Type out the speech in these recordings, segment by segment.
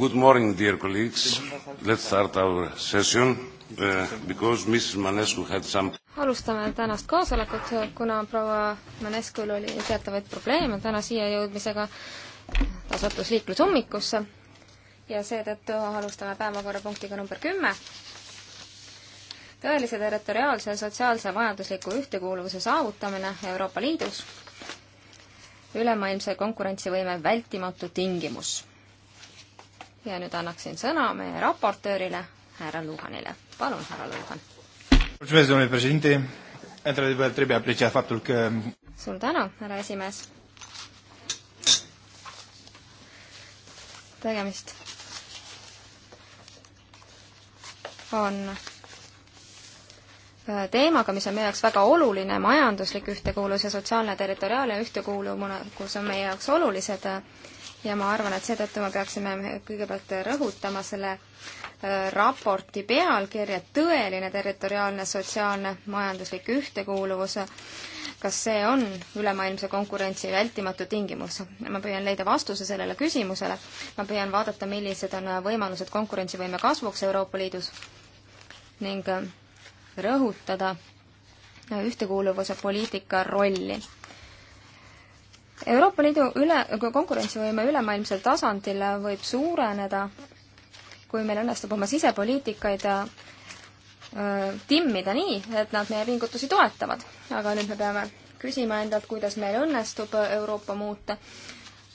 Good morning, dear colleagues. Let's start our session uh, because Mrs Manescu had some alustame tänast koosolekut, kuna proua Maneskul oli teatavaid probleeme täna siia jõudmisega, ta sattus liiklusummikusse ja seetõttu alustame päevakorrapunktiga number kümme. tõelise territoriaalse, sotsiaalse ja majandusliku ühtekuuluvuse saavutamine Euroopa Liidus, ülemaailmse konkurentsivõime vältimatu tingimus ja nüüd annaksin sõna meie raportöörile, härra Luhanile. palun, härra Luhan. suur tänu, härra esimees. tegemist on äh, teemaga, mis on meie jaoks väga oluline, majanduslik ühtekuuluvus ja sotsiaalne territoriaalne ühtekuuluvus on meie jaoks olulised äh, ja ma arvan, et seetõttu me peaksime kõigepealt rõhutama selle äh, raporti pealkirja Tõeline territoriaalne sotsiaalne majanduslik ühtekuuluvus. kas see on ülemaailmse konkurentsi vältimatu tingimus? ma püüan leida vastuse sellele küsimusele. ma püüan vaadata, millised on võimalused konkurentsivõime kasvuks Euroopa Liidus ning äh, rõhutada ühtekuuluvuse poliitika rolli Euroopa Liidu üle, konkurentsivõime ülemaailmsel tasandil võib suureneda, kui meil õnnestub oma sisepoliitikaid timmida nii, et nad meie pingutusi toetavad. aga nüüd me peame küsima endalt, kuidas meil õnnestub Euroopa muuta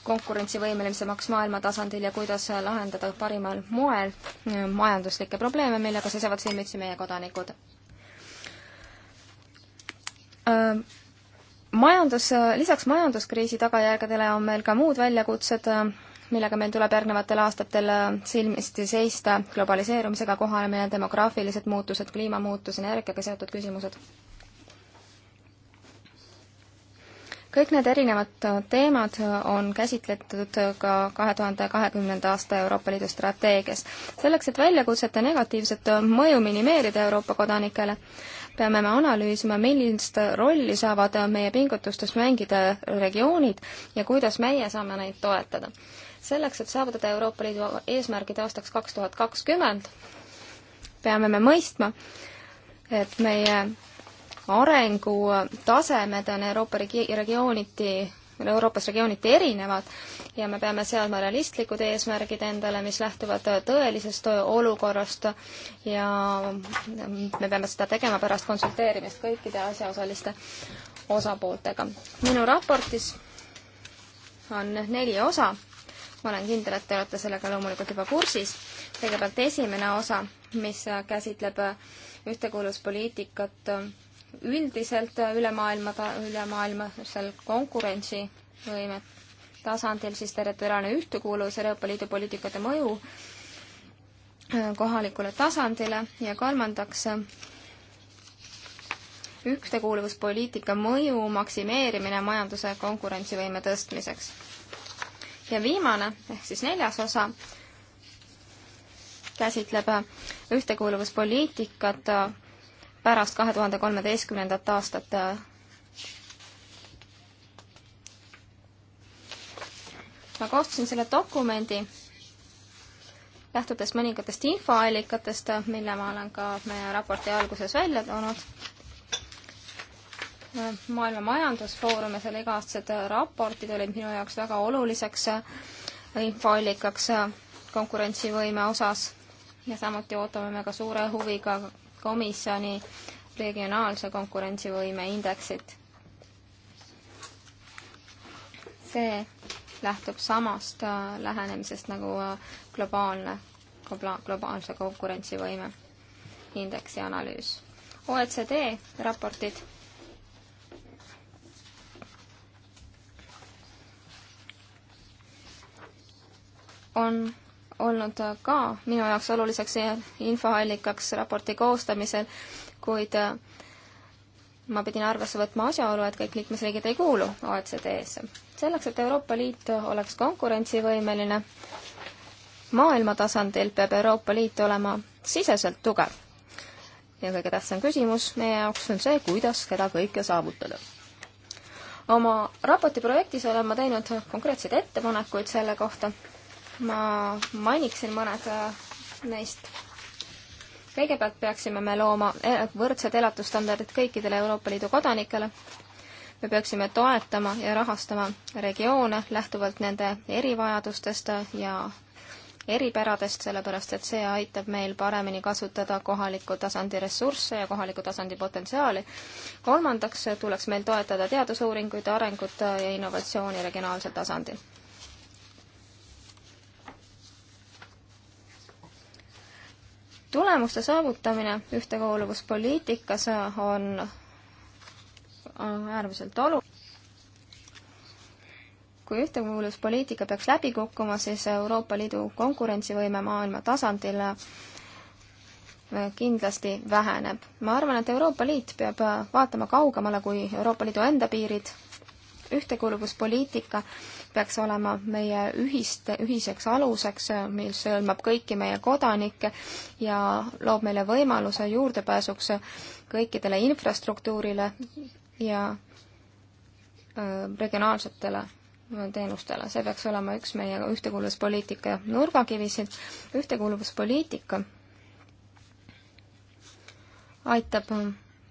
konkurentsivõimelisemaks maailma tasandil ja kuidas lahendada parimal moel majanduslikke probleeme, millega seisavad silmitsi meie kodanikud majandus, lisaks majanduskriisi tagajärgedele on meil ka muud väljakutsed, millega meil tuleb järgnevatel aastatel silmisti seista, globaliseerumisega kohanemine, demograafilised muutused, kliimamuutus, energiaga seotud küsimused. kõik need erinevad teemad on käsitletud ka kahe tuhande kahekümnenda aasta Euroopa Liidu strateegias. selleks, et väljakutsete negatiivset mõju minimeerida Euroopa kodanikele, peame me analüüsima, millist rolli saavad meie pingutustes mängida regioonid ja kuidas meie saame neid toetada. selleks, et saavutada Euroopa Liidu eesmärgid aastaks kaks tuhat kakskümmend, peame me mõistma, et meie arengutasemed on Euroopa regi-, regiooniti Euroopas regiooniti erinevad ja me peame seadma realistlikud eesmärgid endale, mis lähtuvad tõelisest olukorrast ja me peame seda tegema pärast konsulteerimist kõikide asjaosaliste osapooltega. minu raportis on neli osa, ma olen kindel, et te olete sellega loomulikult juba kursis. kõigepealt esimene osa, mis käsitleb ühtekuuluvuspoliitikat üldiselt üle maailma, ülemaailmasel konkurentsivõime tasandil siis territoriaalne ühtekuuluvus, Euroopa Liidu poliitikate mõju äh, kohalikule tasandile ja kolmandaks äh, ühtekuuluvuspoliitika mõju maksimeerimine majanduse konkurentsivõime tõstmiseks. ja viimane, ehk siis neljas osa, käsitleb äh, ühtekuuluvuspoliitikat pärast kahe tuhande kolmeteistkümnendat aastat ma koostasin selle dokumendi lähtudes mõningatest infoallikatest, mille ma olen ka meie raporti alguses välja toonud. maailma Majandusfoorumi selle iga-aastased raportid olid minu jaoks väga oluliseks infoallikaks konkurentsivõime osas ja samuti ootame me ka suure huviga komisjoni regionaalse konkurentsivõime indeksit. see lähtub samast äh, lähenemisest nagu äh, globaalne, globaalse konkurentsivõime indeksi analüüs. OECD raportid on olnud ka minu jaoks oluliseks infoallikaks raporti koostamisel, kuid äh, ma pidin arvesse võtma asjaolu, et kõik liikmesriigid ei kuulu OECD-sse. selleks, et Euroopa Liit oleks konkurentsivõimeline maailma tasandil, peab Euroopa Liit olema siseselt tugev. ja kõige tähtsam küsimus meie jaoks on see, kuidas seda kõike saavutada. oma raporti projektis olen ma teinud konkreetseid ettepanekuid selle kohta, ma mainiksin mõned äh, neist. kõigepealt peaksime me looma äh, võrdsed elatusstandardid kõikidele Euroopa Liidu kodanikele. me peaksime toetama ja rahastama regioone lähtuvalt nende erivajadustest ja eripäradest, sellepärast et see aitab meil paremini kasutada kohaliku tasandi ressursse ja kohaliku tasandi potentsiaali. kolmandaks tuleks meil toetada teadusuuringuid, arengut ja innovatsiooni regionaalsel tasandil tulemuste saavutamine ühtekuuluvuspoliitikas on, on äärmiselt oluline. kui ühtekuuluvuspoliitika peaks läbi kukkuma, siis Euroopa Liidu konkurentsivõime maailma tasandil kindlasti väheneb. ma arvan, et Euroopa Liit peab vaatama kaugemale kui Euroopa Liidu enda piirid ühtekuuluvuspoliitika peaks olema meie ühiste, ühiseks aluseks, mis hõlmab kõiki meie kodanikke ja loob meile võimaluse juurdepääsuks kõikidele infrastruktuurile ja regionaalsetele teenustele. see peaks olema üks meie ühtekuuluvuspoliitika nurgakivisid. ühtekuuluvuspoliitika aitab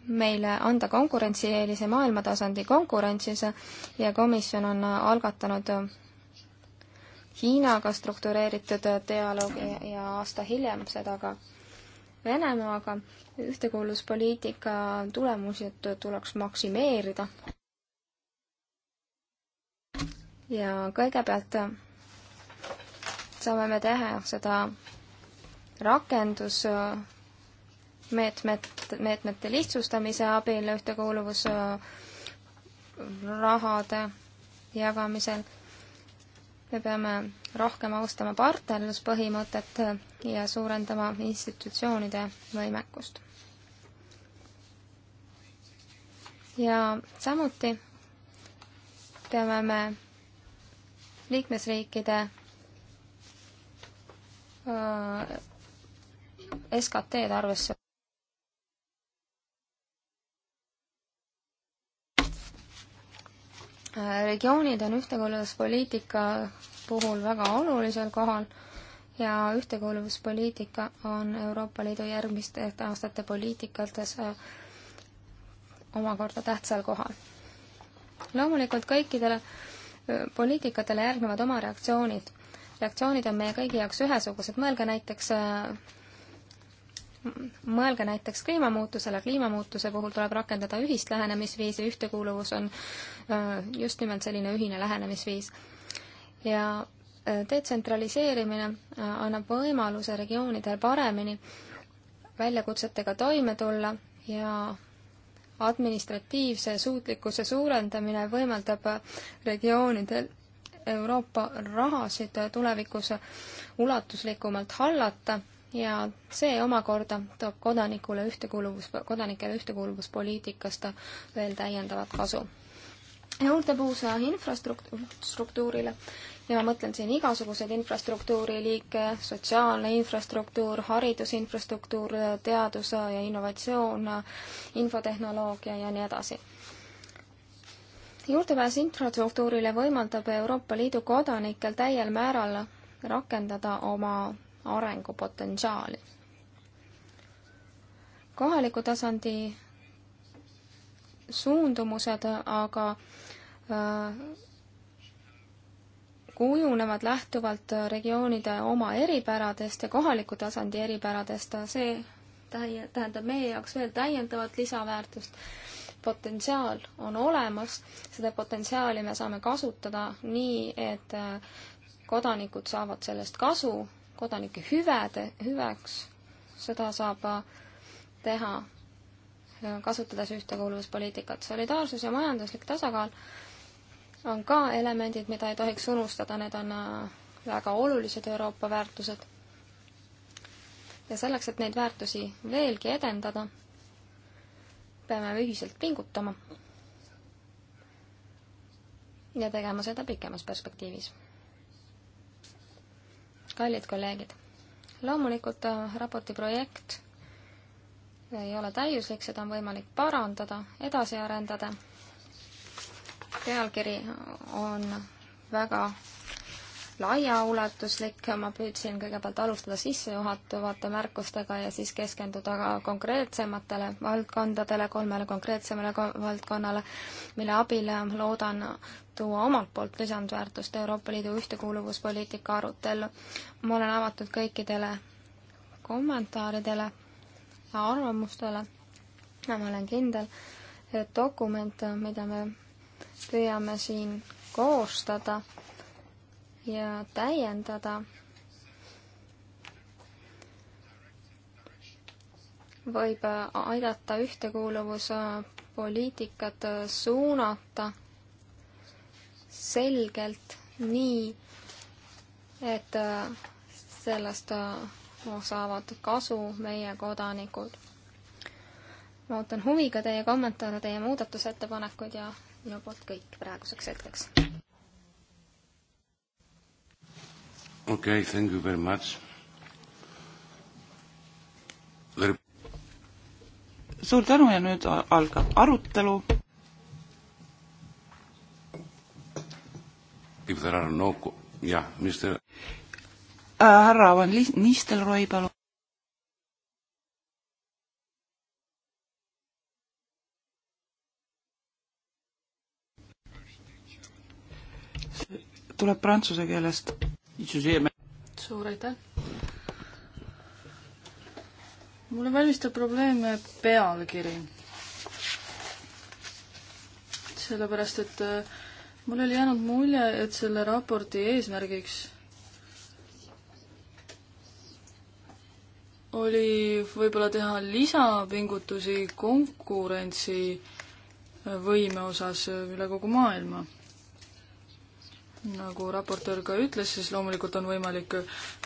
meile anda konkurentsieelise maailmatasandi konkurentsis ja komisjon on algatanud Hiinaga struktureeritud dialoogi ja aasta hiljem seda ka Venemaaga. ühtekuuluvuspoliitika tulemusi tuleks maksimeerida. ja kõigepealt saame me teha seda rakendus meetmed, meetmete lihtsustamise abil ühtekuuluvusrahade jagamisel. me peame rohkem austama partnerluspõhimõtet ja suurendama institutsioonide võimekust. ja samuti peame me liikmesriikide äh, SKT-d arvesse regioonid on ühtekuuluvuspoliitika puhul väga olulisel kohal ja ühtekuuluvuspoliitika on Euroopa Liidu järgmiste aastate poliitikates äh, omakorda tähtsal kohal. loomulikult kõikidele äh, poliitikatele järgnevad oma reaktsioonid. reaktsioonid on meie kõigi jaoks ühesugused, mõelge näiteks äh, mõelge näiteks kliimamuutusele, kliimamuutuse puhul tuleb rakendada ühist lähenemisviisi, ühtekuuluvus on äh, just nimelt selline ühine lähenemisviis. ja äh, detsentraliseerimine äh, annab võimaluse regioonidel paremini väljakutsetega toime tulla ja administratiivse suutlikkuse suurendamine võimaldab regioonidel Euroopa rahasid tulevikus ulatuslikumalt hallata ja see omakorda toob kodanikule ühtekuuluvus, kodanikele ühtekuuluvuspoliitikast veel täiendavat kasu. juurdepuus äh, infrastruktuurile ja ma mõtlen siin igasuguseid infrastruktuuriliike, sotsiaalne infrastruktuur, haridusinfrastruktuur, teadus ja innovatsioon, infotehnoloogia ja nii edasi juurdepääs infrastruktuurile võimaldab Euroopa Liidu kodanikel täiel määral rakendada oma arengupotentsiaali. kohaliku tasandi suundumused aga äh, kujunevad lähtuvalt regioonide oma eripäradest ja kohaliku tasandi eripäradest, see tähendab meie jaoks veel täiendavat lisaväärtust. potentsiaal on olemas, seda potentsiaali me saame kasutada nii, et äh, kodanikud saavad sellest kasu kodanike hüvede, hüveks, seda saab äh, teha äh, kasutades ühtekuuluvuspoliitikat. solidaarsus ja majanduslik tasakaal on ka elemendid, mida ei tohiks unustada, need on äh, väga olulised Euroopa väärtused. ja selleks, et neid väärtusi veelgi edendada, peame ühiselt pingutama ja tegema seda pikemas perspektiivis kallid kolleegid, loomulikult äh, raporti projekt ei ole täiuslik, seda on võimalik parandada, edasi arendada. pealkiri on väga laiaulatuslik, ma püüdsin kõigepealt alustada sissejuhatavate märkustega ja siis keskenduda ka konkreetsematele valdkondadele, kolmele konkreetsemale valdkonnale, mille abil äh, loodan tuua omalt poolt lisandväärtust Euroopa Liidu ühtekuuluvuspoliitika arutellu. ma olen avatud kõikidele kommentaaridele ja arvamustele ja ma olen kindel, et dokument, mida me püüame siin koostada ja täiendada, võib aidata ühtekuuluvuspoliitikat suunata selgelt nii, et äh, sellest äh, saavad kasu meie kodanikud. ma ootan huviga teie kommentaare, teie muudatusettepanekuid ja minu poolt kõik praeguseks hetkeks. okei okay,, thank you very much There.... suur tänu ja nüüd algab arutelu If there are no, jah, Mr. Äh, härra Van Nistelrooy, palun. tuleb prantsuse keelest. suur aitäh! mulle valmistab probleeme pealkiri. sellepärast, et äh, mul oli jäänud mulje, et selle raporti eesmärgiks oli võib-olla teha lisapingutusi konkurentsivõime osas üle kogu maailma. nagu raportöör ka ütles, siis loomulikult on võimalik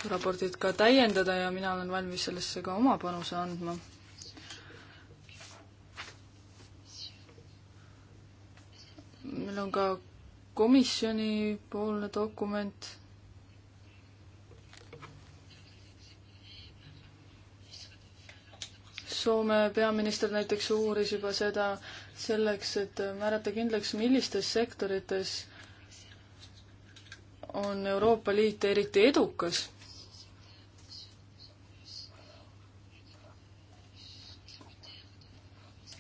raportit ka täiendada ja mina olen valmis sellesse ka oma panuse andma meil on ka komisjonipoolne dokument. Soome peaminister näiteks uuris juba seda selleks, et määrata kindlaks, millistes sektorites on Euroopa Liit eriti edukas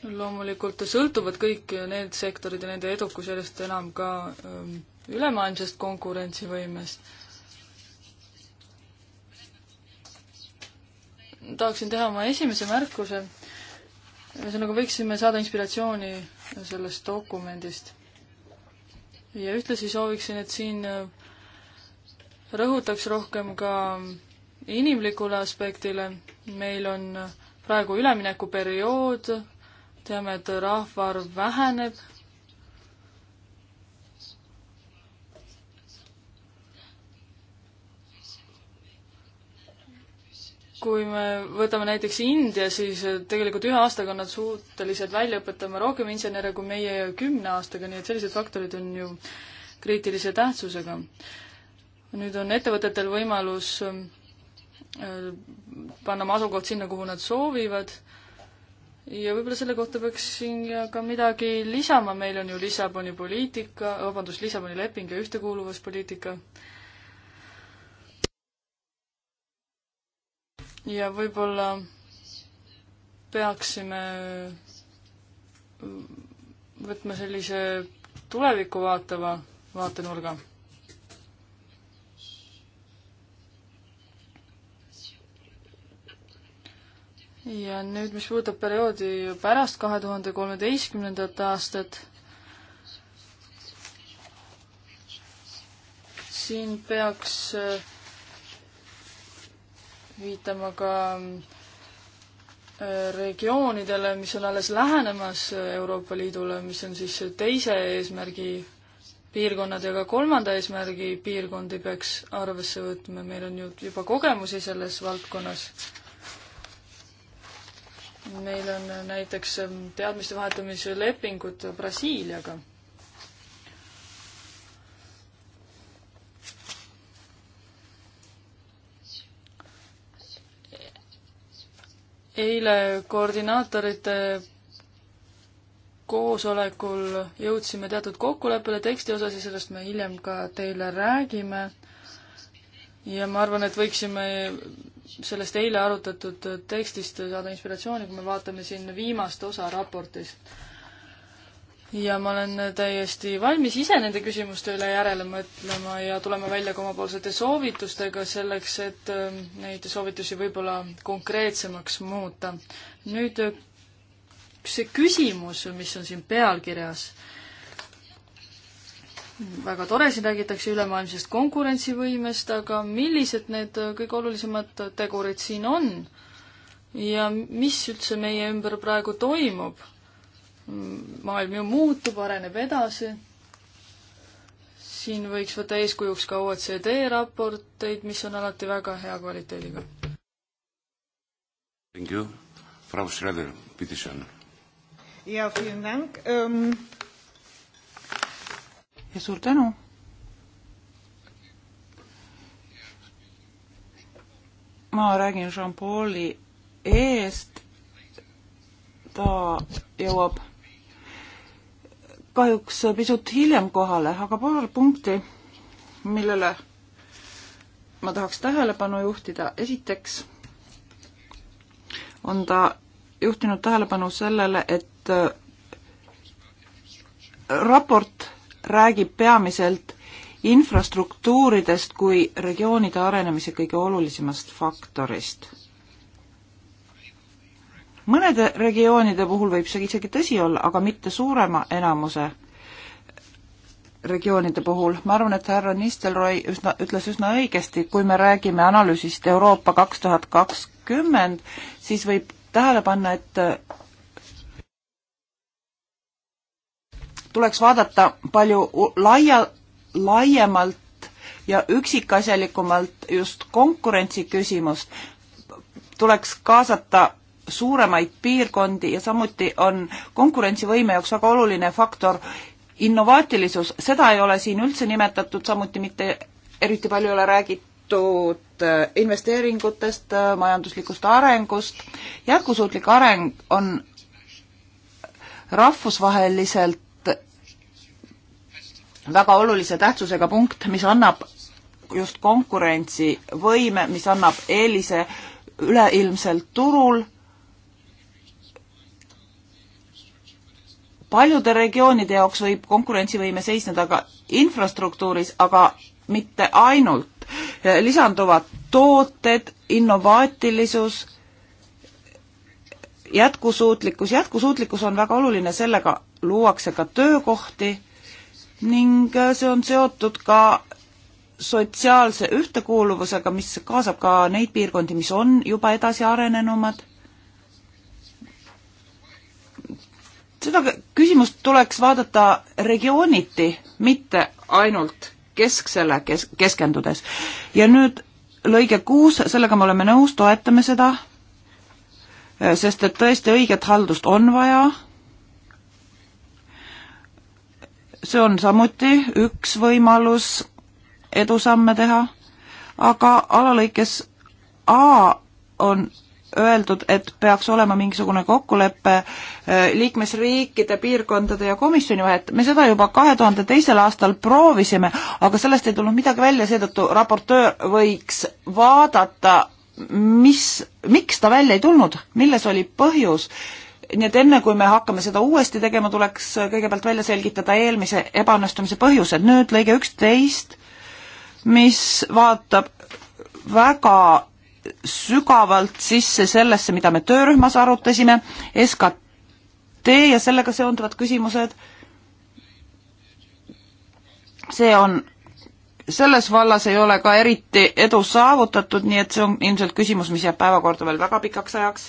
loomulikult sõltuvad kõik need sektorid ja nende edukus järjest enam ka ähm, ülemaailmsest konkurentsivõimest. tahaksin teha oma esimese märkuse. ühesõnaga, võiksime saada inspiratsiooni sellest dokumendist. ja ühtlasi sooviksin, et siin äh, rõhutaks rohkem ka inimlikule aspektile. meil on äh, praegu üleminekuperiood teame, et rahvaarv väheneb. kui me võtame näiteks India, siis tegelikult ühe aastaga on nad suutelised välja õpetama rohkem insenere kui meie kümne aastaga, nii et sellised faktorid on ju kriitilise tähtsusega. nüüd on ettevõtetel võimalus äh, panna oma asukoht sinna, kuhu nad soovivad ja võib-olla selle kohta peaks siin ka midagi lisama, meil on ju Lissaboni poliitika, vabandust, Lissaboni leping ja ühtekuuluvuspoliitika. ja võib-olla peaksime võtma sellise tulevikku vaatava vaatenurga ja nüüd, mis puudutab perioodi pärast kahe tuhande kolmeteistkümnendat aastat, siin peaks äh, viitama ka äh, regioonidele, mis on alles lähenemas Euroopa Liidule, mis on siis teise eesmärgi piirkonnad ja ka kolmanda eesmärgi piirkondi peaks arvesse võtma, meil on ju juba kogemusi selles valdkonnas meil on näiteks ähm, teadmiste vahetamise lepingud Brasiiliaga. eile koordinaatorite koosolekul jõudsime teatud kokkuleppele teksti osas ja sellest me hiljem ka teile räägime. ja ma arvan, et võiksime sellest eile arutatud tekstist saada inspiratsiooni, kui me vaatame siin viimast osa raportist. ja ma olen täiesti valmis ise nende küsimuste üle järele mõtlema ja tulema välja ka omapoolsete soovitustega selleks, et ähm, neid soovitusi võib-olla konkreetsemaks muuta. nüüd äh, see küsimus, mis on siin pealkirjas väga tore, siin räägitakse ülemaailmsest konkurentsivõimest, aga millised need kõige olulisemad tegurid siin on? ja mis üldse meie ümber praegu toimub? maailm ju muutub, areneb edasi. siin võiks võtta eeskujuks ka OECD raporteid, mis on alati väga hea kvaliteediga. Thank you. Frau Schröder, bitte schön. Ja, vielen Dank. Ähm, um ja suur tänu. ma räägin Jean-Pauli eest. ta jõuab kahjuks pisut hiljem kohale, aga paar punkti, millele ma tahaks tähelepanu juhtida. esiteks on ta juhtinud tähelepanu sellele, et raport räägib peamiselt infrastruktuuridest kui regioonide arenemise kõige olulisemast faktorist. mõnede regioonide puhul võib see isegi tõsi olla, aga mitte suurema enamuse regioonide puhul, ma arvan, et härra Nistelrooy üsna, ütles üsna õigesti, kui me räägime analüüsist Euroopa kaks tuhat kakskümmend, siis võib tähele panna, et tuleks vaadata palju laia, laiemalt ja üksikasjalikumalt just konkurentsi küsimust, tuleks kaasata suuremaid piirkondi ja samuti on konkurentsivõime jaoks väga oluline faktor innovaatilisus, seda ei ole siin üldse nimetatud, samuti mitte eriti palju ei ole räägitud äh, investeeringutest, äh, majanduslikust arengust, jätkusuutlik areng on rahvusvaheliselt väga olulise tähtsusega punkt, mis annab just konkurentsivõime, mis annab eelise üleilmsel turul paljude regioonide jaoks võib konkurentsivõime seisneda ka infrastruktuuris, aga mitte ainult. lisanduvad tooted, innovaatilisus, jätkusuutlikkus, jätkusuutlikkus on väga oluline, sellega luuakse ka töökohti ning äh, see on seotud ka sotsiaalse ühtekuuluvusega, mis kaasab ka neid piirkondi, mis on juba edasi arenenumad. seda küsimust tuleks vaadata regiooniti, mitte ainult kesksele kes-, keskendudes. ja nüüd lõige kuus, sellega me oleme nõus, toetame seda, äh, sest et tõesti õiget haldust on vaja see on samuti üks võimalus edusamme teha, aga alalõikes A on öeldud, et peaks olema mingisugune kokkulepe äh, liikmesriikide, piirkondade ja komisjoni vahet. me seda juba kahe tuhande teisel aastal proovisime, aga sellest ei tulnud midagi välja, seetõttu raportöör võiks vaadata, mis, miks ta välja ei tulnud, milles oli põhjus nii et enne, kui me hakkame seda uuesti tegema, tuleks kõigepealt välja selgitada eelmise ebaõnnestumise põhjused. nüüd lõige üksteist, mis vaatab väga sügavalt sisse sellesse, mida me töörühmas arutasime, SKT ja sellega seonduvad küsimused. see on, selles vallas ei ole ka eriti edu saavutatud, nii et see on ilmselt küsimus, mis jääb päevakorda veel väga pikaks ajaks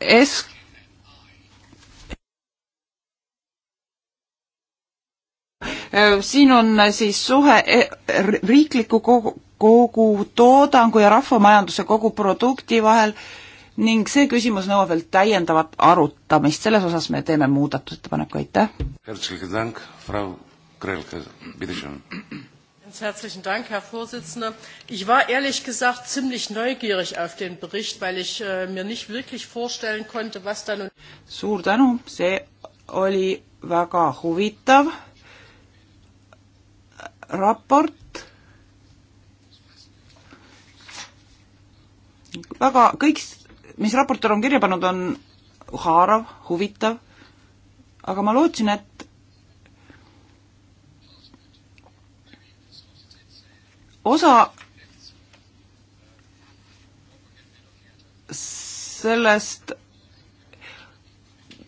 S äh, siin on äh, siis suhe äh, riikliku kogu, kogu toodangu ja rahvamajanduse kogu produkti vahel ning see küsimus nõuab veel täiendavat arutamist, selles osas me teeme muudatusettepaneku, aitäh. Herzlichen Dank, Herr Vorsitzender. Ich war ehrlich gesagt ziemlich neugierig auf den Bericht, weil ich äh, mir nicht wirklich vorstellen konnte, was da nun... Suur tänu, see oli väga huvitav raport. Väga kõik, mis raportor on kirja pannud, on haarav, huvitav, aga ma lootsin, et osa sellest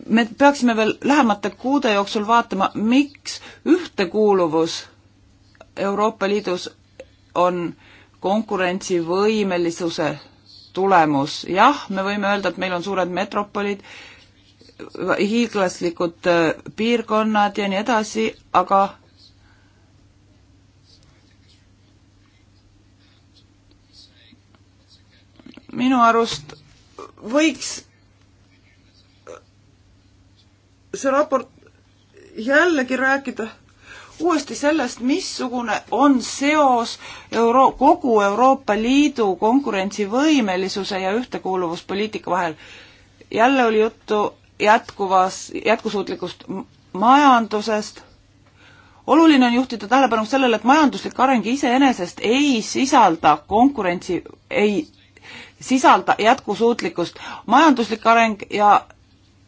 me peaksime veel lähemate kuude jooksul vaatama, miks ühtekuuluvus Euroopa Liidus on konkurentsivõimelisuse tulemus. jah, me võime öelda, et meil on suured metropolid, hiiglaslikud äh, piirkonnad ja nii edasi, aga minu arust võiks see raport jällegi rääkida uuesti sellest, missugune on seos Euro-, kogu Euroopa Liidu konkurentsivõimelisuse ja ühtekuuluvuspoliitika vahel. jälle oli juttu jätkuvas, jätkusuutlikust majandusest, oluline on juhtida tähelepanu sellele, et majanduslik areng iseenesest ei sisalda konkurentsi, ei sisalda jätkusuutlikkust. majanduslik areng ja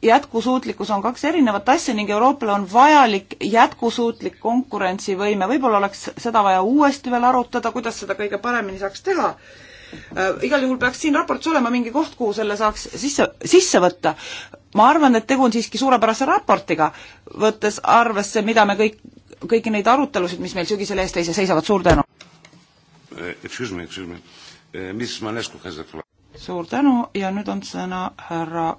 jätkusuutlikkus on kaks erinevat asja ning Euroopale on vajalik jätkusuutlik konkurentsivõime. võib-olla oleks seda vaja uuesti veel arutada, kuidas seda kõige paremini saaks teha äh,. igal juhul peaks siin raportis olema mingi koht, kuhu selle saaks sisse, sisse võtta. ma arvan, et tegu on siiski suurepärase raportiga, võttes arvesse, mida me kõik, kõiki neid arutelusid, mis meil sügisel ees seisavad, suur tänu! Äh, excuse me, excuse me mis Manescu käsib? suur tänu ja nüüd on sõna härra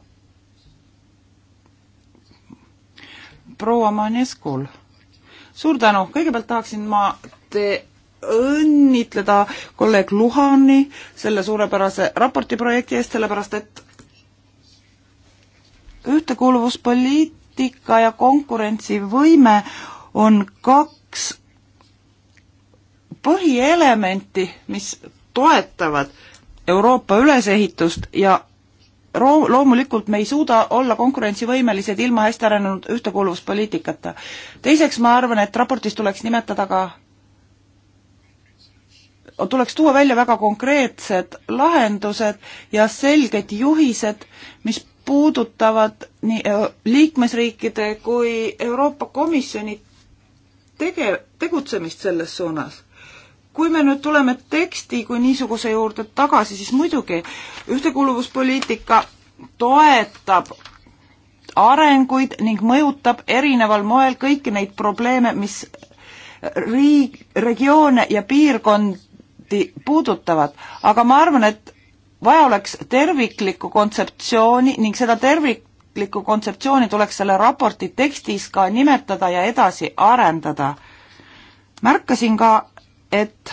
proua Maneskul. suur tänu, kõigepealt tahaksin ma te õnnitleda kolleeg Luhani selle suurepärase raporti projekti eest, sellepärast et ühtekuuluvuspoliitika ja konkurentsivõime on kaks põhielementi, mis toetavad Euroopa ülesehitust ja roo-, loomulikult me ei suuda olla konkurentsivõimelised ilma hästi arenenud ühtekuuluvuspoliitikata. teiseks ma arvan, et raportis tuleks nimetada ka, tuleks tuua välja väga konkreetsed lahendused ja selged juhised, mis puudutavad nii äh, liikmesriikide kui Euroopa Komisjoni tege-, tegutsemist selles suunas kui me nüüd tuleme teksti kui niisuguse juurde tagasi, siis muidugi ühtekuuluvuspoliitika toetab arenguid ning mõjutab erineval moel kõiki neid probleeme, mis riik, regioone ja piirkondi puudutavad, aga ma arvan, et vaja oleks terviklikku kontseptsiooni ning seda terviklikku kontseptsiooni tuleks selle raporti tekstis ka nimetada ja edasi arendada. märkasin ka et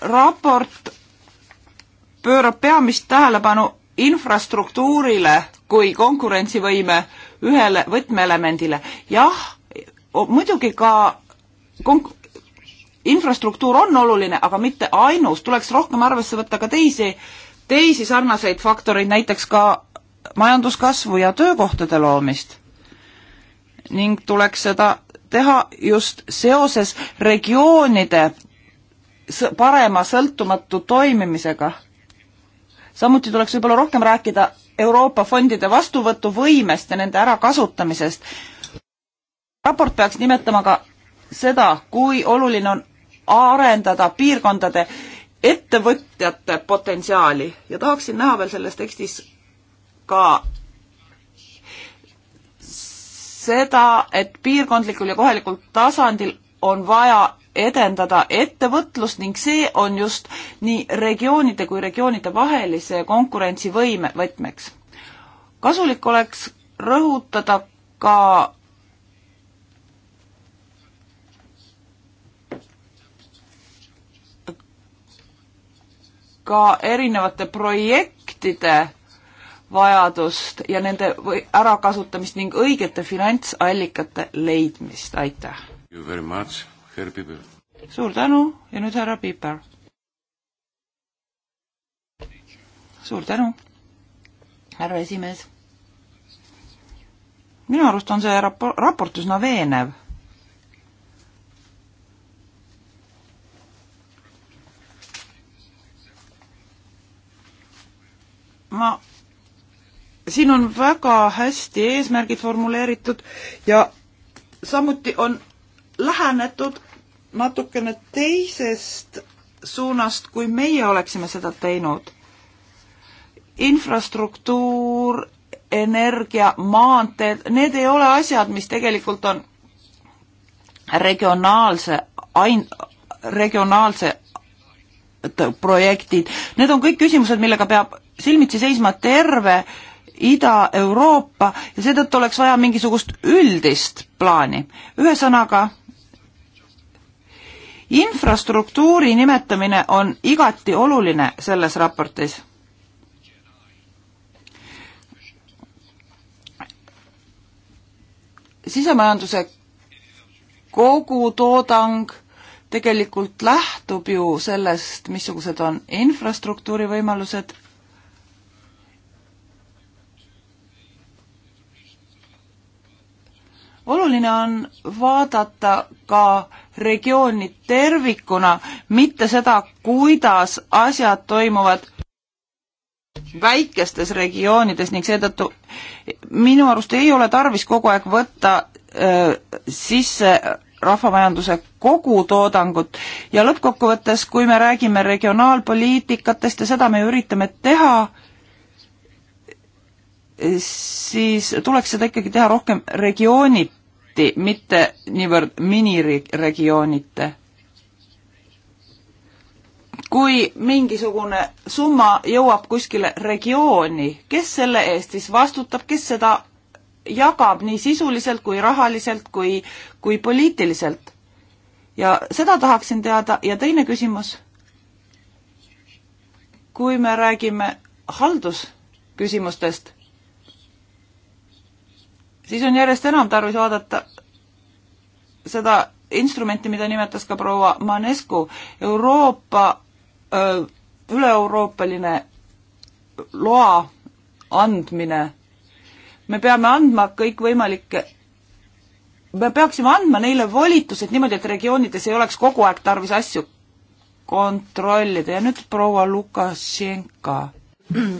raport pöörab peamist tähelepanu infrastruktuurile kui konkurentsivõime ühele võtmeelemendile. jah, muidugi ka konk-, infrastruktuur on oluline, aga mitte ainus, tuleks rohkem arvesse võtta ka teisi, teisi sarnaseid faktoreid, näiteks ka majanduskasvu ja töökohtade loomist. ning tuleks seda teha just seoses regioonide parema sõltumatu toimimisega. samuti tuleks võib-olla rohkem rääkida Euroopa fondide vastuvõtuvõimest ja nende ärakasutamisest. raport peaks nimetama ka seda, kui oluline on arendada piirkondade ettevõtjate potentsiaali ja tahaksin näha veel selles tekstis ka seda, et piirkondlikul ja kohalikul tasandil on vaja edendada ettevõtlust ning see on just nii regioonide kui regioonide vahelise konkurentsivõime võtmeks. kasulik oleks rõhutada ka ka erinevate projektide vajadust ja nende ärakasutamist ning õigete finantsallikate leidmist, aitäh! suur tänu ja nüüd härra Piper. suur tänu, härra esimees. minu arust on see rapor-, raport üsna veenev ma siin on väga hästi eesmärgid formuleeritud ja samuti on lähenetud natukene teisest suunast, kui meie oleksime seda teinud. infrastruktuur, energia, maanteed, need ei ole asjad, mis tegelikult on regionaalse ain-, regionaalse projektid, need on kõik küsimused, millega peab silmitsi seisma terve äh, Ida-Euroopa ja seetõttu oleks vaja mingisugust üldist plaani. ühesõnaga, infrastruktuuri nimetamine on igati oluline selles raportis. sisemajanduse kogutoodang tegelikult lähtub ju sellest, missugused on infrastruktuuri võimalused oluline on vaadata ka regiooni tervikuna, mitte seda, kuidas asjad toimuvad väikestes regioonides ning seetõttu minu arust ei ole tarvis kogu aeg võtta öö, sisse rahvamajanduse kogutoodangut ja lõppkokkuvõttes, kui me räägime regionaalpoliitikatest ja seda me üritame teha, siis tuleks seda ikkagi teha rohkem regiooni hästi, mitte niivõrd miniregioonite. kui mingisugune summa jõuab kuskile regiooni, kes selle eest siis vastutab, kes seda jagab nii sisuliselt kui rahaliselt kui, kui poliitiliselt? ja seda tahaksin teada ja teine küsimus. kui me räägime haldusküsimustest siis on järjest enam tarvis vaadata seda instrumenti, mida nimetas ka proua Manescu, Euroopa, üle-euroopaline loa andmine. me peame andma kõikvõimalikke me peaksime andma neile volitused niimoodi, et regioonides ei oleks kogu aeg tarvis asju kontrollida ja nüüd proua Lukašenka.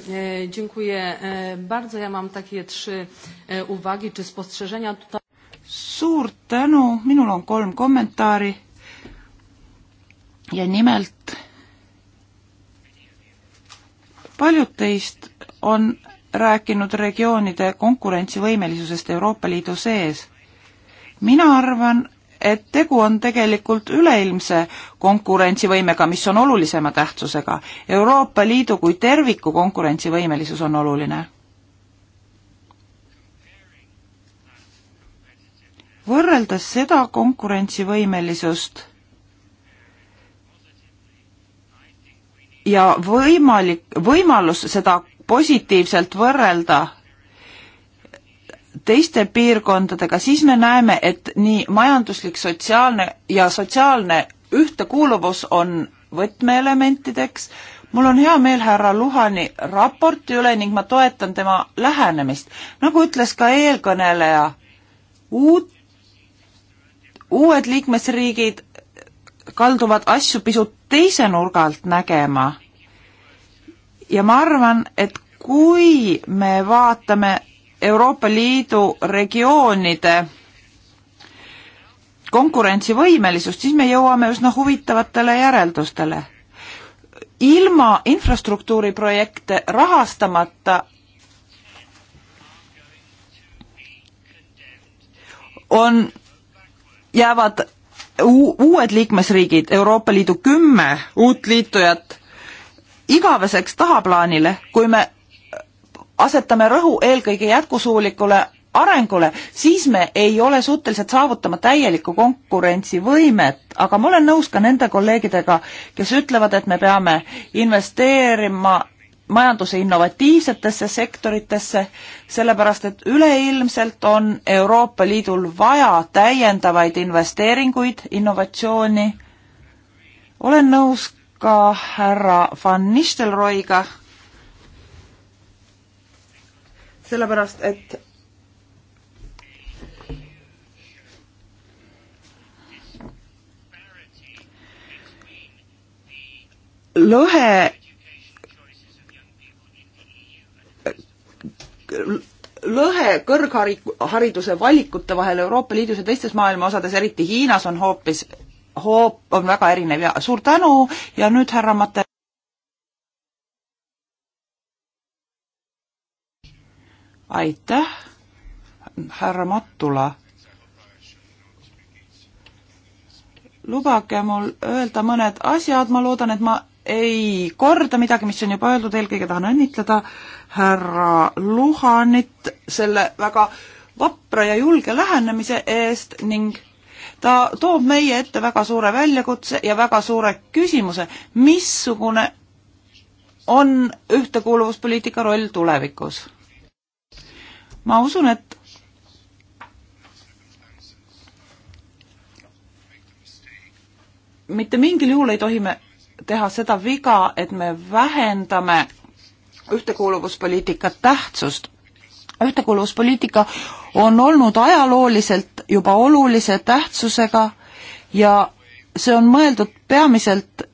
E, dziękuję e, bardzo. Ja mam takie trzy e, uwagi czy spostrzeżenia. Suur tänu. Minul on kolm kommentaari. Ja nimelt paljud teist on rääkinud regioonide konkurentsivõimelisusest Euroopa Liidu sees. Mina arvan, et tegu on tegelikult üleilmse konkurentsivõimega, mis on olulisema tähtsusega. Euroopa Liidu kui terviku konkurentsivõimelisus on oluline. võrreldes seda konkurentsivõimelisust ja võimalik, võimalus seda positiivselt võrrelda teiste piirkondadega, siis me näeme, et nii majanduslik, sotsiaalne ja sotsiaalne ühtekuuluvus on võtmeelementideks. mul on hea meel härra Luhani raporti üle ning ma toetan tema lähenemist. nagu ütles ka eelkõneleja, uut, uued liikmesriigid kalduvad asju pisut teise nurga alt nägema. ja ma arvan, et kui me vaatame Euroopa Liidu regioonide konkurentsivõimelisust, siis me jõuame üsna huvitavatele järeldustele. ilma infrastruktuuriprojekte rahastamata on, jäävad uued liikmesriigid, Euroopa Liidu kümme uut liitujat igaveseks tahaplaanile, kui me asetame rõhu eelkõige jätkusuulikule arengule, siis me ei ole suutelised saavutama täielikku konkurentsivõimet, aga ma olen nõus ka nende kolleegidega, kes ütlevad, et me peame investeerima majanduse innovatiivsetesse sektoritesse, sellepärast et üleilmselt on Euroopa Liidul vaja täiendavaid investeeringuid, innovatsiooni. olen nõus ka härra Van Nistelrooiga, sellepärast et lõhe lõhe kõrghariduse valikute vahel Euroopa Liidus ja teistes maailma osades, eriti Hiinas, on hoopis, hoop-, on väga erinev ja suur tänu ja nüüd härra Mate-. aitäh, härra Mattula. lubage mul öelda mõned asjad, ma loodan, et ma ei korda midagi, mis on juba öeldud, eelkõige tahan õnnitleda härra Luhanit selle väga vapra ja julge lähenemise eest ning ta toob meie ette väga suure väljakutse ja väga suure küsimuse, missugune on ühtekuuluvuspoliitika roll tulevikus ma usun, et mitte mingil juhul ei tohi me teha seda viga, et me vähendame ühtekuuluvuspoliitika tähtsust. ühtekuuluvuspoliitika on olnud ajalooliselt juba olulise tähtsusega ja see on mõeldud peamiselt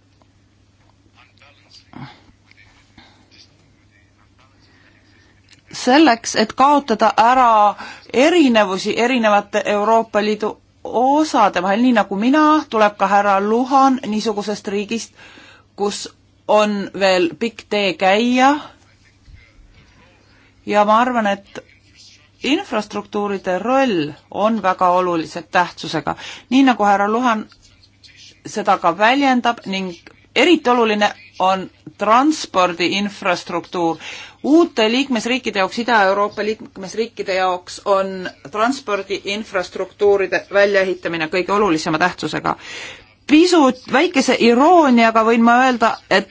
selleks, et kaotada ära erinevusi erinevate Euroopa Liidu osade vahel, nii nagu mina, tuleb ka härra Luhan niisugusest riigist, kus on veel pikk tee käia ja ma arvan, et infrastruktuuride roll on väga oluliselt tähtsusega, nii nagu härra Luhan seda ka väljendab ning eriti oluline on transpordi infrastruktuur. uute liikmesriikide jaoks, Ida-Euroopa liikmesriikide jaoks on transpordi infrastruktuuride väljaehitamine kõige olulisema tähtsusega. pisut väikese irooniaga võin ma öelda, et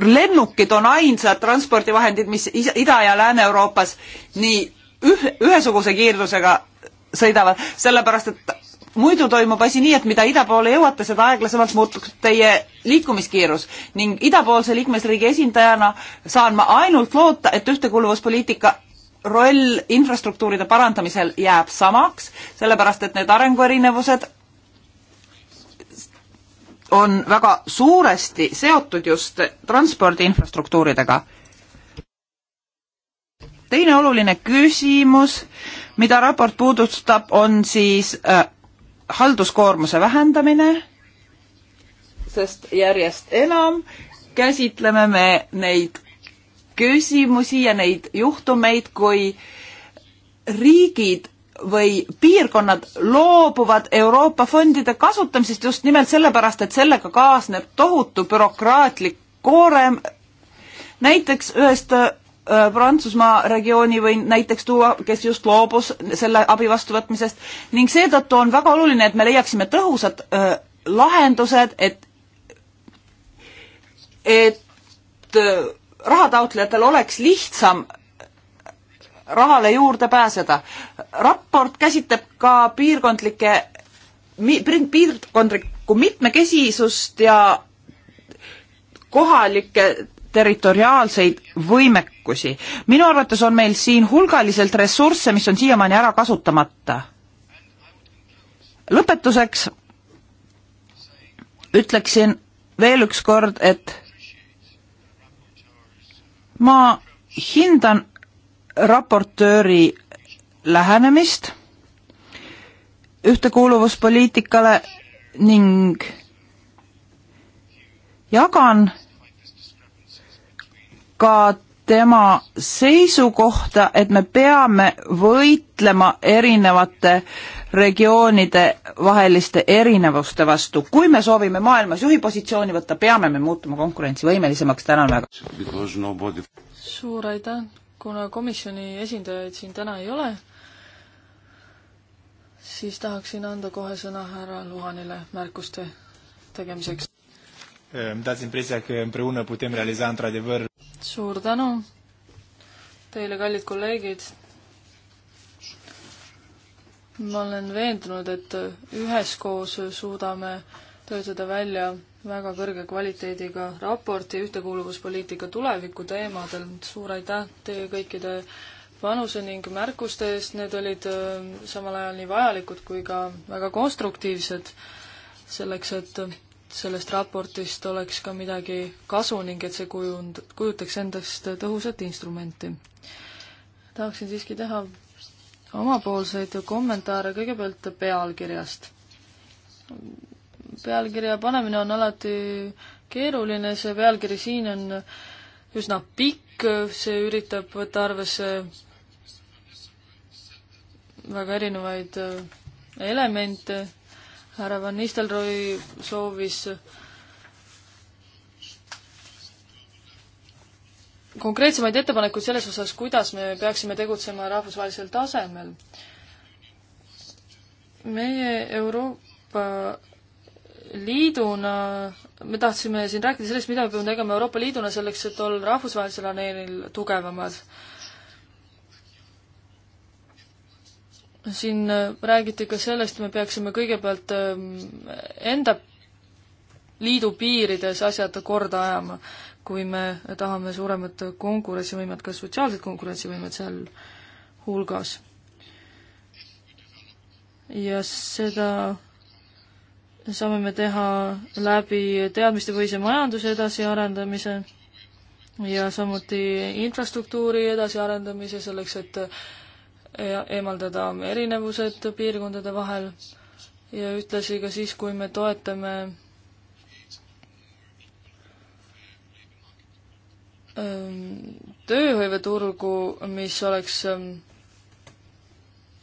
lennukid on ainsad transpordivahendid, mis Ida- ja Lääne-Euroopas nii ühe, ühesuguse kiirusega sõidavad, sellepärast et muidu toimub asi nii, et mida ida poole jõuate, seda aeglasemalt muutub teie liikumiskiirus ning idapoolse liikmesriigi esindajana saan ma ainult loota, et ühtekuuluvuspoliitika roll infrastruktuuride parandamisel jääb samaks, sellepärast et need arenguerinevused on väga suuresti seotud just transpordi infrastruktuuridega. teine oluline küsimus, mida raport puudutab, on siis äh, halduskoormuse vähendamine, sest järjest enam käsitleme me neid küsimusi ja neid juhtumeid, kui riigid või piirkonnad loobuvad Euroopa fondide kasutamisest just nimelt sellepärast, et sellega kaasneb tohutu bürokraatlik koorem. näiteks ühest Äh, Prantsusmaa regiooni võin näiteks tuua, kes just loobus selle abi vastuvõtmisest ning seetõttu on väga oluline, et me leiaksime tõhusad öö, äh, lahendused, et, et äh, rahataotlejatel oleks lihtsam rahale juurde pääseda. raport käsitleb ka piirkondlike, piirkondlikku mitmekesisust ja kohalike territoriaalseid võimekusi. minu arvates on meil siin hulgaliselt ressursse, mis on siiamaani ära kasutamata. lõpetuseks ütleksin veel ükskord, et ma hindan raportööri lähenemist ühtekuuluvuspoliitikale ning jagan ka tema seisukohta, et me peame võitlema erinevate regioonide vaheliste erinevuste vastu. kui me soovime maailmas juhi positsiooni võtta, peame me muutuma konkurentsivõimelisemaks, tänan väga. suur aitäh, kuna komisjoni esindajaid siin täna ei ole, siis tahaksin anda kohe sõna härra Luhanile märkuste tegemiseks îmi ehm, dați impresia că împreună putem realiza într-adevăr. Suur tänu teile, kallid kolleegid. ma olen veendunud, et üheskoos suudame töötada välja väga kõrge kvaliteediga raporti ühtekuuluvuspoliitika tuleviku teemadel. suur aitäh teie kõikide panuse ning märkuste eest, need olid ehm, samal ajal nii vajalikud kui ka väga konstruktiivsed selleks, et sellest raportist oleks ka midagi kasu ning et see kujund, kujutaks endast tõhusat instrumenti. tahaksin siiski teha omapoolseid kommentaare kõigepealt pealkirjast. pealkirja panemine on alati keeruline, see pealkiri siin on üsna pikk, see üritab võtta arvesse väga erinevaid elemente härra Van Nistelrooy soovis konkreetsemaid ettepanekuid selles osas, kuidas me peaksime tegutsema rahvusvahelisel tasemel. meie Euroopa Liiduna, me tahtsime siin rääkida sellest, mida me peame tegema Euroopa Liiduna selleks, et olla rahvusvahelisel areenil tugevamad. siin äh, räägiti ka sellest, me peaksime kõigepealt ähm, enda liidu piirides asjad korda ajama, kui me tahame suuremat konkurentsivõimet, ka sotsiaalset konkurentsivõimet seal hulgas. ja seda saame me teha läbi teadmistepõhise majanduse edasiarendamise ja samuti infrastruktuuri edasiarendamise selleks, et eemaldada erinevused piirkondade vahel ja ühtlasi ka siis, kui me toetame ähm, tööhõiveturgu, mis oleks ähm,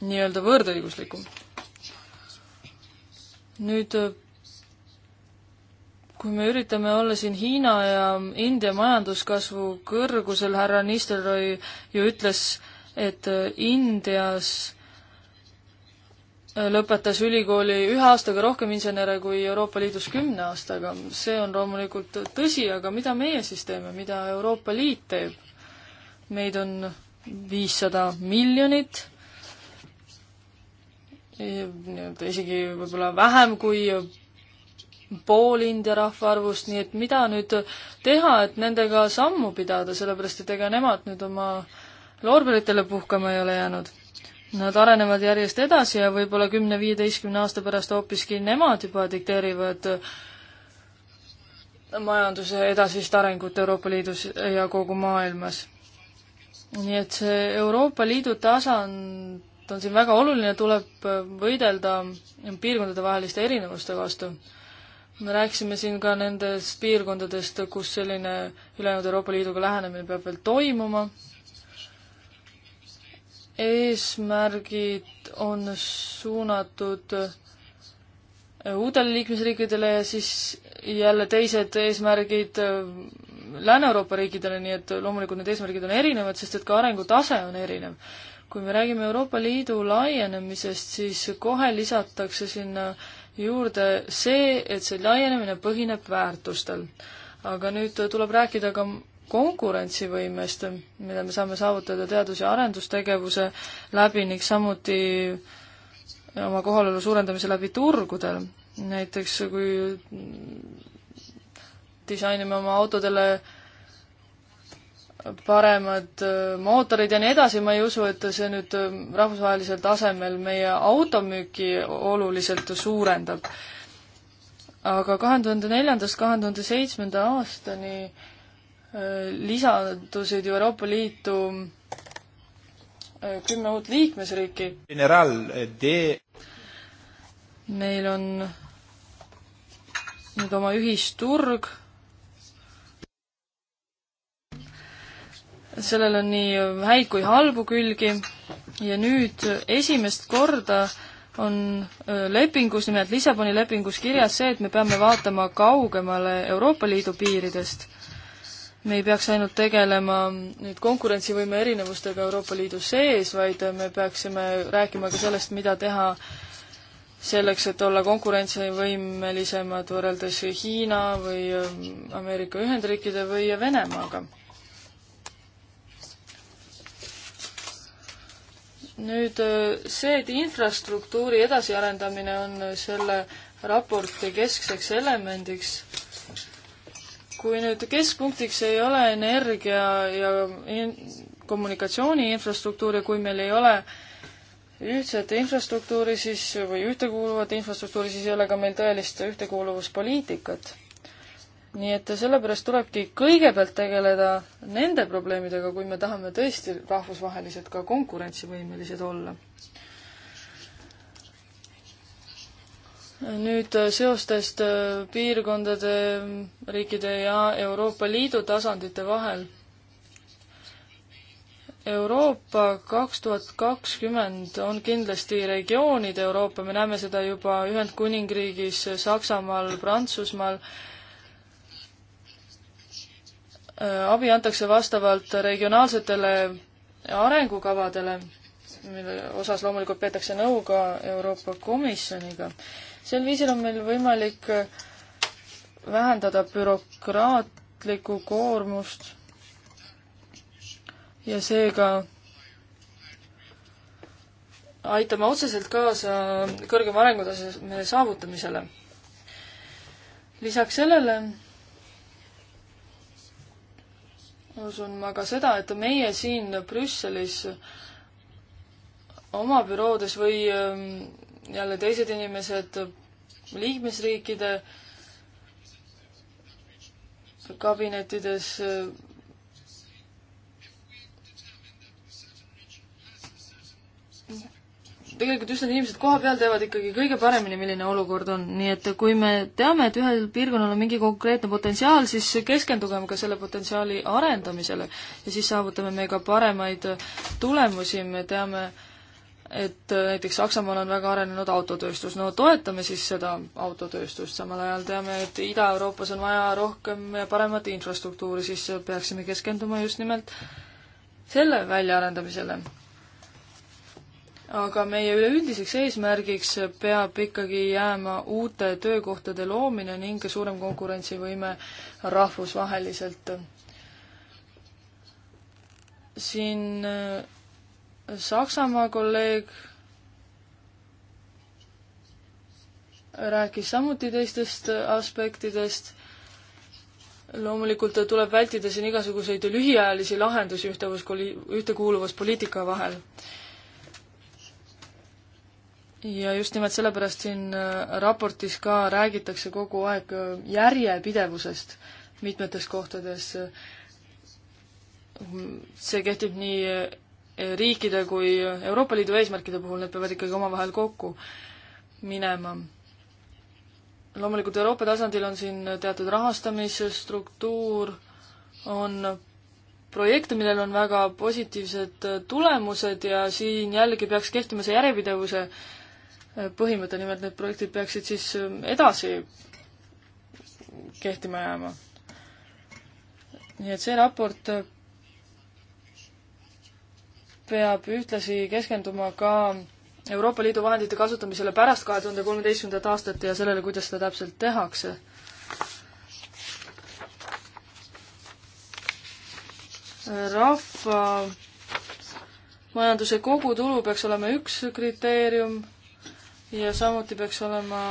nii-öelda võrdõiguslikum. nüüd äh, kui me üritame olla siin Hiina ja India majanduskasvu kõrgusel, härra Nistelrooy ju ütles, et Indias lõpetas ülikooli ühe aastaga rohkem insenere kui Euroopa Liidus kümne aastaga. see on loomulikult tõsi, aga mida meie siis teeme, mida Euroopa Liit teeb? meid on viissada miljonit, nii-öelda isegi võib-olla vähem kui pool India rahvaarvust, nii et mida nüüd teha, et nendega sammu pidada, sellepärast et ega nemad nüüd oma äh, loorberitele puhkama ei ole jäänud. Nad arenevad järjest edasi ja võib-olla kümne-viieteistkümne aasta pärast hoopiski nemad juba dikteerivad majanduse edasist arengut Euroopa Liidus ja kogu maailmas. nii et see Euroopa Liidu tasand on siin väga oluline, tuleb võidelda piirkondadevaheliste erinevuste vastu. me rääkisime siin ka nendest piirkondadest, kus selline ülejäänud Euroopa Liiduga lähenemine peab veel toimuma eesmärgid on suunatud äh, uutele liikmesriikidele ja siis jälle teised eesmärgid äh, Lääne-Euroopa riikidele, nii et loomulikult need eesmärgid on erinevad, sest et ka arengutase on erinev. kui me räägime Euroopa Liidu laienemisest, siis kohe lisatakse sinna juurde see, et see laienemine põhineb väärtustel. aga nüüd tuleb rääkida ka konkurentsivõimest, mida me saame saavutada teadus- ja arendustegevuse läbi ning samuti oma kohalolu suurendamise läbi turgudel. näiteks kui disainime oma autodele paremad äh, mootorid ja nii edasi, ma ei usu, et see nüüd äh, rahvusvahelisel tasemel meie automüüki oluliselt suurendab. aga kahe tuhande neljandast kahe tuhande seitsmenda aastani äh, lisandusid ju Euroopa Liitu äh, kümme uut liikmesriiki. Äh, De... Neil on nüüd oma ühisturg. sellel on nii häid kui halbu külgi ja nüüd esimest korda on äh, lepingus, nimelt Lissaboni lepingus kirjas see, et me peame vaatama kaugemale Euroopa Liidu piiridest me ei peaks ainult tegelema nüüd konkurentsivõime erinevustega Euroopa Liidu sees, vaid me peaksime rääkima ka sellest, mida teha selleks, et olla konkurentsivõimelisemad võrreldes Hiina või ähm, Ameerika Ühendriikide või Venemaaga. nüüd äh, see, et infrastruktuuri edasiarendamine on selle raporti keskseks elemendiks, kui nüüd keskpunktiks ei ole energia ja in kommunikatsiooni infrastruktuuri, kui meil ei ole ühtset infrastruktuuri siis või ühtekuuluvat infrastruktuuri, siis ei ole ka meil tõelist ühtekuuluvuspoliitikat. nii et sellepärast tulebki kõigepealt tegeleda nende probleemidega, kui me tahame tõesti rahvusvaheliselt ka konkurentsivõimelised olla. nüüd äh, seostest äh, piirkondade, riikide ja Euroopa Liidu tasandite vahel. Euroopa kaks tuhat kakskümmend on kindlasti regioonide Euroopa, me näeme seda juba Ühendkuningriigis, Saksamaal, Prantsusmaal. Äh, abi antakse vastavalt regionaalsetele arengukavadele, mille osas loomulikult peetakse nõu ka Euroopa Komisjoniga sel viisil on meil võimalik äh, vähendada bürokraatlikku koormust ja seega aitame otseselt kaasa kõrgema arengutaseme saavutamisele. lisaks sellele usun ma ka seda, et meie siin Brüsselis oma büroodes või ähm, jälle teised inimesed liikmesriikide kabinettides tegelikult just need inimesed koha peal teavad ikkagi kõige paremini, milline olukord on, nii et kui me teame, et ühel piirkonnal on mingi konkreetne potentsiaal, siis keskendugem ka selle potentsiaali arendamisele ja siis saavutame me ka paremaid tulemusi, me teame äh, et äh, näiteks Saksamaal on väga arenenud autotööstus, no toetame siis seda autotööstust, samal ajal teame, et Ida-Euroopas on vaja rohkem ja paremat infrastruktuuri, siis peaksime keskenduma just nimelt selle väljaarendamisele. aga meie üleüldiseks eesmärgiks peab ikkagi jääma uute töökohtade loomine ning suurem konkurentsivõime rahvusvaheliselt. siin äh, Saksamaa kolleeg rääkis samuti teistest aspektidest. loomulikult tuleb vältida siin igasuguseid lühiajalisi lahendusi ühtekuuluvus, ühtekuuluvuspoliitika vahel. ja just nimelt sellepärast siin äh, raportis ka räägitakse kogu aeg äh, järjepidevusest mitmetes kohtades. Äh, see kehtib nii riikide kui Euroopa Liidu eesmärkide puhul, need peavad ikkagi omavahel kokku minema. loomulikult Euroopa tasandil on siin teatud rahastamisstruktuur, on projekte, millel on väga positiivsed tulemused ja siin jällegi peaks kehtima see järjepidevuse põhimõte, nimelt need projektid peaksid siis edasi kehtima jääma. nii et see raport peab ühtlasi keskenduma ka Euroopa Liidu vahendite kasutamisele pärast kahe tuhande kolmeteistkümnendat aastat ja sellele, kuidas seda täpselt tehakse. rahva majanduse kogutulu peaks olema üks kriteerium ja samuti peaks olema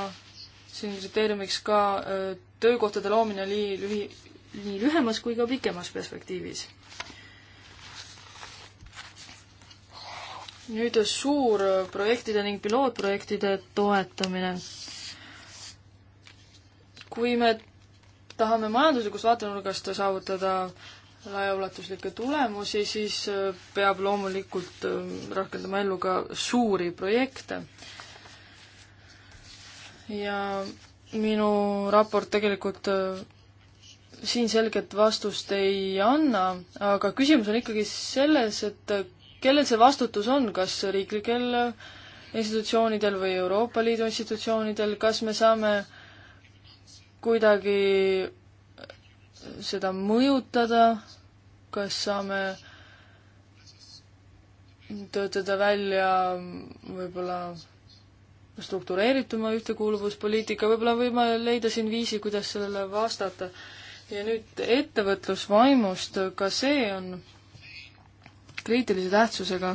siin kriteeriumiks ka äh, töökohtade loomine nii lühi, nii lühemas kui ka pikemas perspektiivis nüüd suurprojektide ning pilootprojektide toetamine. kui me tahame majanduslikust vaatenurgast saavutada laiaulatuslikke tulemusi, siis äh, peab loomulikult äh, rakendama ellu ka suuri projekte. ja minu raport tegelikult äh, siin selget vastust ei anna, aga küsimus on ikkagi selles, et kellel see vastutus on, kas riiklikel institutsioonidel või Euroopa Liidu institutsioonidel, kas me saame kuidagi seda mõjutada, kas saame töötada välja võib-olla struktureerituma ühtekuuluvuspoliitika, võib-olla võime leida siin viisi, kuidas sellele vastata. ja nüüd ettevõtlusvaimust, ka see on kriitilise tähtsusega.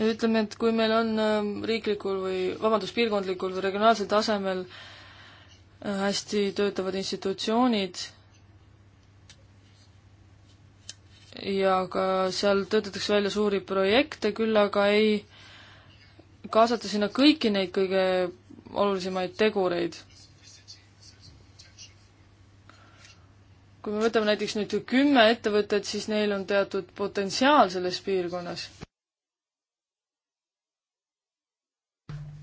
ütleme, et kui meil on ähm, riiklikul või vabandust, piirkondlikul või regionaalsel tasemel äh, hästi töötavad institutsioonid, ja ka seal töötatakse välja suuri projekte, küll aga ei kaasata sinna kõiki neid kõige olulisemaid tegureid. kui me võtame näiteks nüüd kümme ettevõtet, siis neil on teatud potentsiaal selles piirkonnas.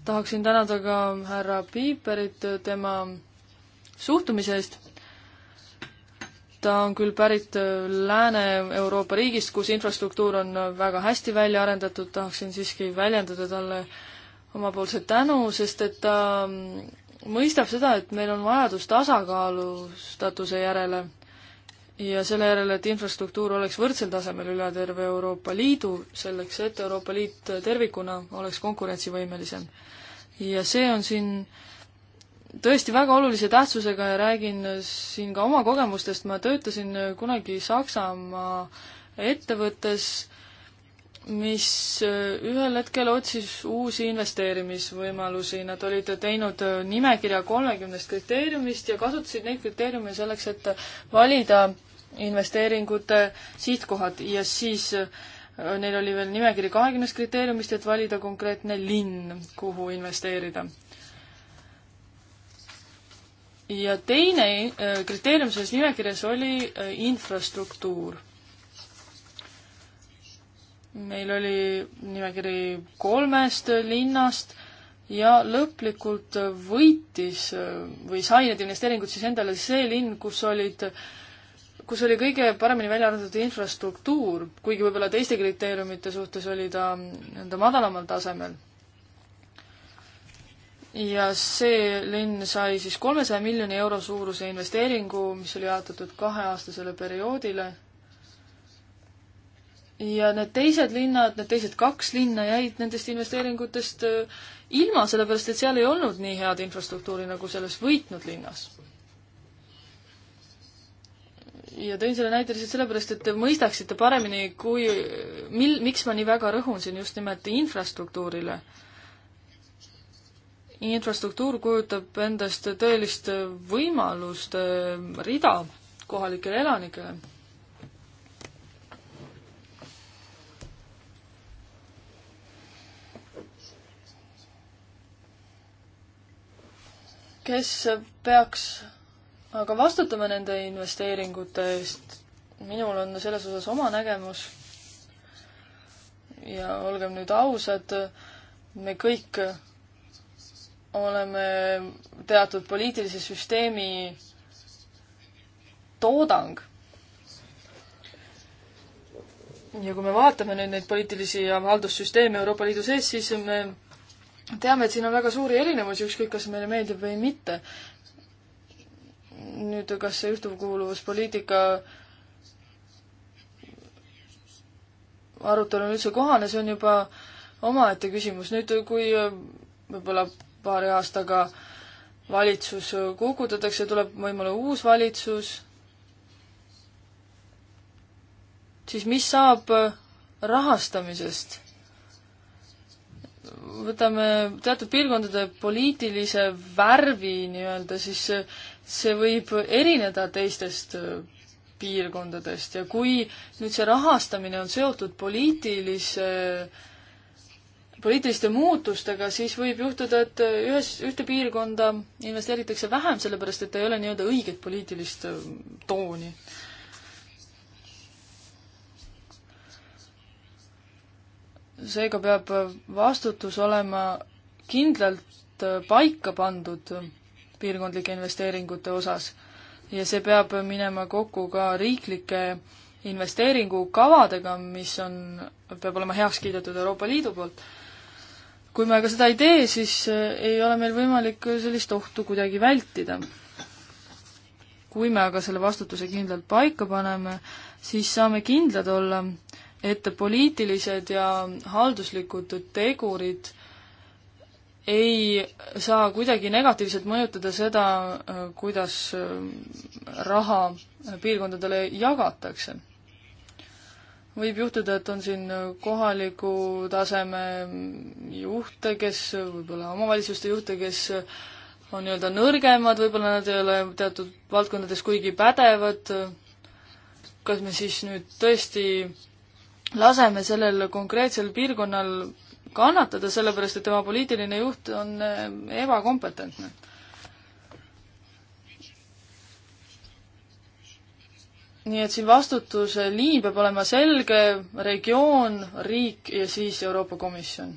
tahaksin tänada ka härra Piiperit tema suhtumise eest. ta on küll pärit Lääne-Euroopa riigist, kus infrastruktuur on väga hästi välja arendatud, tahaksin siiski väljendada talle omapoolse tänu, sest et ta mõistab seda, et meil on vajadus tasakaalustatuse järele ja selle järel, et infrastruktuur oleks võrdsel tasemel üle terve Euroopa Liidu, selleks et Euroopa Liit tervikuna oleks konkurentsivõimelisem. ja see on siin tõesti väga olulise tähtsusega ja räägin siin ka oma kogemustest, ma töötasin kunagi Saksamaa ettevõttes, mis ühel hetkel otsis uusi investeerimisvõimalusi, nad olid teinud nimekirja kolmekümnest kriteeriumist ja kasutasid neid kriteeriume selleks, et valida investeeringute sihtkohad ja siis äh, neil oli veel nimekiri kahekümnest kriteeriumist, et valida konkreetne linn, kuhu investeerida. ja teine äh, kriteerium selles nimekirjas oli äh, infrastruktuur. meil oli nimekiri kolmest linnast ja lõplikult võitis või sai need investeeringud siis endale see linn, kus olid äh, kus oli kõige paremini välja arendatud infrastruktuur, kuigi võib-olla teiste kriteeriumite suhtes oli ta nii-öelda madalamal tasemel. ja see linn sai siis kolmesaja miljoni euro suuruse investeeringu, mis oli jaotatud kaheaastasele perioodile. ja need teised linnad, need teised kaks linna jäid nendest investeeringutest äh, ilma, sellepärast et seal ei olnud nii head infrastruktuuri nagu selles võitnud linnas ja tõin selle näite lihtsalt sellepärast, et te mõistaksite paremini, kui, mil, miks ma nii väga rõhun siin just nimelt infrastruktuurile. infrastruktuur kujutab endast tõelist võimalust äh, rida kohalikele elanikele. kes peaks aga vastutame nende investeeringute eest. minul on selles osas oma nägemus. ja olgem nüüd ausad, me kõik oleme teatud poliitilise süsteemi toodang. ja kui me vaatame nüüd neid poliitilisi ja haldussüsteeme Euroopa Liidu sees, siis me teame, et siin on väga suuri erinevusi, ükskõik kas meile meeldib või mitte nüüd, kas see ühtekuuluvuspoliitika arutelu on üldse kohane, see on juba omaette küsimus. nüüd, kui äh, võib-olla paari aastaga valitsus kukutatakse, tuleb võimule uus valitsus, siis mis saab äh, rahastamisest? võtame teatud piirkondade poliitilise värvi nii-öelda, siis äh, see võib erineda teistest äh, piirkondadest ja kui nüüd see rahastamine on seotud poliitilise, poliitiliste muutustega, siis võib juhtuda, et äh, ühes, ühte piirkonda investeeritakse vähem, sellepärast et ei ole nii-öelda õiget poliitilist äh, tooni. seega peab vastutus olema kindlalt paika pandud piirkondlike investeeringute osas. ja see peab minema kokku ka riiklike investeeringukavadega, mis on, peab olema heaks kiidetud Euroopa Liidu poolt. kui me aga seda ei tee, siis eh, ei ole meil võimalik sellist ohtu kuidagi vältida. kui me aga selle vastutuse kindlalt paika paneme, siis saame kindlad olla, et poliitilised ja halduslikud tegurid ei saa kuidagi negatiivselt mõjutada seda, kuidas raha piirkondadele jagatakse. võib juhtuda, et on siin kohaliku taseme juhte, kes, võib-olla omavalitsuste juhte, kes on nii-öelda nõrgemad, võib-olla nad ei ole teatud valdkondades kuigi pädevad, kas me siis nüüd tõesti laseme sellel konkreetsel piirkonnal kannatada, sellepärast et tema poliitiline juht on eh, ebakompetentne. nii et siin vastutuse liin peab olema selge, regioon, riik ja siis Euroopa Komisjon.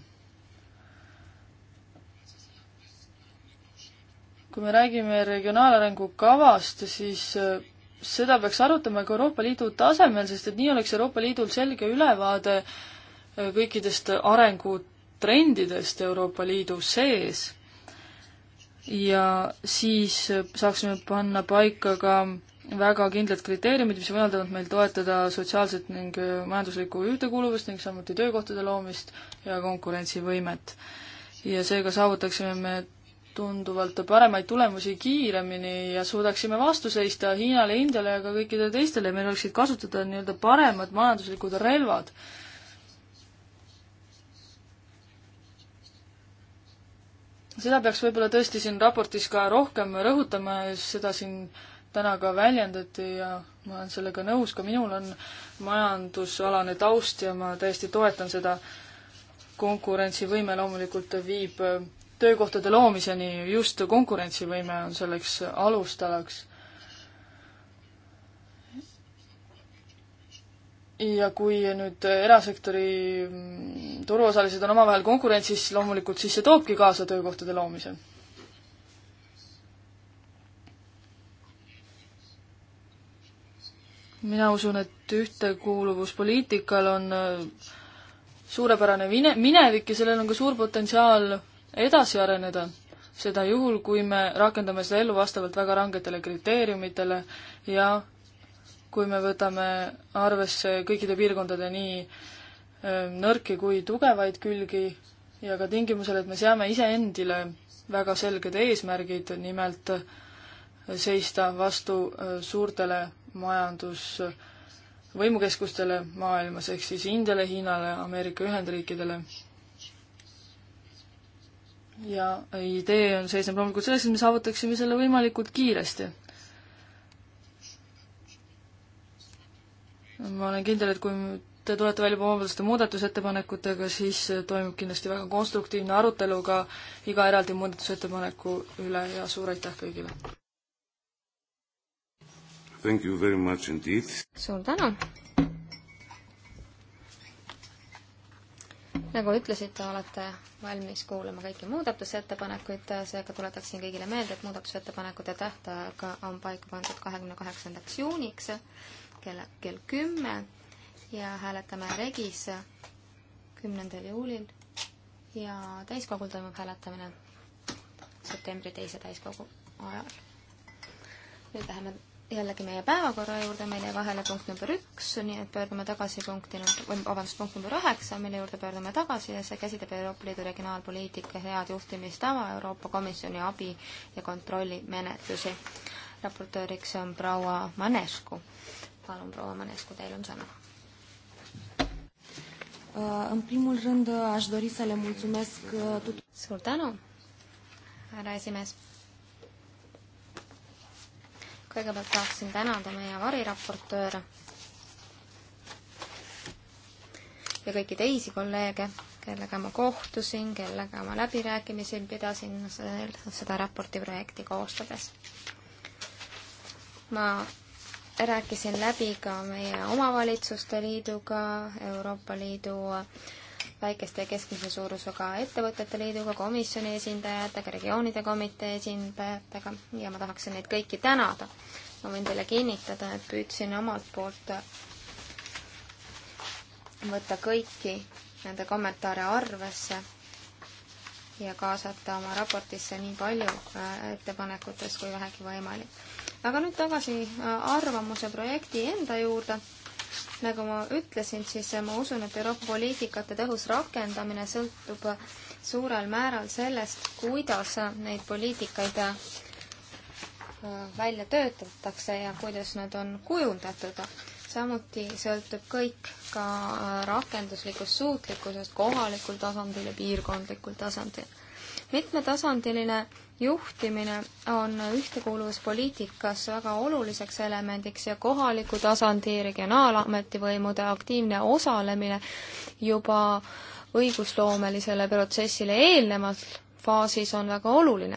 kui me räägime regionaalarengu kavast, siis eh, seda peaks arutama ka Euroopa Liidu tasemel, sest et nii oleks Euroopa Liidul selge ülevaade äh, kõikidest arengutrendidest Euroopa Liidu sees ja siis saaksime panna paika ka väga kindlad kriteeriumid, mis võimaldavad meil toetada sotsiaalset ning majanduslikku ühtekuuluvust ning samuti töökohtade loomist ja konkurentsivõimet. ja seega saavutaksime me tunduvalt paremaid tulemusi kiiremini ja suudaksime vastu seista Hiinale, Indiale ja ka kõikidele teistele ja meil oleksid kasutada nii-öelda paremad majanduslikud relvad seda peaks võib-olla tõesti siin raportis ka rohkem rõhutama ja seda siin täna ka väljendati ja ma olen sellega nõus, ka minul on majandusalane taust ja ma täiesti toetan seda. konkurentsivõime loomulikult viib töökohtade loomiseni, just konkurentsivõime on selleks alustalaks. ja kui nüüd erasektori mm, turuosalised on omavahel konkurentsis, loomulikult siis see toobki kaasa töökohtade loomise. mina usun, et ühtekuuluvuspoliitikal on äh, suurepärane mine-, minevik ja sellel on ka suur potentsiaal edasi areneda. seda juhul, kui me rakendame seda ellu vastavalt väga rangetele kriteeriumitele ja kui me võtame arvesse kõikide piirkondade nii nõrki kui tugevaid külgi ja ka tingimusel, et me seame iseendile väga selged eesmärgid, nimelt seista vastu suurtele majandusvõimukeskustele maailmas, ehk siis Indiale, Hiinale, Ameerika Ühendriikidele. ja idee on, seisneb loomulikult selles, et me saavutaksime selle võimalikult kiiresti ma olen kindel, et kui te tulete välja omavalitsuse muudatusettepanekutega, siis toimub kindlasti väga konstruktiivne arutelu ka iga eraldi muudatusettepaneku üle ja suur aitäh kõigile! Thank you very much indeed! suur tänu! nagu ütlesite, olete valmis kuulama kõiki muudatusettepanekuid, seega tuletaksin kõigile meelde, et muudatusettepanekute tähtaeg on paika pandud kahekümne kaheksandaks juuniks kella, kell kümme ja hääletame Regis kümnendal juulil ja täiskogul toimub hääletamine septembri teise täiskogu ajal. nüüd läheme jällegi meie päevakorra juurde, meil jäi vahele punkt number üks, nii et pöördume tagasi punkti, vabandust, punkt number üheksa, mille juurde pöördume tagasi ja see käsitleb Euroopa Liidu regionaalpoliitika head juhtimistava, Euroopa Komisjoni abi ja kontrollimenetlusi. raportööriks on proua Manescu palun, proua Manescu, teil on sõna. În primul rând, aș dori să le mulțumesc uh, tuturor. Suur tänu, härra esimees. Kõigepealt tahaksin tänada meie variraportööre ja kõiki teisi kolleege, kellega ma kohtusin, kellega ma läbirääkimisi pidasin seda raporti projekti koostades. Ma rääkisin läbi ka meie omavalitsuste liiduga, Euroopa Liidu väikeste ja keskmise suurusega ettevõtete liiduga, komisjoni esindajatega, regioonide komitee esindajatega ja ma tahaksin neid kõiki tänada. ma võin teile kinnitada, et püüdsin omalt poolt võtta kõiki nende kommentaare arvesse ja kaasata oma raportisse nii palju äh, ettepanekutest kui vähegi võimalik aga nüüd tagasi äh, arvamuse projekti enda juurde. nagu ma ütlesin, siis äh, ma usun, et Euroopa poliitikate tõhus rakendamine sõltub äh, suurel määral sellest, kuidas neid poliitikaid välja töötatakse ja kuidas nad on kujundatud. samuti sõltub kõik ka rakenduslikust suutlikkusest kohalikul tasandil ja piirkondlikul tasandil. mitmetasandiline juhtimine on ühtekuuluvuspoliitikas väga oluliseks elemendiks ja kohaliku tasandi regionaalametivõimude aktiivne osalemine juba õigusloomelisele protsessile eelnevas faasis on väga oluline.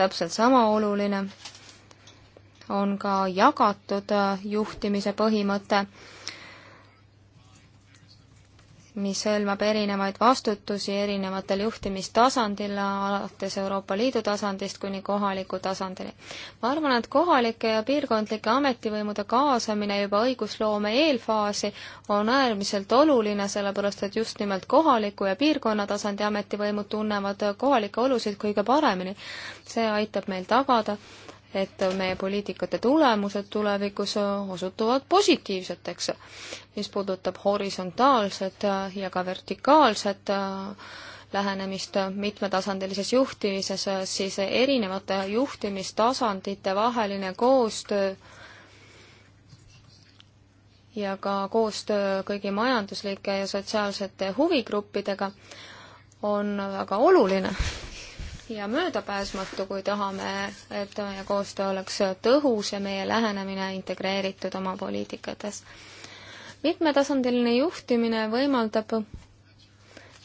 täpselt sama oluline on ka jagatud juhtimise põhimõte mis hõlmab erinevaid vastutusi erinevatel juhtimistasandil, alates Euroopa Liidu tasandist kuni kohaliku tasandini. ma arvan, et kohalike ja piirkondlike ametivõimude kaasamine juba õigusloome eelfaasi on äärmiselt oluline, sellepärast et just nimelt kohaliku ja piirkonna tasandi ametivõimud tunnevad kohalikke olusid kõige paremini. see aitab meil tagada, et meie poliitikate tulemused tulevikus osutuvad positiivseteks. mis puudutab horisontaalset ja ka vertikaalset lähenemist mitmetasandilises juhtimises, siis erinevate juhtimistasandite vaheline koostöö ja ka koostöö kõigi majanduslike ja sotsiaalsete huvigruppidega on väga oluline ja möödapääsmatu, kui tahame, et meie koostöö oleks tõhus ja meie lähenemine integreeritud oma poliitikates. mitmetasandiline juhtimine võimaldab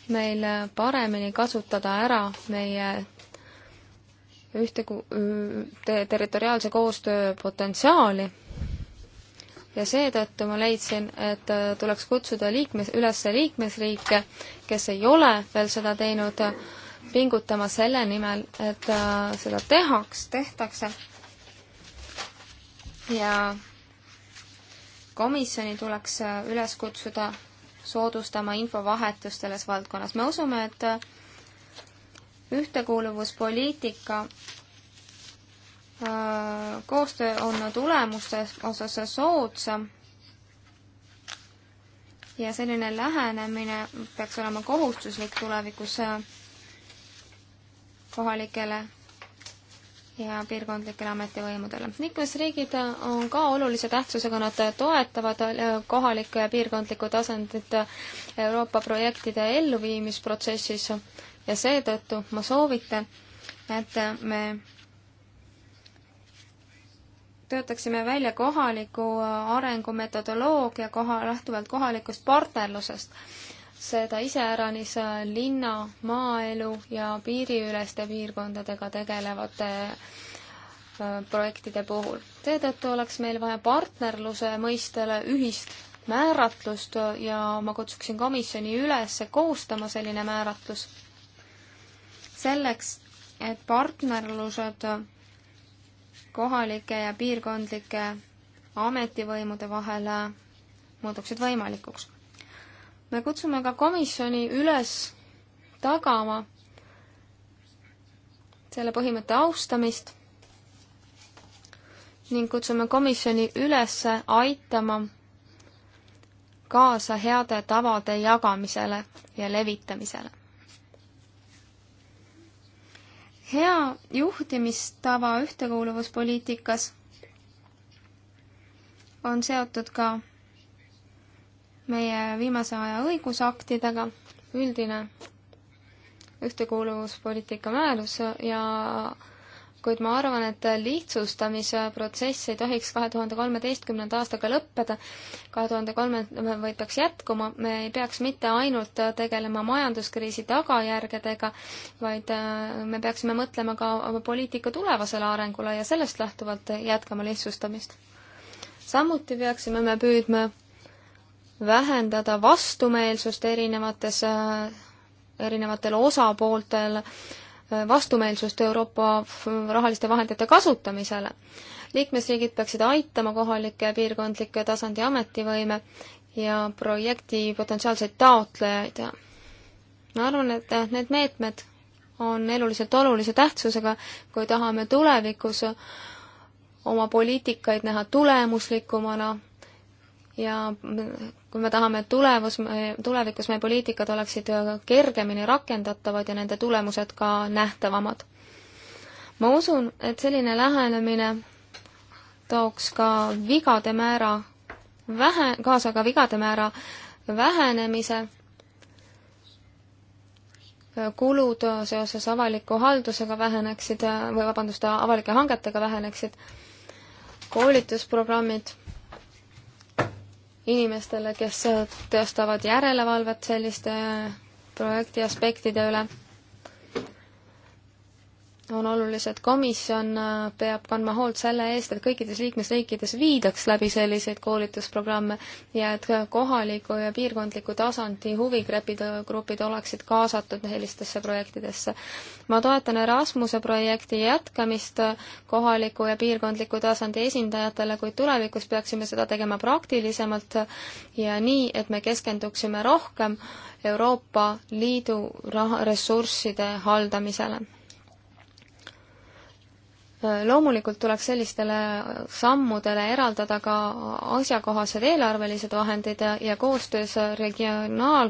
meil paremini kasutada ära meie ühte te territoriaalse koostöö potentsiaali ja seetõttu ma leidsin, et tuleks kutsuda liikmes, üles liikmesriike, kes ei ole veel seda teinud, pingutama selle nimel, et äh, seda tehaks, tehtakse. ja komisjoni tuleks äh, üles kutsuda soodustama infovahetust selles valdkonnas. me usume, et äh, ühtekuuluvuspoliitika koostöö on tulemuste osas soodsam ja selline lähenemine peaks olema kohustuslik tulevikus kohalikele ja piirkondlikele ametivõimudele. liikmesriigid on ka olulise tähtsusega, nad toetavad äh, kohalikku ja piirkondlikku tasandit äh, Euroopa projektide elluviimisprotsessis ja seetõttu ma soovitan, et me töötaksime välja kohaliku äh, arengumetodoloogia koha, lähtuvalt kohalikust partnerlusest seda iseäranis linna, maaelu ja piiriüleste piirkondadega tegelevate projektide puhul. seetõttu oleks meil vaja partnerluse mõistele ühist määratlust ja ma kutsuksin komisjoni üles koostama selline määratlus selleks, et partnerlused kohalike ja piirkondlike ametivõimude vahel muutuksid võimalikuks me kutsume ka komisjoni üles tagama selle põhimõtte austamist ning kutsume komisjoni üles aitama kaasa heade tavade jagamisele ja levitamisele. hea juhtimistava ühtekuuluvuspoliitikas on seotud ka meie viimase aja õigusaktidega, üldine ühtekuuluvuspoliitika määrus ja kuid ma arvan, et lihtsustamise protsess ei tohiks kahe tuhande kolmeteistkümnenda aastaga lõppeda, kahe tuhande kolme, vaid peaks jätkuma, me ei peaks mitte ainult tegelema majanduskriisi tagajärgedega, vaid äh, me peaksime mõtlema ka oma poliitika tulevasele arengule ja sellest lähtuvalt jätkama lihtsustamist. samuti peaksime me püüdma vähendada vastumeelsust erinevates, erinevatel osapooltel, vastumeelsust Euroopa rahaliste vahendite kasutamisele. liikmesriigid peaksid aitama kohalikke piirkondlikke tasandi ametivõime ja projekti potentsiaalseid taotlejaid ja ma arvan, et need meetmed on eluliselt olulise tähtsusega, kui tahame tulevikus oma poliitikaid näha tulemuslikumana ja kui me tahame, et tulevus, tulevikus meie poliitikad oleksid kergemini rakendatavad ja nende tulemused ka nähtavamad. ma usun, et selline lähenemine tooks ka vigade määra vähe, kaasa ka vigade määra vähenemise, kulud seoses avaliku haldusega väheneksid või vabandust, avalike hangetega väheneksid, koolitusprogrammid inimestele, kes teostavad järelevalvet selliste äh, projekti aspektide üle on olulised, komisjon äh, peab kandma hoolt selle eest, et kõikides liikmesriikides viidaks läbi selliseid koolitusprogramme ja et kohaliku ja piirkondliku tasandi huvigrupid, äh, grupid oleksid kaasatud sellistesse projektidesse. ma toetan Erasmuse projekti jätkamist äh, kohaliku ja piirkondliku tasandi esindajatele, kuid tulevikus peaksime seda tegema praktilisemalt ja nii, et me keskenduksime rohkem Euroopa Liidu raha, ressursside haldamisele loomulikult tuleks sellistele sammudele eraldada ka asjakohased eelarvelised vahendid ja, ja koostöös regionaal,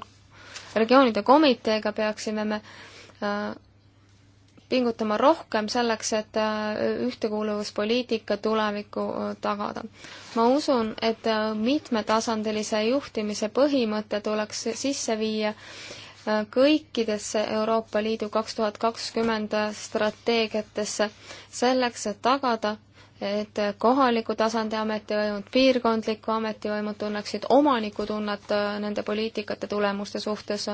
regioonide komiteega peaksime me äh, pingutama rohkem selleks, et äh, ühtekuuluvuspoliitika tulevikku äh, tagada. ma usun, et äh, mitmetasandilise juhtimise põhimõte tuleks sisse viia kõikidesse Euroopa Liidu kaks tuhat kakskümmend strateegiatesse selleks, et tagada, et kohaliku tasandi ametivõimud, piirkondliku ametivõimud tunneksid omanikutunnet äh, nende poliitikate tulemuste suhtes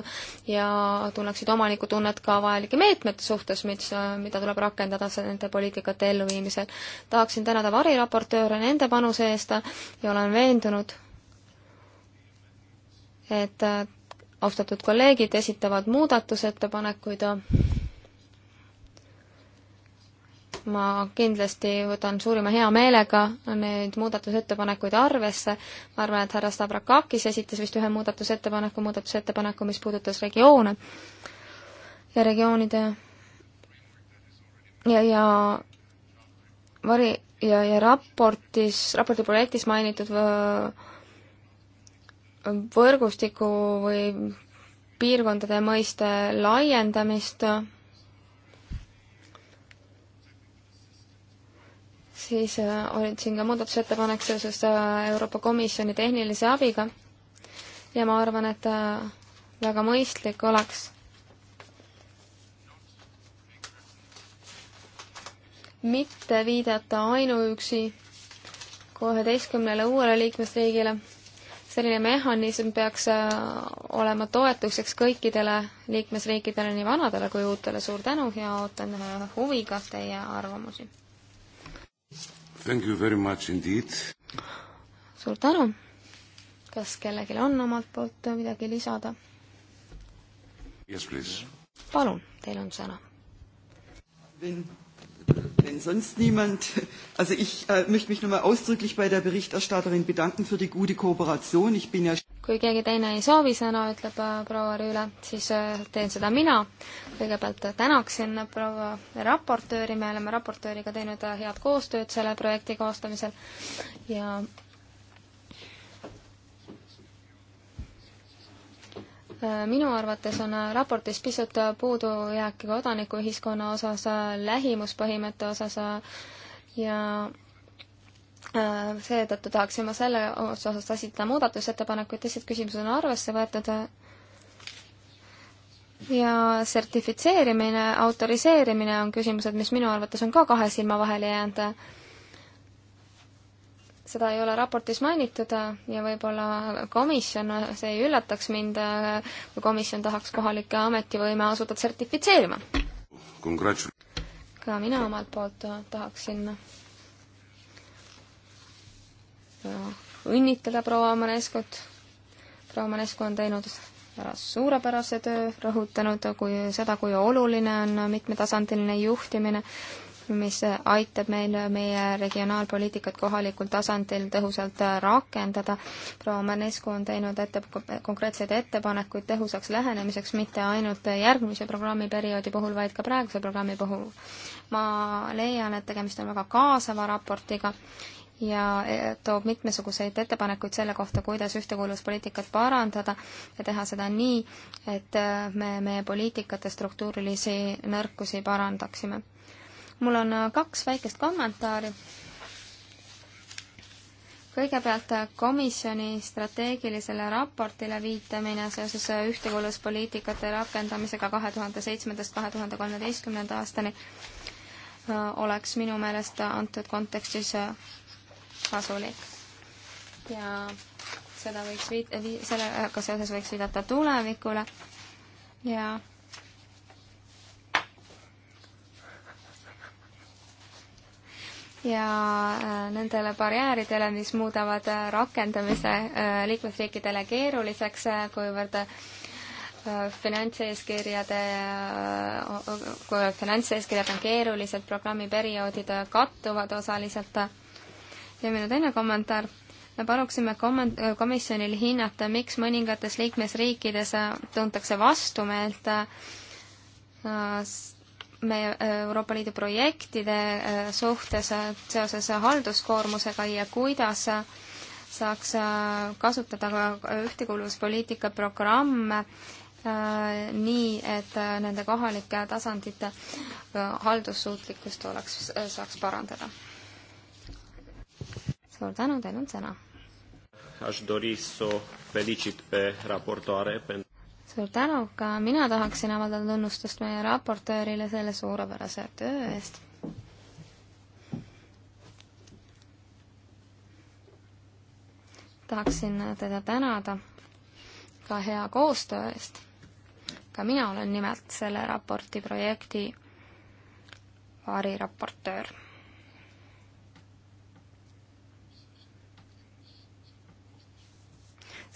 ja tunneksid omanikutunnet ka vajalike meetmete suhtes, mis, äh, mida tuleb rakendada nende poliitikate elluviimisel. tahaksin tänada variraportööre nende panuse eest ja olen veendunud, et äh, austatud kolleegid esitavad muudatusettepanekuid. ma kindlasti võtan suurima heameelega neid muudatusettepanekuid arvesse. ma arvan, et härra Stavrakakis esitas vist ühe muudatusettepaneku, muudatusettepaneku, mis puudutas regioone ja regioonide ja, ja vari- ja, ja raportis, raporti projektis mainitud võ, äh, võrgustiku või piirkondade mõiste laiendamist, siis äh, olid siin ka muudatusettepanek seoses äh, Euroopa Komisjoni tehnilise abiga ja ma arvan, et äh, väga mõistlik oleks mitte viidata ainuüksi kaheteistkümnele uuele liikmesriigile selline mehhanism peaks äh, olema toetuseks kõikidele liikmesriikidele, nii vanadele kui uutele. suur tänu ja ootan äh, huviga teie arvamusi. Thank you very much indeed. suur tänu. kas kellelgi on omalt poolt midagi lisada? Yes, please. palun, teil on sõna. Wenn sonst niemand, also ich äh, möchte mich nochmal ausdrücklich bei der Berichterstatterin bedanken für die gute Kooperation. Ich bin ja kui keegi teine ei soovi sõna, ütleb äh, proua Rüüle, siis äh, teen seda mina. kõigepealt tänaksin proua raportööri, me oleme raportööriga teinud äh, head koostööd selle projekti koostamisel ja Äh, minu arvates on äh, raportis pisut äh, puudujääki kodanikuühiskonna osas, lähimuspõhimõtte osas ja seetõttu tahaksin ma selle osas esitada muudatusettepanekuid, teised küsimused on arvesse võetud ja sertifitseerimine, autoriseerimine on küsimused, mis minu arvates on ka kahe silma vahele jäänud seda ei ole raportis mainitud äh, ja võib-olla komisjon, äh, see ei üllataks mind, äh, kui komisjon tahaks kohalikke ametivõime asuda sertifitseerima. ka mina omalt poolt tahaksin õnnitleda proua Maneskot. proua Manesko on teinud suurepärase töö, rõhutanud kui seda, kui oluline on mitmetasandiline juhtimine mis aitab meil meie regionaalpoliitikat kohalikul tasandil tõhusalt rakendada. proua Manescu on teinud ette, konkreetseid ettepanekuid tõhusaks lähenemiseks mitte ainult järgmise programmiperioodi puhul, vaid ka praeguse programmi puhul. ma leian, et tegemist on väga kaasava raportiga ja e, toob mitmesuguseid ettepanekuid selle kohta, kuidas ühtekuuluvuspoliitikat parandada ja teha seda nii, et me meie poliitikate struktuurilisi nõrkusi parandaksime mul on äh, kaks väikest kommentaari. kõigepealt äh, komisjoni strateegilisele raportile viitamine seoses äh, ühtekuuluvuspoliitikate rakendamisega kahe tuhande seitsmendast kahe tuhande kolmeteistkümnenda aastani oleks minu meelest antud kontekstis kasulik. ja seda võiks viit-, vi-, sellega seoses võiks viidata tulevikule ja ja äh, nendele barjääridele, mis muudavad äh, rakendamise äh, liikmesriikidele keeruliseks, kuivõrd finantseeskirjade, kui finantseeskirjad on keerulised, programmiperioodid kattuvad osaliselt. ja minu teine kommentaar, me paluksime komment-, komisjonil hinnata, miks mõningates liikmesriikides tuntakse vastumeelt me äh, Euroopa Liidu projektide äh, suhtes äh, seoses halduskoormusega ja kuidas saaks kasutada ka ühtekuuluvuspoliitika programme nii, et nende kohalike tasandite haldussuutlikkust oleks, saaks parandada. suur tänu, teil on sõna suur tänu, ka mina tahaksin avaldada tunnustust meie raportöörile selle suurepärase töö eest. tahaksin teda tänada ka hea koostöö eest. ka mina olen nimelt selle raporti projekti variraportöör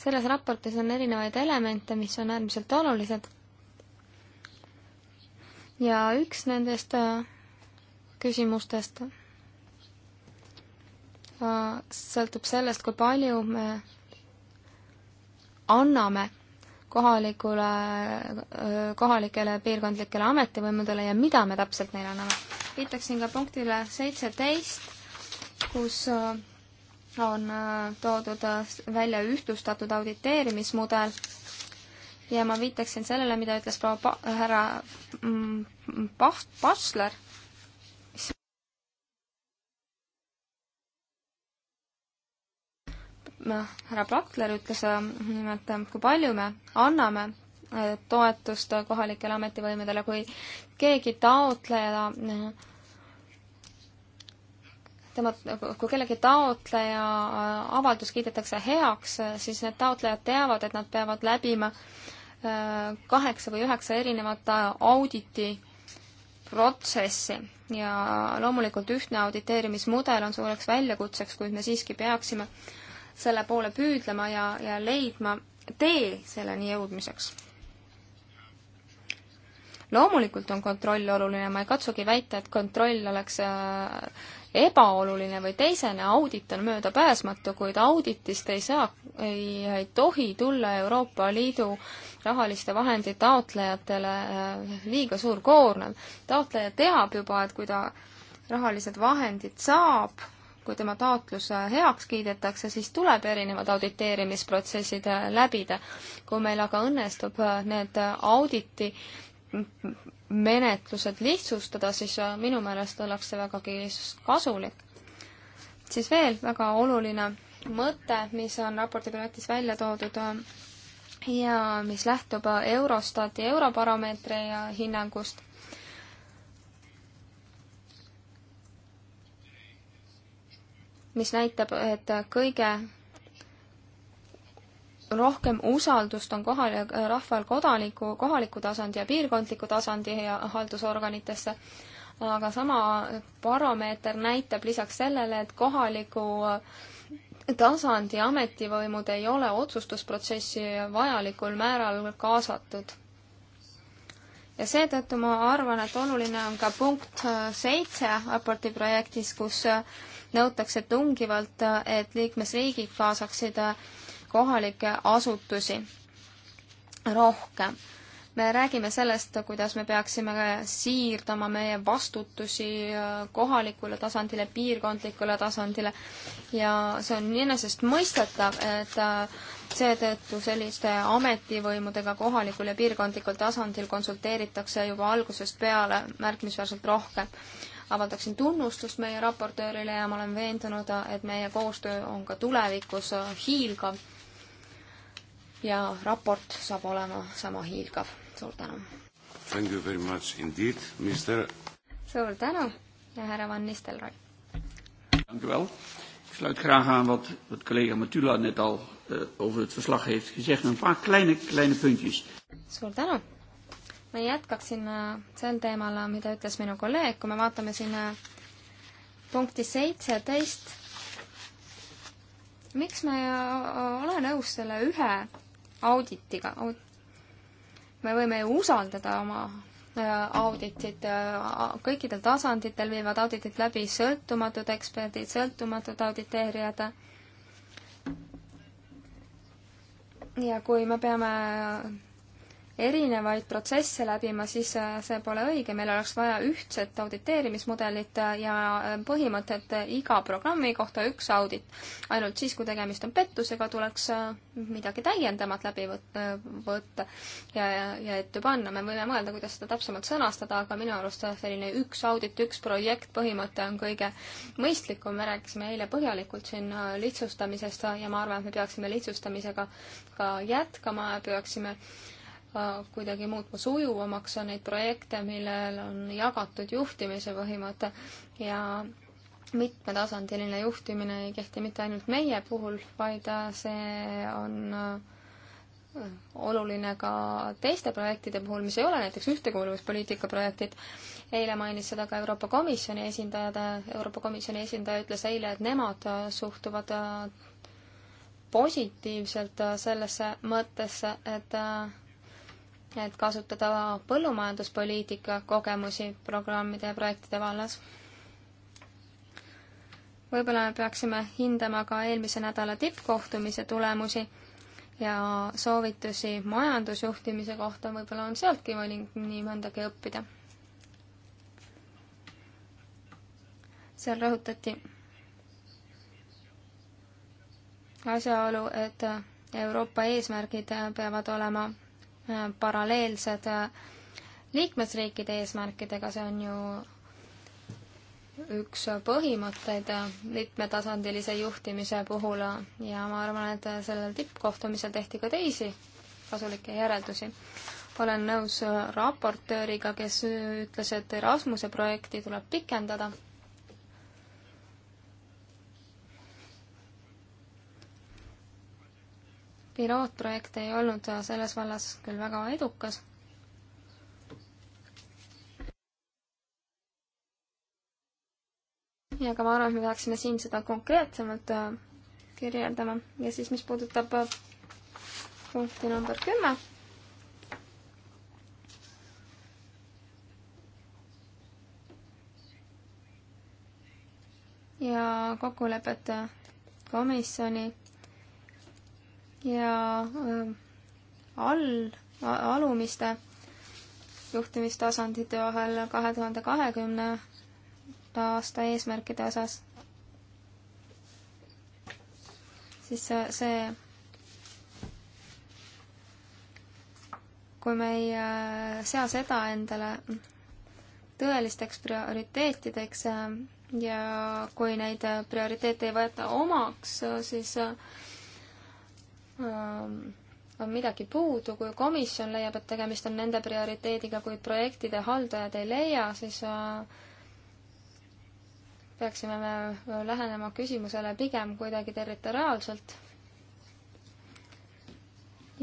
selles raportis on erinevaid elemente, mis on äärmiselt olulised. ja üks nendest äh, küsimustest äh, sõltub sellest, kui palju me anname kohalikule, äh, kohalikele piirkondlikele ametivõimudele ja mida me täpselt neile anname. viitaksin ka punktile seitseteist, kus on äh, toodud äh, välja ühtlustatud auditeerimismudel ja ma viitaksin sellele, mida ütles proua pa-, härra mm, Paht-, Pasler. härra Platler ütles äh, nimelt, kui palju me anname toetust kohalikele ametivõimedele, kui keegi taotleja tema, kui kellegi taotleja avaldus kiidetakse heaks, siis need taotlejad teavad, et nad peavad läbima äh, kaheksa või üheksa erinevat äh, auditi protsessi ja loomulikult ühtne auditeerimismudel on suureks väljakutseks, kuid me siiski peaksime selle poole püüdlema ja, ja leidma tee selleni jõudmiseks loomulikult on kontroll oluline, ma ei katsugi väita, et kontroll oleks äh, ebaoluline või teisene, audit on möödapääsmatu, kuid auditist ei saa, ei, ei tohi tulla Euroopa Liidu rahaliste vahendite taotlejatele äh, liiga suur koorem. taotleja teab juba, et kui ta rahalised vahendid saab, kui tema taotlus heaks kiidetakse, siis tuleb erinevad auditeerimisprotsessid äh, läbida. kui meil aga õnnestub need auditi menetlused lihtsustada, siis äh, minu meelest oleks see vägagi kasulik. siis veel väga oluline mõte, mis on raporti projektis välja toodud äh, ja mis lähtub äh, Eurostati Eurobaromeetri hinnangust. mis näitab, et kõige rohkem usaldust on kohal, äh, rahval kodaniku, kohaliku tasandi ja piirkondliku tasandi ja haldusorganitesse, aga sama baromeeter näitab lisaks sellele, et kohaliku äh, tasandi ametivõimud ei ole otsustusprotsessi vajalikul määral kaasatud. ja seetõttu ma arvan, et oluline on ka punkt äh, seitse raporti projektis, kus nõutakse tungivalt, et liikmesriigid kaasaksid kohalikke asutusi rohkem. me räägime sellest, kuidas me peaksime siirdama meie vastutusi äh, kohalikule tasandile, piirkondlikule tasandile ja see on enesestmõistetav, et äh, seetõttu selliste ametivõimudega kohalikul ja piirkondlikul tasandil konsulteeritakse juba algusest peale märkimisväärselt rohkem avaldaksin tunnustust meie raportöörile ja ma olen veendunud, äh, et meie koostöö on ka tulevikus hiilgav ja raport saab olema sama hiilgav. suur tänu! Thank you very much indeed, minister! suur tänu ja härra Van Nistelrooy! Dank u wel. Ik sluit graag aan wat, wat collega Matula net al uh, over het verslag heeft gezegd. Een paar kleine, kleine puntjes. Suur tänu. Ma jätkaksin eh, sel teemal, eh, mida ütles minu kolleeg. Kui me vaatame siin punkti 17, miks me ole nõus selle ühe auditiga. me võime ju usaldada oma äh, auditid, äh, kõikidel tasanditel viivad auditit läbi sõltumatud eksperdid, sõltumatud auditeerijad. ja kui me peame erinevaid protsesse läbima, siis äh, see pole õige, meil oleks vaja ühtset auditeerimismudelit äh, ja äh, põhimõtet iga programmi kohta üks audit. ainult siis, kui tegemist on pettusega, tuleks midagi täiendamat läbi võtta ja, ja ette panna. me võime mõelda, kuidas seda täpsemalt sõnastada, aga minu arust selline üks audit, üks projekt põhimõte on kõige mõistlikum. me rääkisime eile põhjalikult siin lihtsustamisest ja ma arvan, et me peaksime lihtsustamisega ka jätkama ja peaksime kuidagi muutma sujuvamaks, on neid projekte, millel on jagatud juhtimise põhimõte ja mitmetasandiline juhtimine ei kehti mitte ainult meie puhul, vaid äh, see on äh, oluline ka teiste projektide puhul, mis ei ole näiteks ühtekuuluvuspoliitika projektid. eile mainis seda ka Euroopa Komisjoni esindajad, Euroopa Komisjoni esindaja ütles eile, et nemad äh, suhtuvad positiivselt sellesse mõttesse, et et kasutada põllumajanduspoliitika kogemusi programmide ja projektide vallas. võib-olla me peaksime hindama ka eelmise nädala tippkohtumise tulemusi ja soovitusi majandusjuhtimise kohta, võib-olla on sealtki võinud nii mõndagi õppida. seal rõhutati asjaolu, et Euroopa eesmärgid peavad olema paralleelsed liikmesriikide eesmärkidega, see on ju üks põhimõtteid mitmetasandilise juhtimise puhul ja ma arvan, et sellel tippkohtumisel tehti ka teisi kasulikke järeldusi. olen nõus raportööriga, kes ütles, et Erasmuse projekti tuleb pikendada pilootprojekt ei olnud selles vallas küll väga edukas. ja ka ma arvan, et me peaksime siin seda konkreetsemalt äh, kirjeldama ja siis, mis puudutab äh, punkti number kümme ja kokkulepet äh, komisjoni ja äh, all, alumiste juhtimistasandite vahel kahe tuhande kahekümnenda aasta eesmärkide osas, siis see, see, kui me ei äh, sea seda endale tõelisteks prioriteetideks äh, ja kui neid prioriteete ei võeta omaks, siis Ehm, on midagi puudu, kui komisjon leiab, et tegemist on nende prioriteediga, kuid projektide haldajad ei leia, siis äh, peaksime me äh, lähenema küsimusele pigem kuidagi territoriaalselt.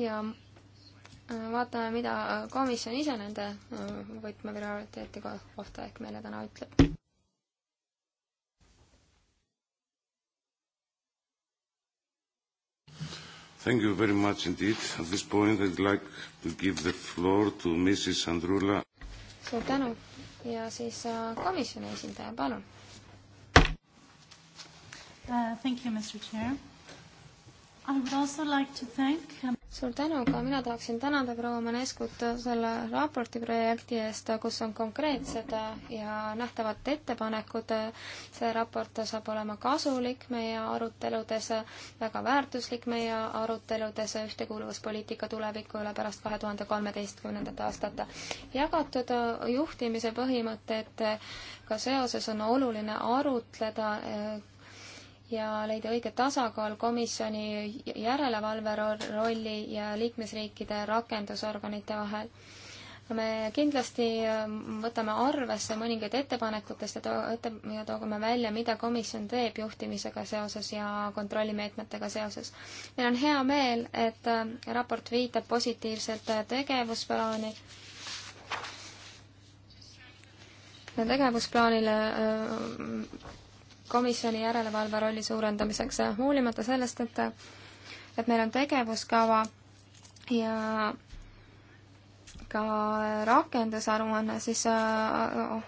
ja äh, vaatame, mida komisjon ise nende võtmeprioriteeti kohta ehk meile täna ütleb. Thank you very much indeed. At this point I'd like to give the floor to Mrs Andrula. suur tänu ja siis äh, komisjoni esindaja, palun uh,. Thank you, Mr Chair Like um, suur tänu, ka mina tahaksin tänada proua Maneskut selle raporti projekti eest, kus on konkreetsed ja nähtavad ettepanekud. see raport saab olema kasulik meie aruteludes, väga väärtuslik meie aruteludes ühtekuuluvuspoliitika tuleviku üle pärast kahe tuhande kolmeteistkümnendat aastat. jagatud juhtimise põhimõtted ka seoses on oluline arutleda eh, ja leida õige tasakaal komisjoni järelevalve rolli ja liikmesriikide rakendusorganite vahel. me kindlasti ähm, võtame arvesse mõningaid ettepanekutest ja to-, ette-, ja toome välja, mida komisjon teeb juhtimisega seoses ja kontrollimeetmetega seoses. meil on hea meel, et ähm, raport viitab positiivselt äh, tegevusplaani, tegevusplaanile äh, komisjoni järelevalve rolli suurendamiseks, hoolimata sellest, et et meil on tegevuskava ja ka rakendusaruanne, siis äh,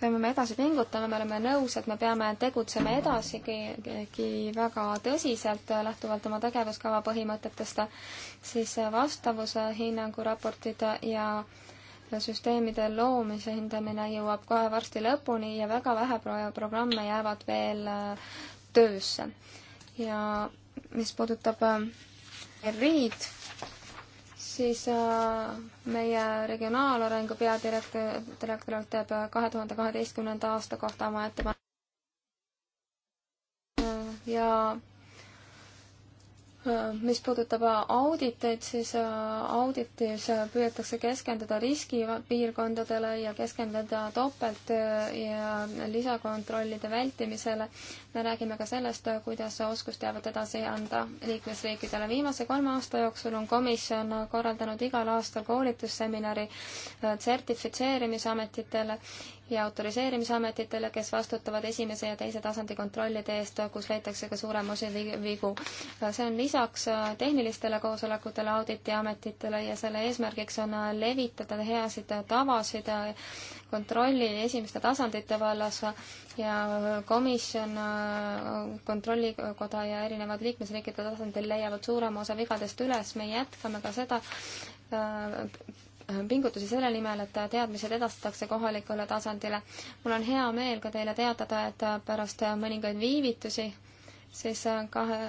peame me edasi pingutama, me oleme nõus, et me peame tegutsema edasigi väga tõsiselt lähtuvalt oma tegevuskava põhimõtetest, siis vastavuse hinnangu raportid ja äh, süsteemide loomise hindamine jõuab kohe varsti lõpuni ja väga vähe pro programme jäävad veel äh, töösse. ja mis puudutab äh, RI-d, siis äh, meie regionaalarengu peadirektor, direktor teeb kahe tuhande kaheteistkümnenda aasta kohta oma ettepaneku. ja mis puudutab auditeid, siis äh, auditis püütakse keskenduda riskipiirkondadele ja keskenduda topelt äh, ja lisakontrollide vältimisele. me räägime ka sellest, äh, kuidas oskusteavet edasi anda liikmesriikidele. viimase kolme aasta jooksul on komisjon korraldanud igal aastal koolitusseminari sertifitseerimisametitele ja autoriseerimisametitele, kes vastutavad esimese ja teise tasandi kontrollide eest, kus leitakse ka suurem osa vigu. see on lisaks äh, tehnilistele koosolekutele auditiametitele ja selle eesmärgiks on äh, levitada heasid tavasid äh, kontrolli esimeste tasandite vallas ja komisjon, kontrollikoda ja erinevad liikmesriikide tasandil leiavad suurema osa vigadest üles, me jätkame ka seda pingutusi selle nimel, et teadmised edastatakse kohalikule tasandile. mul on hea meel ka teile teatada, et pärast mõningaid viivitusi siis kahe,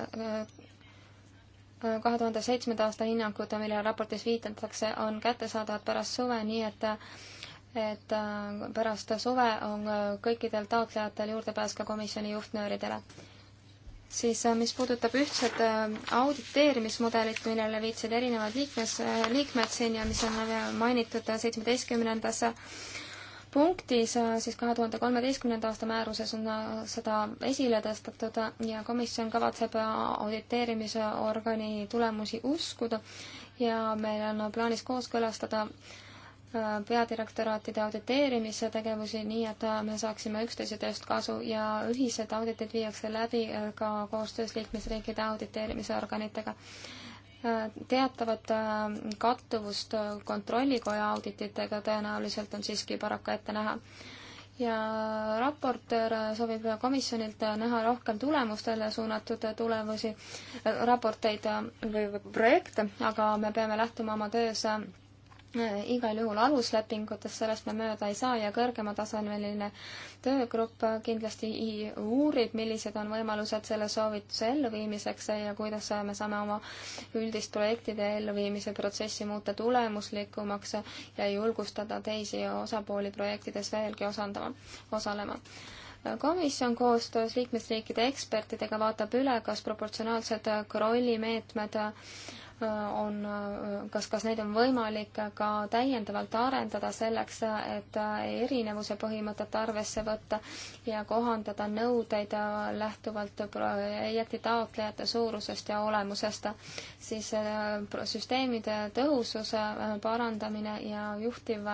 kahe tuhande seitsmenda aasta hinnangud, millele raportis viidatakse, on kättesaadavad pärast suve, nii et et pärast suve on kõikidel taotlejatel juurdepääs ka komisjoni juhtnööridele siis äh, mis puudutab ühtset äh, auditeerimismudelit, millele viitsid erinevad liikmes, äh, liikmed siin ja mis on mainitud seitsmeteistkümnendas punktis, siis kahe tuhande kolmeteistkümnenda aasta määruses on seda esile tõstetud ja komisjon kavatseb auditeerimise organi tulemusi uskuda ja meil on plaanis kooskõlastada peadirektoraatide auditeerimise tegevusi, nii et me saaksime üksteise tööst kasu ja ühised auditid viiakse läbi äh, ka koostöös liikmesriikide auditeerimisorganitega. Äh, teatavat äh, kattuvust Kontrollikoja audititega tõenäoliselt on siiski paraku ette näha ja raportöör soovib komisjonilt näha rohkem tulemustele suunatud tulemusi, raporteid või projekte, aga me peame lähtuma oma töös igal juhul aluslepingutest, sellest me mööda ei saa ja kõrgematasemeline töögrupp kindlasti uurib, millised on võimalused selle soovituse elluviimiseks ja kuidas me saame oma üldist projektide elluviimise protsessi muuta tulemuslikumaks ja julgustada teisi osapooli projektides veelgi osandama, osalema komisjon koostöös liikmesriikide ekspertidega vaatab üle, kas proportsionaalsed rollimeetmed äh, Äh, on, äh, kas, kas neid on võimalik ka täiendavalt arendada selleks, et äh, erinevuse põhimõtet arvesse võtta ja kohandada nõudeid lähtuvalt projekti taotlejate suurusest ja olemusest, siis süsteemide tõhususe parandamine ja juhtiv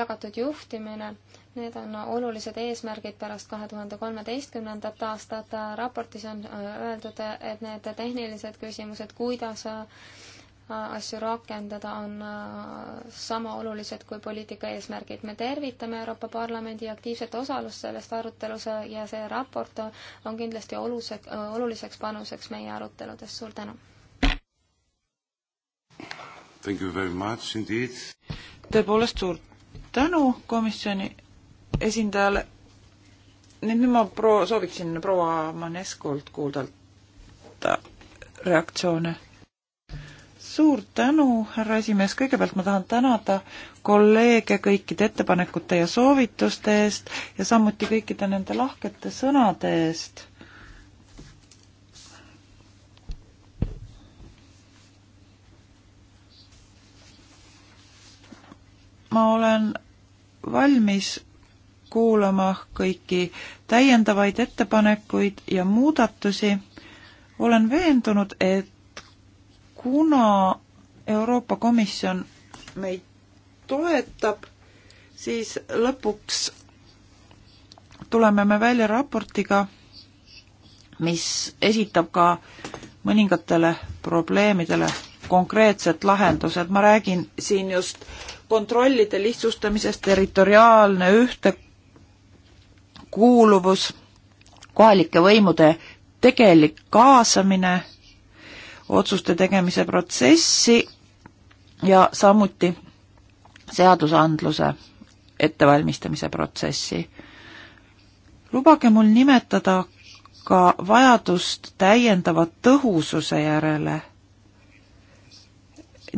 jagatud juhtimine Need on olulised eesmärgid pärast kahe tuhande kolmeteistkümnendat aastat. raportis on äh, öeldud, et need tehnilised küsimused, kuidas äh, asju rakendada, on äh, sama olulised kui poliitika eesmärgid. me tervitame Euroopa Parlamendi aktiivset osalust selles arutelus ja see raport on kindlasti oluse, oluliseks panuseks meie aruteludes. suur tänu! Thank you very much indeed. tõepoolest suur tänu komisjoni esindajale. nüüd ma pro-, sooviksin proua Maneskult kuulda reaktsioone. suur tänu, härra esimees, kõigepealt ma tahan tänada kolleege kõikide ettepanekute ja soovituste eest ja samuti kõikide nende lahkete sõnade eest ma olen valmis kuulama kõiki täiendavaid ettepanekuid ja muudatusi. olen veendunud, et kuna Euroopa Komisjon meid toetab, siis lõpuks tuleme me välja raportiga, mis esitab ka mõningatele probleemidele konkreetsed lahendused, ma räägin siin just kontrollide lihtsustamisest, territoriaalne ühte, kuuluvus, kohalike võimude tegelik kaasamine otsuste tegemise protsessi ja samuti seadusandluse ettevalmistamise protsessi. lubage mul nimetada ka vajadust täiendava tõhususe järele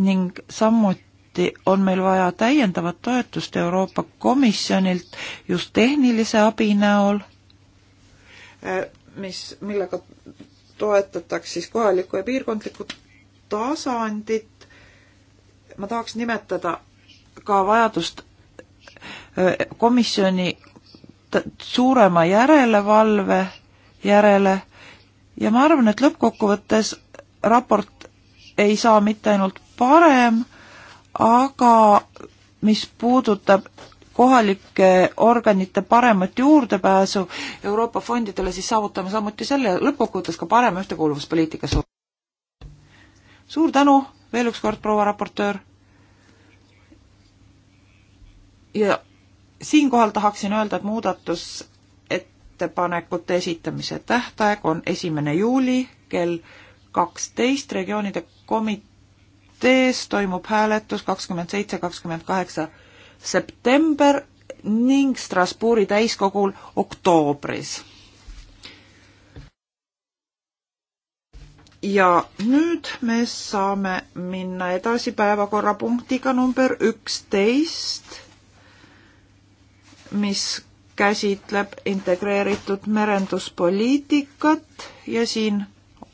ning samuti samuti on meil vaja täiendavat toetust Euroopa Komisjonilt just tehnilise abi näol, eh, mis, millega toetataks siis kohalikku ja piirkondlikku tasandit. ma tahaks nimetada ka vajadust eh, komisjoni suurema järelevalve järele ja ma arvan, et lõppkokkuvõttes raport ei saa mitte ainult parem, aga mis puudutab kohalike organite paremat juurdepääsu Euroopa fondidele, siis saavutame samuti selle lõppkokkuvõttes ka parema ühtekuuluvuspoliitika suur. suur tänu veel ükskord, proua raportöör. ja siinkohal tahaksin öelda, et muudatusettepanekute esitamise tähtaeg on esimene juuli kell kaksteist regioonide komitee komitees toimub hääletus kakskümmend seitse, kakskümmend kaheksa september ning Strasbourgi täiskogul oktoobris. ja nüüd me saame minna edasi päevakorrapunktiga number üksteist, mis käsitleb integreeritud merenduspoliitikat ja siin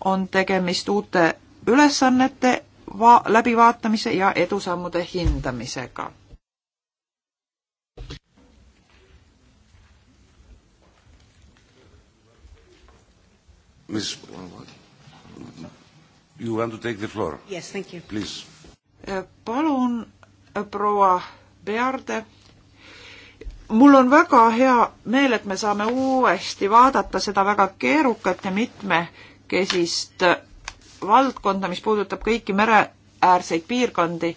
on tegemist uute ülesannete va-, läbivaatamise ja edusammude hindamisega. Miss, you want to take the floor? Yes, thank you. Please. Eh, palun, eh, proua Pearde mul on väga hea meel, et me saame uuesti vaadata seda väga keerukat ja mitmekesist eh, valdkonda, mis puudutab kõiki mereäärseid piirkondi.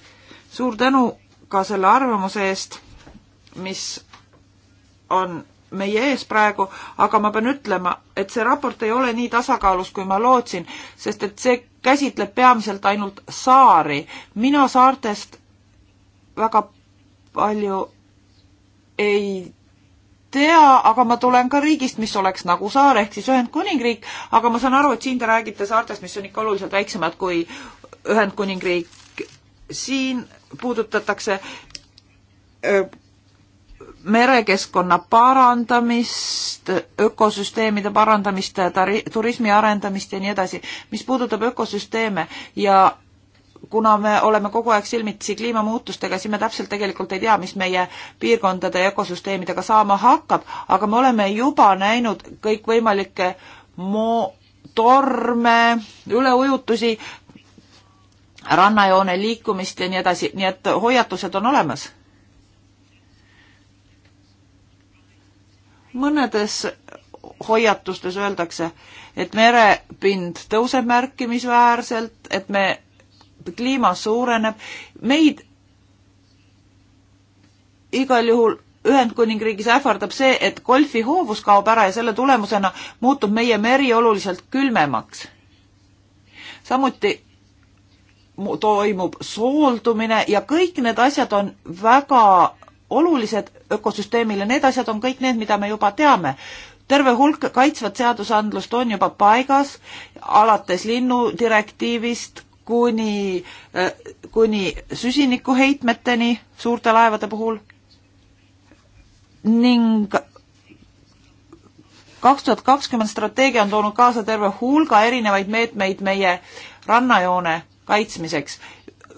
suur tänu ka selle arvamuse eest, mis on meie ees praegu, aga ma pean ütlema, et see raport ei ole nii tasakaalus, kui ma lootsin, sest et see käsitleb peamiselt ainult saari. mina saartest väga palju ei tea, aga ma tulen ka riigist, mis oleks nagu saar, ehk siis Ühendkuningriik, aga ma saan aru, et siin te räägite saartest, mis on ikka oluliselt väiksemad kui Ühendkuningriik. siin puudutatakse merekeskkonna parandamist, ökosüsteemide parandamist, turismi arendamist ja nii edasi. mis puudutab ökosüsteeme ja kuna me oleme kogu aeg silmitsi kliimamuutustega, siis me täpselt tegelikult ei tea, mis meie piirkondade ökosüsteemidega saama hakkab, aga me oleme juba näinud kõikvõimalikke mo-, torme, üleujutusi, rannajoone liikumist ja nii edasi, nii et hoiatused on olemas. mõnedes hoiatustes öeldakse, et merepind tõuseb märkimisväärselt, et me kliima suureneb, meid igal juhul Ühendkuningriigis ähvardab see, et golfi hoovus kaob ära ja selle tulemusena muutub meie meri oluliselt külmemaks. samuti toimub sooldumine ja kõik need asjad on väga olulised ökosüsteemile, need asjad on kõik need, mida me juba teame. terve hulk kaitsvat seadusandlust on juba paigas, alates linnudirektiivist kuni, äh, kuni süsinikuheitmeteni suurte laevade puhul ning kaks tuhat kakskümmend strateegia on toonud kaasa terve hulga erinevaid meetmeid meie rannajoone kaitsmiseks.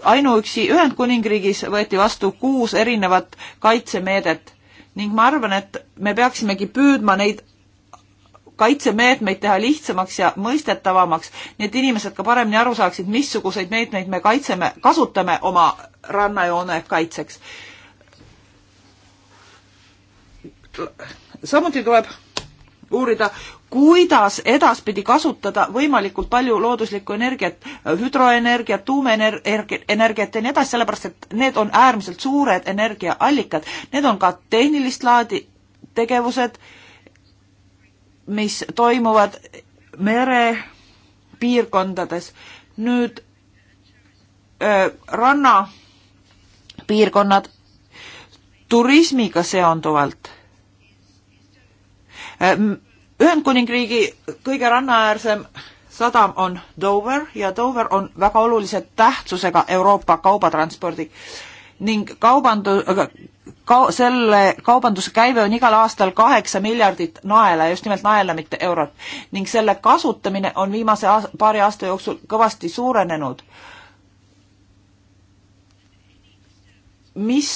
ainuüksi Ühendkuningriigis võeti vastu kuus erinevat kaitsemeedet ning ma arvan, et me peaksimegi püüdma neid kaitsemeetmeid teha lihtsamaks ja mõistetavamaks, nii et inimesed ka paremini aru saaksid, missuguseid meetmeid me kaitseme, kasutame oma rannajoone kaitseks. samuti tuleb uurida, kuidas edaspidi kasutada võimalikult palju looduslikku energiat, hüdroenergiat, tuumeenergiat ja nii edasi, sellepärast et need on äärmiselt suured energiaallikad. Need on ka tehnilist laadi tegevused mis toimuvad merepiirkondades. nüüd äh, rannapiirkonnad turismiga seonduvalt. Äh, Ühendkuningriigi kõige rannaäärsem sadam on Dover ja Dover on väga olulise tähtsusega Euroopa kaubatranspordi ning kaubandu-, ka-, selle kaubanduse käive on igal aastal kaheksa miljardit naela, just nimelt naela, mitte eurot. ning selle kasutamine on viimase aas-, paari aasta jooksul kõvasti suurenenud. mis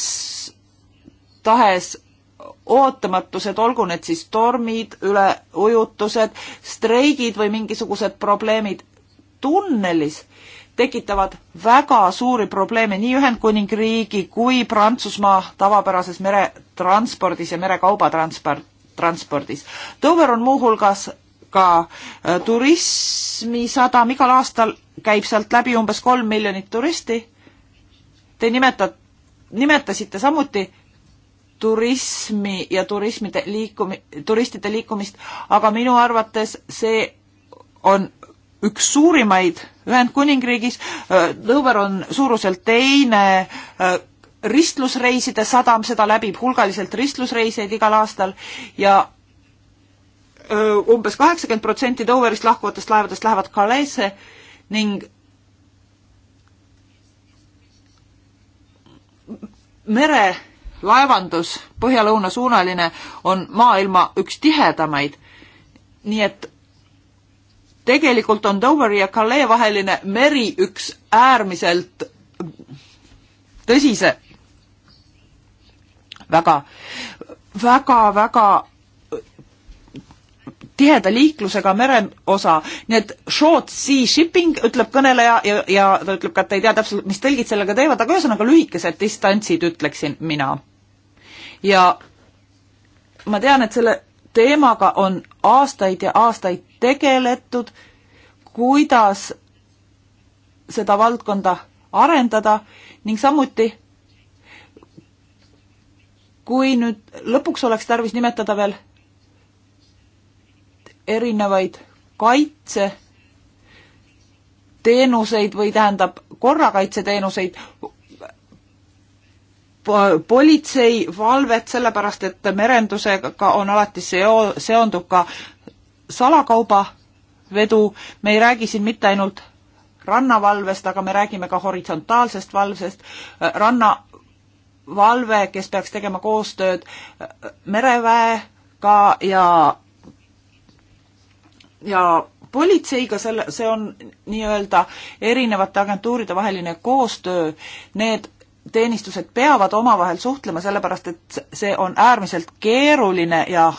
tahes ootamatused, olgu need siis tormid, üleujutused, streigid või mingisugused probleemid tunnelis tekitavad väga suuri probleeme nii Ühendkuningriigi kui Prantsusmaa tavapärases meretranspordis ja merekaubatranspordis. Dover on muuhulgas ka äh, turismisadam, igal aastal käib sealt läbi umbes kolm miljonit turisti. Te nimetate, nimetasite samuti turismi ja turismide liikumi-, turistide liikumist, aga minu arvates see on üks suurimaid Ühendkuningriigis. Dover on suuruselt teine ristlusreiside sadam, seda läbib hulgaliselt ristlusreiseid igal aastal ja umbes kaheksakümmend protsenti Doverist lahkuvatest laevadest lähevad Calaisse ning merelaevandus, põhja-lõuna suunaline, on maailma üks tihedamaid. nii et tegelikult on Doveri ja Calais vaheline meri üks äärmiselt tõsise väga, väga, väga tiheda liiklusega mereosa, nii et short sea shipping, ütleb kõneleja ja, ja ta ütleb ka, et ta ei tea täpselt, mis tõlgid sellega teevad, aga ühesõnaga lühikesed distantsid, ütleksin mina. ja ma tean, et selle teemaga on aastaid ja aastaid tegeletud, kuidas seda valdkonda arendada ning samuti kui nüüd lõpuks oleks tarvis nimetada veel erinevaid kaitse teenuseid või tähendab korrakaitseteenuseid, politseivalvet, sellepärast et merendusega on alati seo-, seondub ka salakaubavedu, me ei räägi siin mitte ainult rannavalvest, aga me räägime ka horisontaalsest valvsest, rannavalve, kes peaks tegema koostööd mereväega ja ja politseiga, selle, see on nii-öelda erinevate agentuuride vaheline koostöö, need teenistused peavad omavahel suhtlema, sellepärast et see on äärmiselt keeruline ja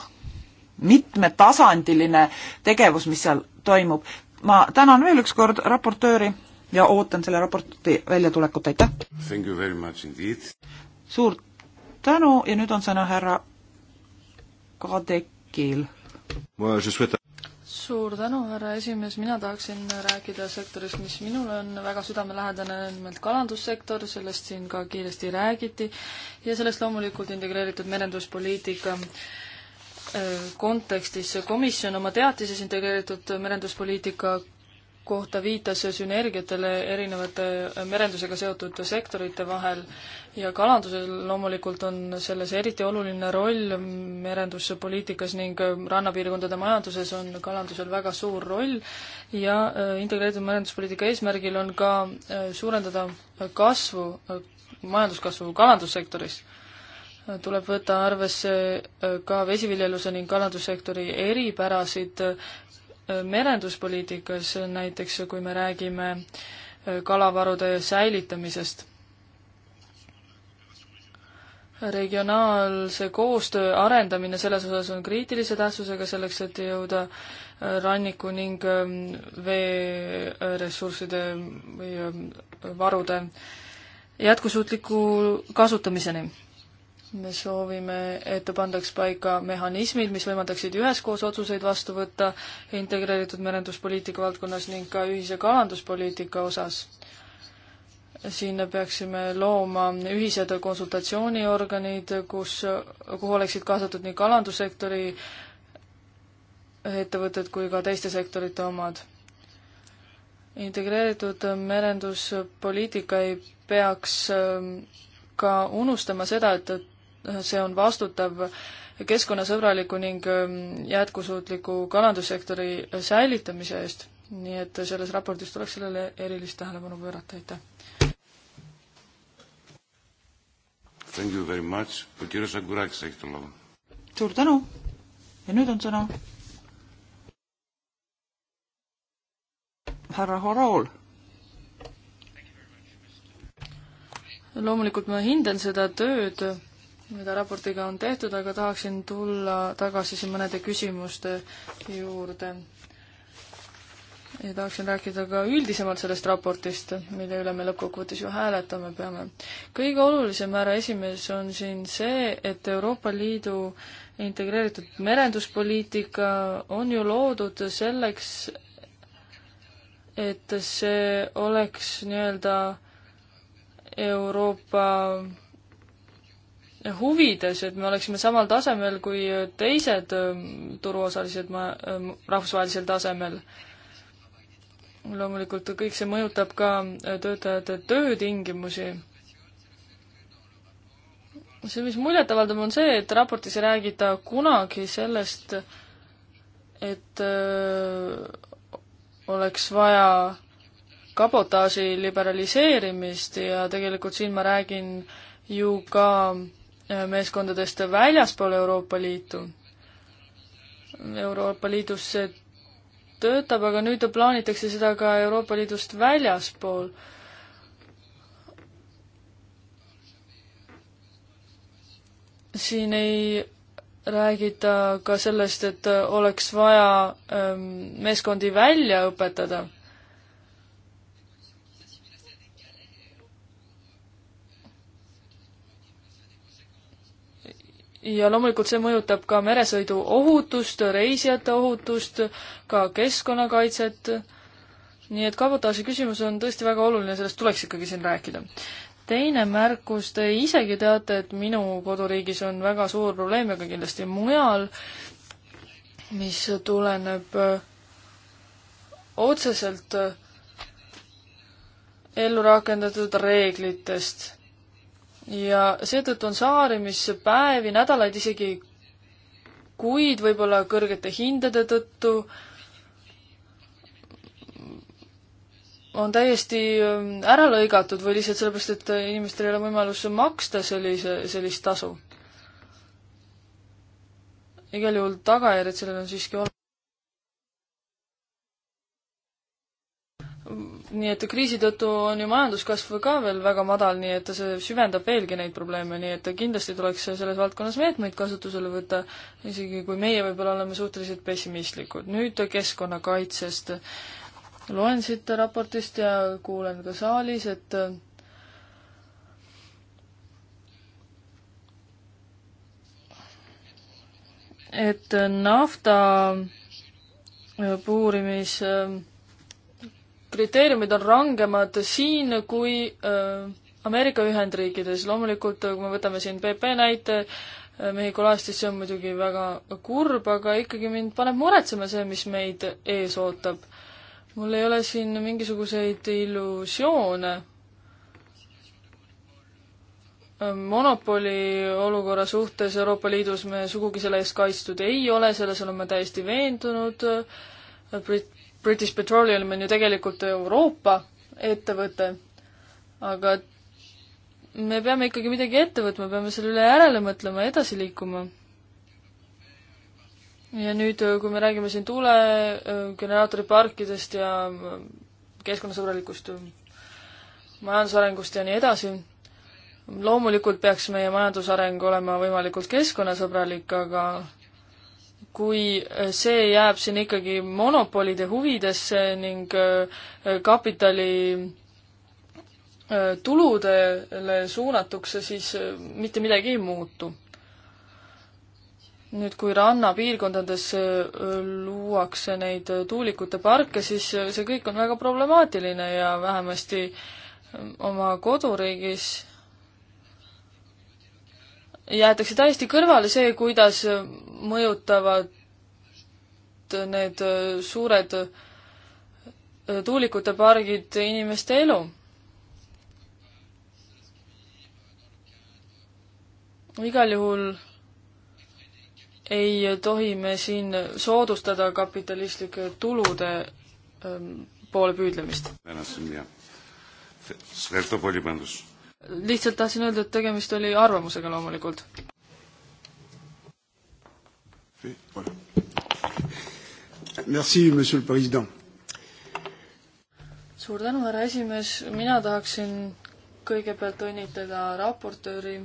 mitmetasandiline tegevus, mis seal toimub. ma tänan veel ükskord raportööri ja ootan selle raporti väljatulekut, aitäh! suur tänu ja nüüd on sõna härra Kadekil suur tänu, härra esimees, mina tahaksin rääkida sektorist, mis minule on väga südamelähedane, nimelt kalandussektor, sellest siin ka kiiresti räägiti ja sellest loomulikult integreeritud merenduspoliitika äh, kontekstis. komisjon oma teatises integreeritud merenduspoliitika kohta viitas sünergiatele erinevate merendusega seotud sektorite vahel ja kalandusel loomulikult on selles eriti oluline roll merenduspoliitikas ning rannapiirkondade majanduses on kalandusel väga suur roll ja äh, integreeritud merenduspoliitika eesmärgil on ka äh, suurendada kasvu, äh, majanduskasvu kalandussektoris tuleb võtta arvesse ka vesiviljeluse ning kalandussektori eripärasid merenduspoliitikas, näiteks kui me räägime äh, kalavarude säilitamisest. regionaalse koostöö arendamine selles osas on kriitilise tähtsusega selleks, et jõuda äh, ranniku ning ähm, veeressursside või ähm, varude jätkusuutliku kasutamiseni me soovime, et pandaks paika mehhanismid, mis võimaldaksid üheskoos otsuseid vastu võtta integreeritud merenduspoliitika valdkonnas ning ka ühise kalanduspoliitika osas. siin peaksime looma ühised konsultatsiooniorganid, kus, kuhu oleksid kaasatud nii kalandussektori ettevõtted kui ka teiste sektorite omad integreeritud merenduspoliitika ei peaks ähm, ka unustama seda, et see on vastutav keskkonnasõbraliku ning ähm, jätkusuutliku kalandussektori äh, säilitamise eest. nii et selles raportis tuleks sellele erilist tähelepanu pöörata, aitäh. Thank you very much. Kutiro Sakurakis, eks tule. suur tänu ja nüüd on sõna härra Horool loomulikult ma hindan seda tööd, mida raportiga on tehtud, aga tahaksin tulla tagasi siin mõnede küsimuste juurde. ja tahaksin rääkida ka üldisemalt sellest raportist, mille üle me lõppkokkuvõttes ju hääletama peame. kõige olulisem, härra esimees, on siin see, et Euroopa Liidu integreeritud merenduspoliitika on ju loodud selleks, et see oleks nii-öelda Euroopa huvides, et me oleksime samal tasemel kui teised ähm, turuosalised ma-, ähm, rahvusvahelisel tasemel. loomulikult kõik see mõjutab ka äh, töötajate töötingimusi. see, mis muljetavaldab, on see, et raportis ei räägita kunagi sellest, et öö, äh, oleks vaja kabotaaži liberaliseerimist ja tegelikult siin ma räägin ju ka öö, meeskondadest väljaspool Euroopa Liitu. Euroopa Liidus see töötab, aga nüüd plaanitakse seda ka Euroopa Liidust väljaspool. siin ei räägita ka sellest, et oleks vaja ähm, meeskondi välja õpetada ja loomulikult see mõjutab ka meresõidu ohutust, reisijate ohutust, ka keskkonnakaitset. nii et kabotaaži küsimus on tõesti väga oluline, sellest tuleks ikkagi siin rääkida. teine märkus, te isegi teate, et minu koduriigis on väga suur probleem ja ka kindlasti mujal, mis tuleneb äh, otseselt äh, ellu rakendatud reeglitest ja seetõttu on saari, mis päevi, nädalaid, isegi kuid võib-olla kõrgete hindade tõttu on täiesti ähm, ära lõigatud või lihtsalt sellepärast, et inimestel ei ole võimalus maksta sellise, sellist tasu. igal juhul tagajärjed sellel on siiski olemas. nii et kriisi tõttu on ju majanduskasv ka veel väga madal, nii et see süvendab veelgi neid probleeme, nii et kindlasti tuleks selles valdkonnas meetmeid kasutusele võtta, isegi kui meie võib-olla oleme suhteliselt pessimistlikud. nüüd keskkonnakaitsest. loen siit raportist ja kuulen ka saalis, et et nafta puurimis äh, kriteeriumid on rangemad siin kui äh, Ameerika Ühendriikides, loomulikult kui me võtame siin PP näite, äh, Mehhiko laastis, see on muidugi väga kurb, aga ikkagi mind paneb muretsema see, mis meid ees ootab. mul ei ole siin mingisuguseid illusioone äh, monopoli olukorra suhtes Euroopa Liidus me sugugi selle eest kaitstud ei ole, selles olen ma täiesti veendunud. Brit-, British Petroleum on ju tegelikult Euroopa ettevõte, aga me peame ikkagi midagi ette võtma, peame selle üle järele mõtlema, edasi liikuma. ja nüüd, kui me räägime siin tuulegeneraatoriparkidest ja keskkonnasõbralikust majandusarengust ja nii edasi, loomulikult peaks meie majandusareng olema võimalikult keskkonnasõbralik, aga kui äh, see jääb siin ikkagi monopolide huvidesse ning äh, kapitali äh, tuludele suunatuks, siis mitte midagi ei muutu. nüüd, kui rannapiirkondades luuakse neid tuulikute parke, siis see kõik on väga problemaatiline ja vähemasti oma koduriigis jäetakse täiesti kõrvale see, kuidas mõjutavad need äh, suured äh, tuulikute pargid inimeste elu. igal juhul ei tohi me siin soodustada kapitalistlike tulude ähm, poole püüdlemist lihtsalt tahtsin öelda, et tegemist oli arvamusega loomulikult. Merci, monsieur le president. suur tänu, härra esimees, mina tahaksin kõigepealt õnnitleda raportööri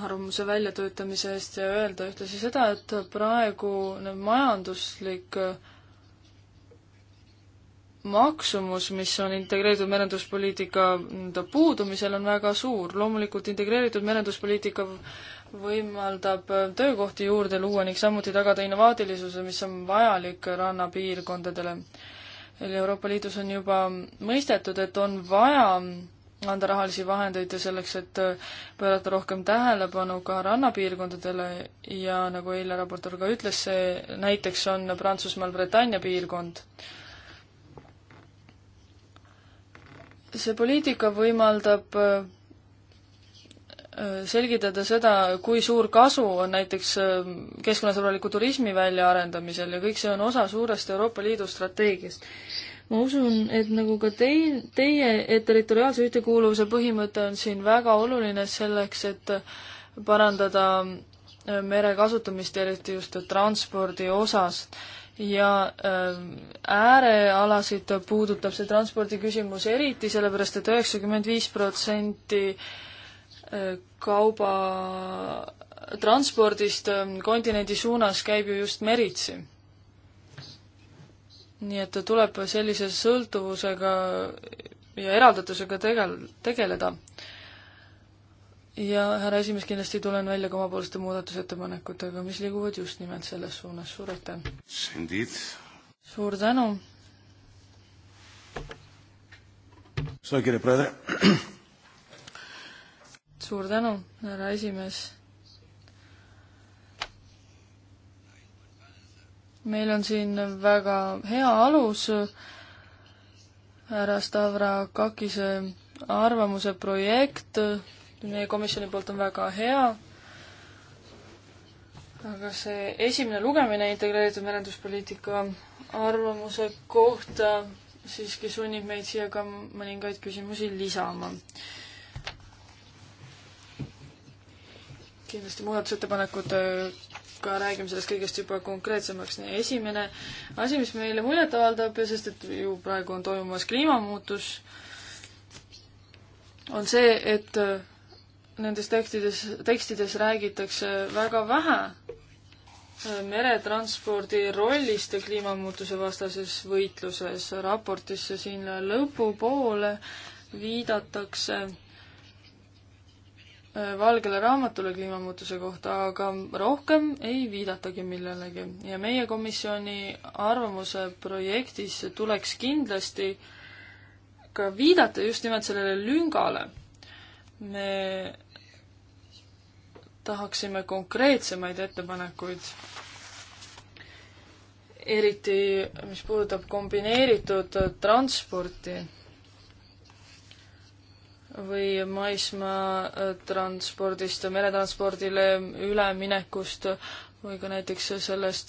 arvamuse väljatöötamise eest ja öelda ühtlasi seda, et praegune majanduslik äh, maksumus, mis on integreeritud merenduspoliitika nii-öelda puudumisel, on väga suur. loomulikult integreeritud merenduspoliitika võimaldab töökohti juurde luua ning samuti tagada innovaatilisuse, mis on vajalik rannapiirkondadele. Euroopa Liidus on juba mõistetud, et on vaja anda rahalisi vahendeid selleks, et pöörata rohkem tähelepanu ka rannapiirkondadele ja nagu eile raportöör ka ütles, see näiteks on Prantsusmaal Bretagne piirkond see poliitika võimaldab äh, äh, selgitada seda, kui suur kasu on näiteks äh, keskkonnasõbraliku turismi väljaarendamisel ja kõik see on osa suurest Euroopa Liidu strateegiast. ma usun, et nagu ka tei-, teie, et territoriaalse ühtekuuluvuse põhimõte on siin väga oluline selleks, et parandada mere kasutamist, eriti just transpordi osas ja ähm, äärealasid puudutab see transpordiküsimus eriti, sellepärast et üheksakümmend viis protsenti äh, kauba äh, transpordist ähm, kontinendi suunas käib ju just meritsi. nii et tuleb sellise sõltuvusega ja eraldatusega tegel-, tegeleda ja härra esimees, kindlasti tulen välja ka omapoolsete muudatusettepanekutega, mis liiguvad just nimelt selles suunas, suur aitäh! suur tänu! suur tänu, härra esimees! meil on siin väga hea alus härra Stavrakakise arvamuse projekt, meie komisjoni poolt on väga hea. aga see esimene lugemine integreeritud merenduspoliitika arvamuse kohta siiski sunnib meid siia ka mõningaid küsimusi lisama. kindlasti muudatusettepanekutega räägime sellest kõigest juba konkreetsemaks. nii, esimene asi, mis meile muljet avaldab, sest et ju praegu on toimumas kliimamuutus, on see, et nendes tekstides, tekstides räägitakse väga vähe äh, meretranspordi rollist ja kliimamuutuse vastases võitluses. raportisse siin lõpupoole viidatakse äh, valgele raamatule kliimamuutuse kohta, aga rohkem ei viidatagi millelegi. ja meie komisjoni arvamuse projektis tuleks kindlasti ka viidata just nimelt sellele lüngale. me tahaksime konkreetsemaid ettepanekuid. eriti, mis puudutab kombineeritud transporti või maismaatranspordist ja meretranspordile üleminekust või ka näiteks sellest,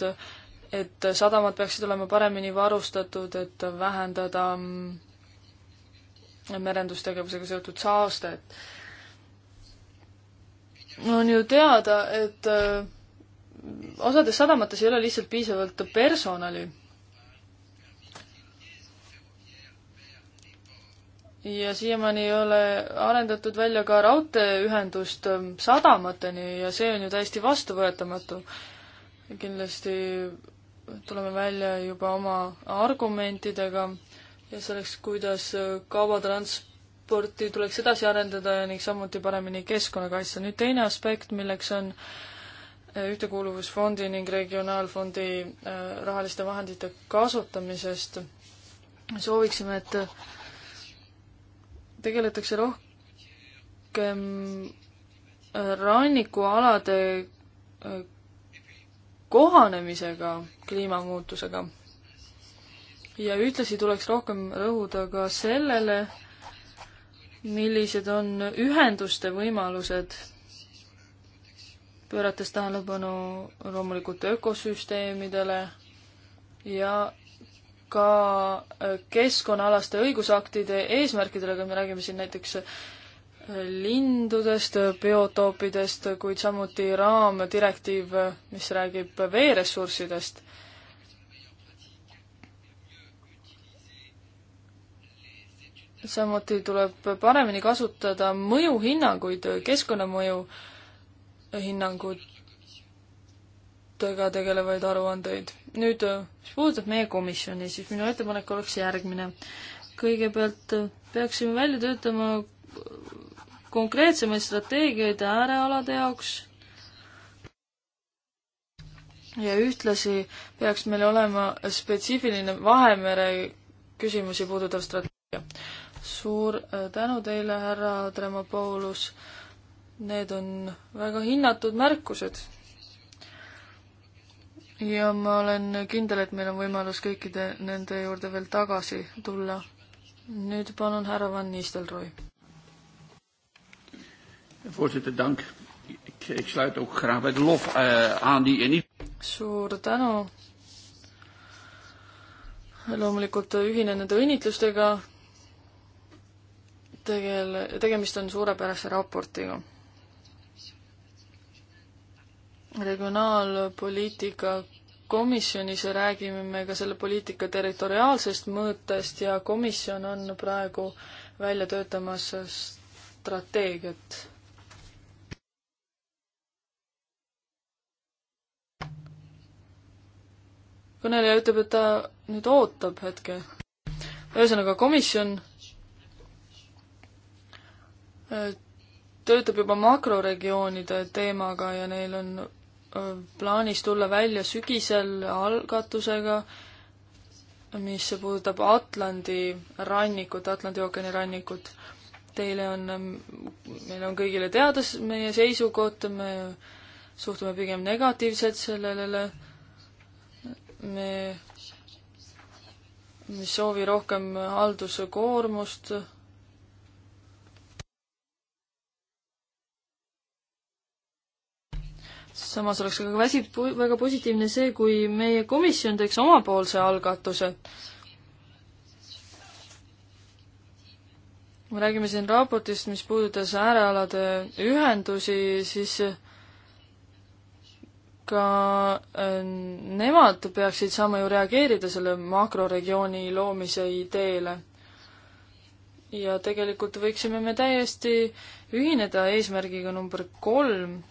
et sadamad peaksid olema paremini varustatud, et vähendada merendustegevusega seotud saastet on ju teada, et äh, osades sadamates ei ole lihtsalt piisavalt personali. ja siiamaani ei ole arendatud välja ka raudteeühendust ähm, sadamateni ja see on ju täiesti vastuvõetamatu. kindlasti tuleme välja juba oma argumentidega ja selleks, kuidas äh, kaubatransport transporti tuleks edasi arendada ning samuti paremini keskkonnakaitse. nüüd teine aspekt, milleks on äh, ühtekuuluvusfondi ning regionaalfondi äh, rahaliste vahendite kasutamisest. sooviksime, et äh, tegeletakse rohkem rannikualade kohanemisega kliimamuutusega. ja ühtlasi tuleks rohkem rõhuda ka sellele, millised on ühenduste võimalused, pöörates tähelepanu loomulikult ökosüsteemidele ja ka keskkonnaalaste õigusaktide eesmärkidele, kui me räägime siin näiteks lindudest, biotoopidest, kuid samuti raamdirektiiv, mis räägib veeressurssidest samuti tuleb paremini kasutada mõjuhinnanguid, keskkonnamõju hinnangutega tegelevaid aruandeid. nüüd, mis puudutab meie komisjoni, siis minu ettepanek oleks järgmine. kõigepealt peaksime välja töötama konkreetsemaid strateegiaid äärealade jaoks ja ühtlasi peaks meil olema spetsiifiline Vahemere küsimusi puudutav strateegia suur äh, tänu teile, härra Tremopoulos. Need on väga hinnatud märkused. ja ma olen kindel, et meil on võimalus kõikide nende juurde veel tagasi tulla. nüüd palun härra Van Nistelrooy. voorzitter, dank. Ik sluit ook graag bij de lof uh, aan die in suur tänu. loomulikult ühinen nende õnnitlustega tegele, tegemist on suurepärase raportiga. regionaalpoliitika komisjonis räägime me ka selle poliitika territoriaalsest mõõtest ja komisjon on praegu välja töötamas strateegiat. kõneleja ütleb, et ta nüüd ootab hetke. ühesõnaga, komisjon töötab juba makroregioonide teemaga ja neil on plaanis tulla välja sügisel algatusega, mis puudutab Atlandi rannikut, Atlandi ookeani rannikut. Teile on, meil on kõigile teada meie seisukoht, me suhtume pigem negatiivselt sellele, me, me ei soovi rohkem halduskoormust samas oleks aga väsi-, väga positiivne see, kui meie komisjon teeks omapoolse algatuse. me räägime siin raportist, mis puudutas äärealade ühendusi, siis ka äh, nemad peaksid saama ju reageerida selle makroregiooni loomise ideele. ja tegelikult võiksime me täiesti ühineda eesmärgiga number kolm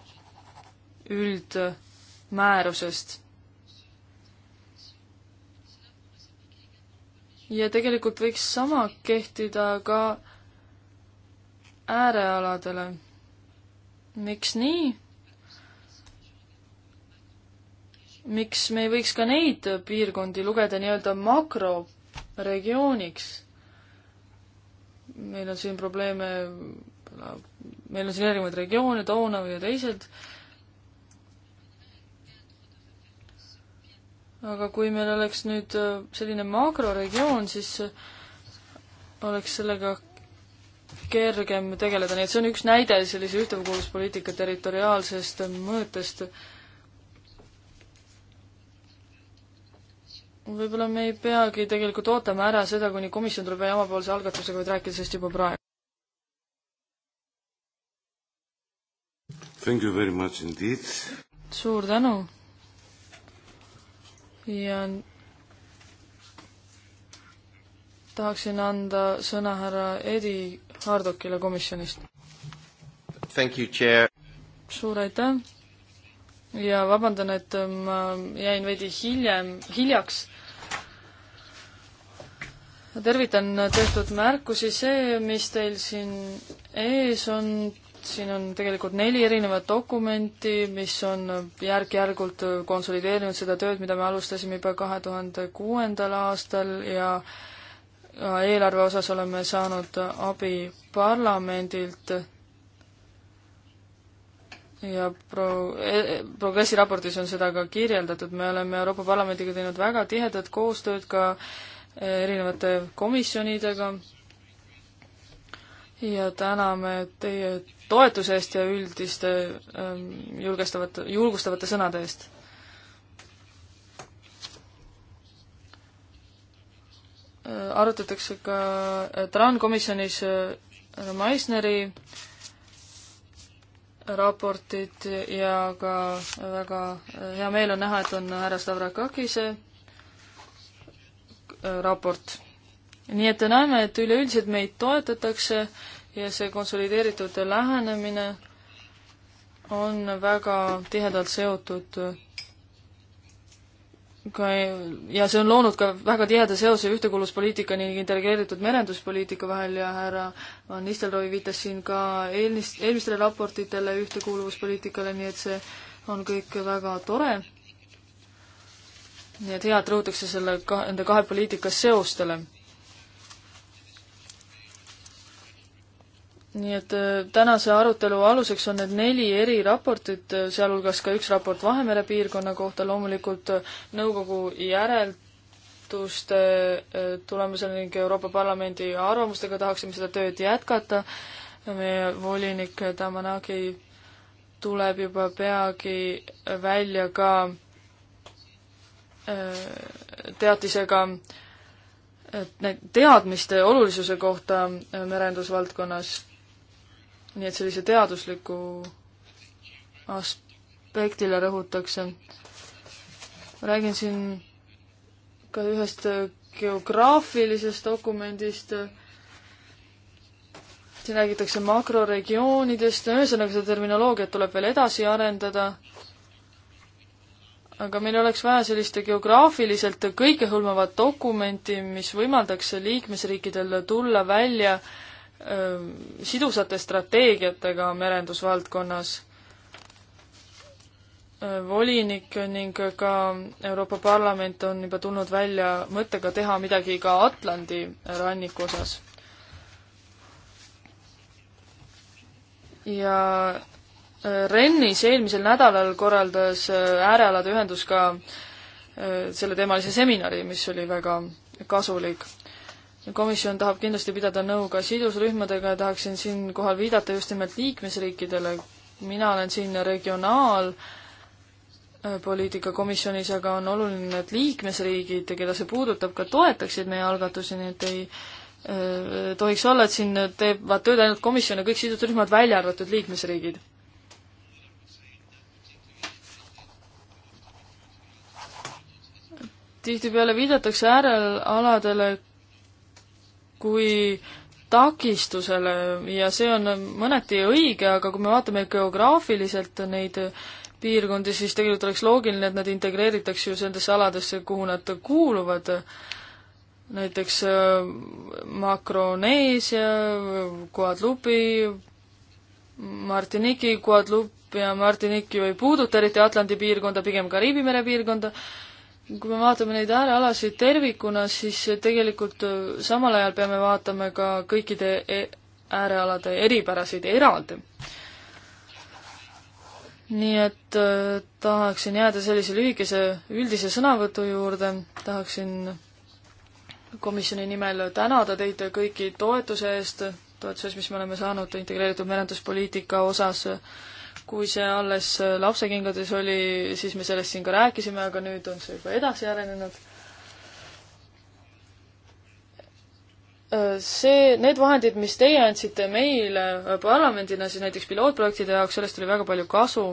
üldmäärusest. ja tegelikult võiks sama kehtida ka äärealadele. miks nii? miks me ei võiks ka neid piirkondi lugeda nii-öelda makroregiooniks? meil on siin probleeme, meil on siin erinevad regioonid, Donau ja teised, aga kui meil oleks nüüd äh, selline makroregioon, siis äh, oleks sellega kergem tegeleda, nii et see on üks näide sellise ühtekuuluvuspoliitika territoriaalsest äh, mõõtest. võib-olla me ei peagi tegelikult ootama ära seda, kuni komisjon tuleb omapoolse algatusega, vaid rääkida sellest juba praegu. Thank you very much indeed. suur tänu ja tahaksin anda sõna härra Edi Hardokile komisjonist. suur aitäh ja vabandan, et ma jäin veidi hiljem, hiljaks tervitan tehtud märkusi, see, mis teil siin ees on, siin on tegelikult neli erinevat dokumenti, mis on järk-järgult konsolideerinud seda tööd, mida me alustasime juba kahe tuhande kuuendal aastal ja eelarve osas oleme saanud abi parlamendilt ja pro-, e-, e-, progressi raportis on seda ka kirjeldatud, me oleme Euroopa Parlamendiga teinud väga tihedat koostööd ka e, erinevate komisjonidega ja täname teie toetuse eest ja üldiste ähm, julgestavate, julgustavate sõnade eest. Äh, arutatakse ka TRAN komisjonis härra äh, Meissneri raportit ja ka väga hea meel on näha, et on härra Stavrakakise äh, raport nii et näeme, et üleüldiselt meid toetatakse ja see konsolideeritud lähenemine on väga tihedalt seotud ka e- ja see on loonud ka väga tiheda seose ühtekuuluvuspoliitika ning integreeritud merenduspoliitika vahel ja härra Van Nistelrooy viitas siin ka eelmist, eelmistele raportitele ühtekuuluvuspoliitikale, nii et see on kõik väga tore. nii et hea, et rõhutakse selle ka-, nende kahe poliitika seostele. nii et äh, tänase arutelu aluseks on need neli eri raportit, äh, sealhulgas ka üks raport Vahemere piirkonna kohta, loomulikult äh, nõukogu järelduste tulemusel ning Euroopa Parlamendi arvamustega tahaksime seda tööd jätkata. meie volinik Tamanagi tuleb juba peagi välja ka teatisega teadmiste olulisuse kohta merendusvaldkonnas nii et sellise teadusliku aspektile rõhutakse. räägin siin ka ühest geograafilisest dokumendist, siin räägitakse makroregioonidest, ühesõnaga seda terminoloogiat tuleb veel edasi arendada, aga meil oleks vaja sellist geograafiliselt kõikehõlmavat dokumenti, mis võimaldaks liikmesriikidel tulla välja äh, sidusate strateegiatega merendusvaldkonnas. volinik ning ka Euroopa Parlament on juba tulnud välja mõttega teha midagi ka Atlandi ranniku osas. ja Rennis eelmisel nädalal korraldas äärealade ühendus ka selleteemalise seminari, mis oli väga kasulik komisjon tahab kindlasti pidada nõu ka sidusrühmadega ja tahaksin siinkohal viidata just nimelt liikmesriikidele. mina olen siin regionaalpoliitika äh, komisjonis, aga on oluline, et liikmesriigid, keda see puudutab, ka toetaksid meie algatusi, nii et ei äh, tohiks olla, et siin teevad tööd ainult komisjon ja kõik sidusrühmad, välja arvatud liikmesriigid. tihtipeale viidatakse äärealadele kui takistusele ja see on mõneti õige, aga kui me vaatame geograafiliselt neid piirkondi, siis tegelikult oleks loogiline, et nad integreeritakse ju nendesse aladesse, kuhu nad kuuluvad. näiteks äh, Makroneesia, Guadeloupi, Martinique, Guadeloupe ja Martinique ju ei puuduta eriti Atlandi piirkonda, pigem Kariibi mere piirkonda kui me vaatame neid äärealasid tervikuna, siis tegelikult äh, samal ajal peame vaatama ka kõikide e-, äärealade eripärasid eraldi. nii et äh, tahaksin jääda sellise lühikese üldise sõnavõtu juurde, tahaksin komisjoni nimel tänada teid kõiki toetuse eest, toetuse eest, mis me oleme saanud integreeritud merenduspoliitika osas äh, kui see alles äh, lapsekingades oli, siis me sellest siin ka rääkisime, aga nüüd on see juba edasi arenenud. Äh, see, need vahendid, mis teie andsite meile äh, parlamendina, siis näiteks pilootprojektide jaoks, sellest oli väga palju kasu.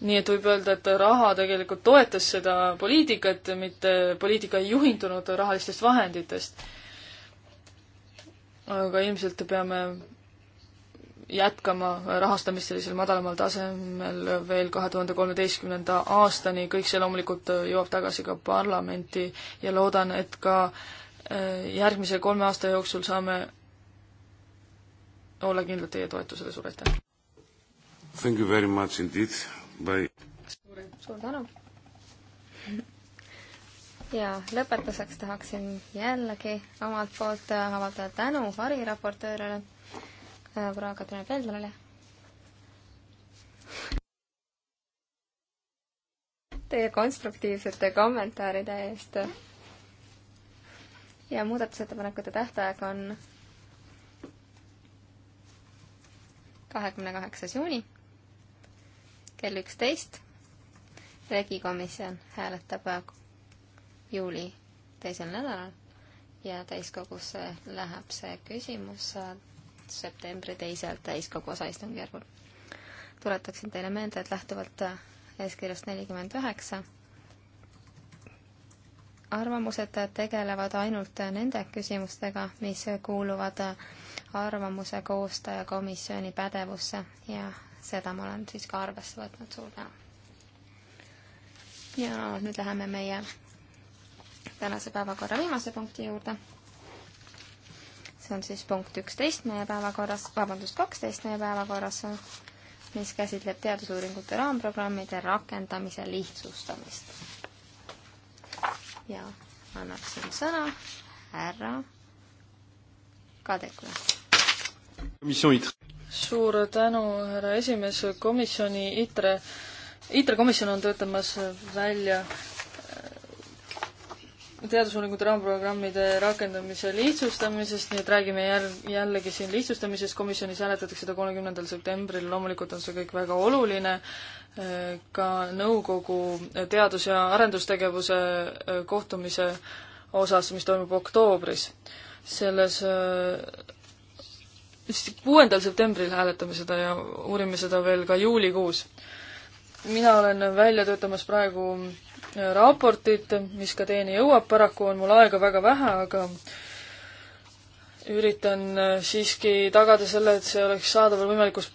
nii et võib öelda, et raha tegelikult toetas seda poliitikat, mitte poliitika ei juhindunud rahalistest vahenditest. aga ilmselt peame jätkama rahastamist sellisel madalamal tasemel veel kahe tuhande kolmeteistkümnenda aastani, kõik see loomulikult jõuab tagasi ka parlamenti ja loodan, et ka äh, järgmise kolme aasta jooksul saame olla kindlad teie toetusele, suur aitäh! Thank you very much indeed, bye! suur, suur tänu! ja lõpetuseks tahaksin jällegi omalt poolt avaldada tänu variraportöörile Äh, proua Katrin Feldmanile. Teie konstruktiivsete kommentaaride eest. ja muudatusettepanekute tähtaeg on kahekümne kaheksas juuni kell üksteist. regikomisjon hääletab juuli teisel nädalal ja täiskogusse läheb see küsimus septembri teisel täiskogu osaistungjärgul. tuletaksin teile meelde, et lähtuvalt eeskirjast nelikümmend üheksa arvamused tegelevad ainult nende küsimustega, mis kuuluvad arvamuse koostaja komisjoni pädevusse ja seda ma olen siis ka arvesse võtnud, suur tänu. ja nüüd läheme meie tänase päevakorra viimase punkti juurde see on siis punkt üksteist meie päevakorras, vabandust, kaksteist meie päevakorras, mis käsitleb teadusuuringute raamprogrammide rakendamise lihtsustamist. ja annaksin sõna härra Kadekule. suur tänu, härra esimees, komisjoni ITRE, ITRE komisjon on töötamas välja äh, teadusuuringute raamprogrammide rakendamise lihtsustamisest, nii et räägime jäl-, jällegi siin lihtsustamisest, komisjonis hääletatakse seda kolmekümnendal septembril, loomulikult on see kõik väga oluline, ka nõukogu teadus- ja arendustegevuse kohtumise osas, mis toimub oktoobris. selles kuuendal septembril hääletame seda ja uurime seda veel ka juulikuus. mina olen välja töötamas praegu äh, raportit, mis ka teieni jõuab, paraku on mul aega väga vähe, aga üritan äh, siiski tagada selle, et see oleks saadaval võimalikus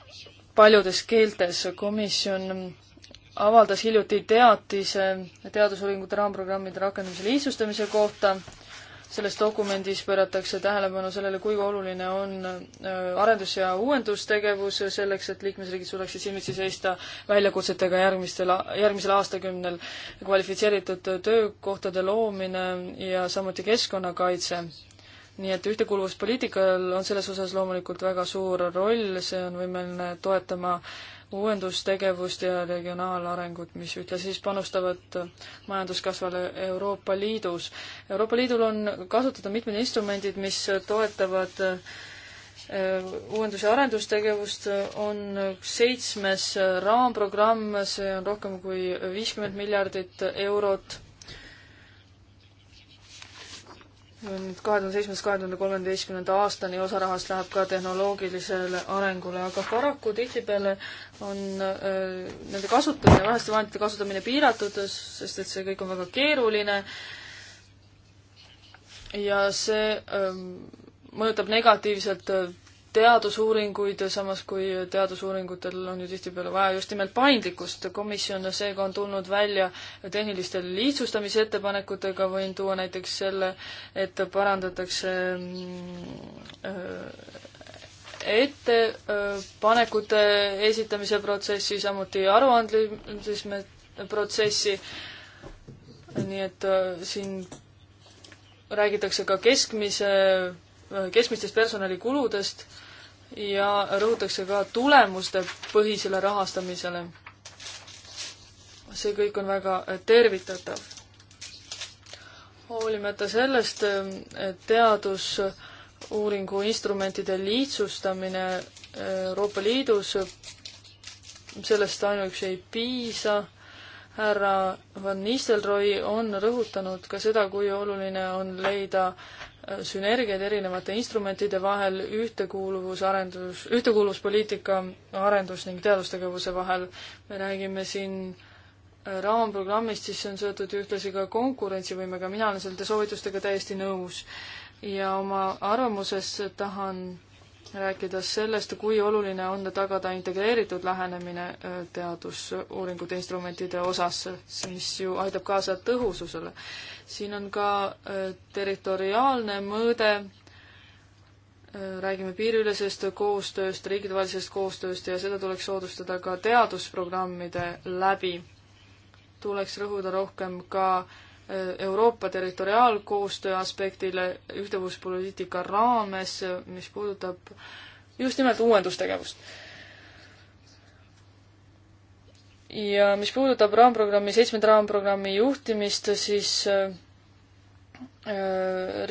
paljudes keeltes. komisjon avaldas hiljuti teatise teadusuuringute raamprogrammide rakendamise lihtsustamise kohta selles dokumendis pööratakse tähelepanu sellele, kui oluline on äh, arendus- ja uuendustegevus selleks, et liikmesriigid suudaksid silmitsi seista väljakutsetega järgmistel, järgmisel aastakümnel, kvalifitseeritud töökohtade loomine ja samuti keskkonnakaitse. nii et ühtekuuluvuspoliitikal on selles osas loomulikult väga suur roll, see on võimeline toetama äh, uuendustegevust ja regionaalarengut, mis ühtlasi siis panustavad majanduskasvale Euroopa Liidus. Euroopa Liidul on kasutada mitmed instrumendid, mis toetavad äh, uuendus- ja arendustegevust, on seitsmes raamprogramm, see on rohkem kui viiskümmend miljardit eurot nüüd kahe tuhande seitsmendast kahe tuhande kolmeteistkümnenda aastani osa rahast läheb ka tehnoloogilisele arengule, aga paraku tihtipeale on öö, äh, nende kasutamine, väheste vahendite kasutamine piiratud, sest et see kõik on väga keeruline. ja see öö, ähm, mõjutab negatiivselt äh, teadusuuringuid, samas kui teadusuuringutel on ju tihtipeale vaja just nimelt paindlikkust. komisjon seega on tulnud välja tehniliste lihtsustamise ettepanekutega, võin tuua näiteks selle, et parandatakse mm, ettepanekute äh, esitamise protsessi, samuti aruandlisusme protsessi, nii et äh, siin räägitakse ka keskmise, äh, keskmistest personalikuludest ja rõhutakse ka tulemustepõhisele rahastamisele. see kõik on väga tervitatav. hoolimata sellest, et teadusuuringu instrumentide lihtsustamine Euroopa Liidus, sellest ainuüksi ei piisa härra Van Nistelrooy on rõhutanud ka seda, kui oluline on leida äh, sünergiaid erinevate instrumentide vahel ühtekuuluvusarendus, ühtekuuluvuspoliitika arendus ning teadustegevuse vahel. me räägime siin äh, raamprogrammist, siis see on seotud ühtlasi ka konkurentsivõimega, mina olen selle soovitustega täiesti nõus. ja oma arvamuses tahan rääkides sellest, kui oluline on tagada integreeritud lähenemine äh, teadusuuringute instrumentide osas, mis ju aitab kaasa tõhususele. siin on ka äh, territoriaalne mõõde, äh, räägime piiriülesest koostööst, riigidevahelisest koostööst ja seda tuleks soodustada ka teadusprogrammide läbi. tuleks rõhuda rohkem ka äh, Euroopa territoriaalkoostöö aspektile ühtevuspoliitika raames, mis puudutab just nimelt uuendustegevust. ja mis puudutab raamprogrammi, seitsmenda raamprogrammi juhtimist, siis äh,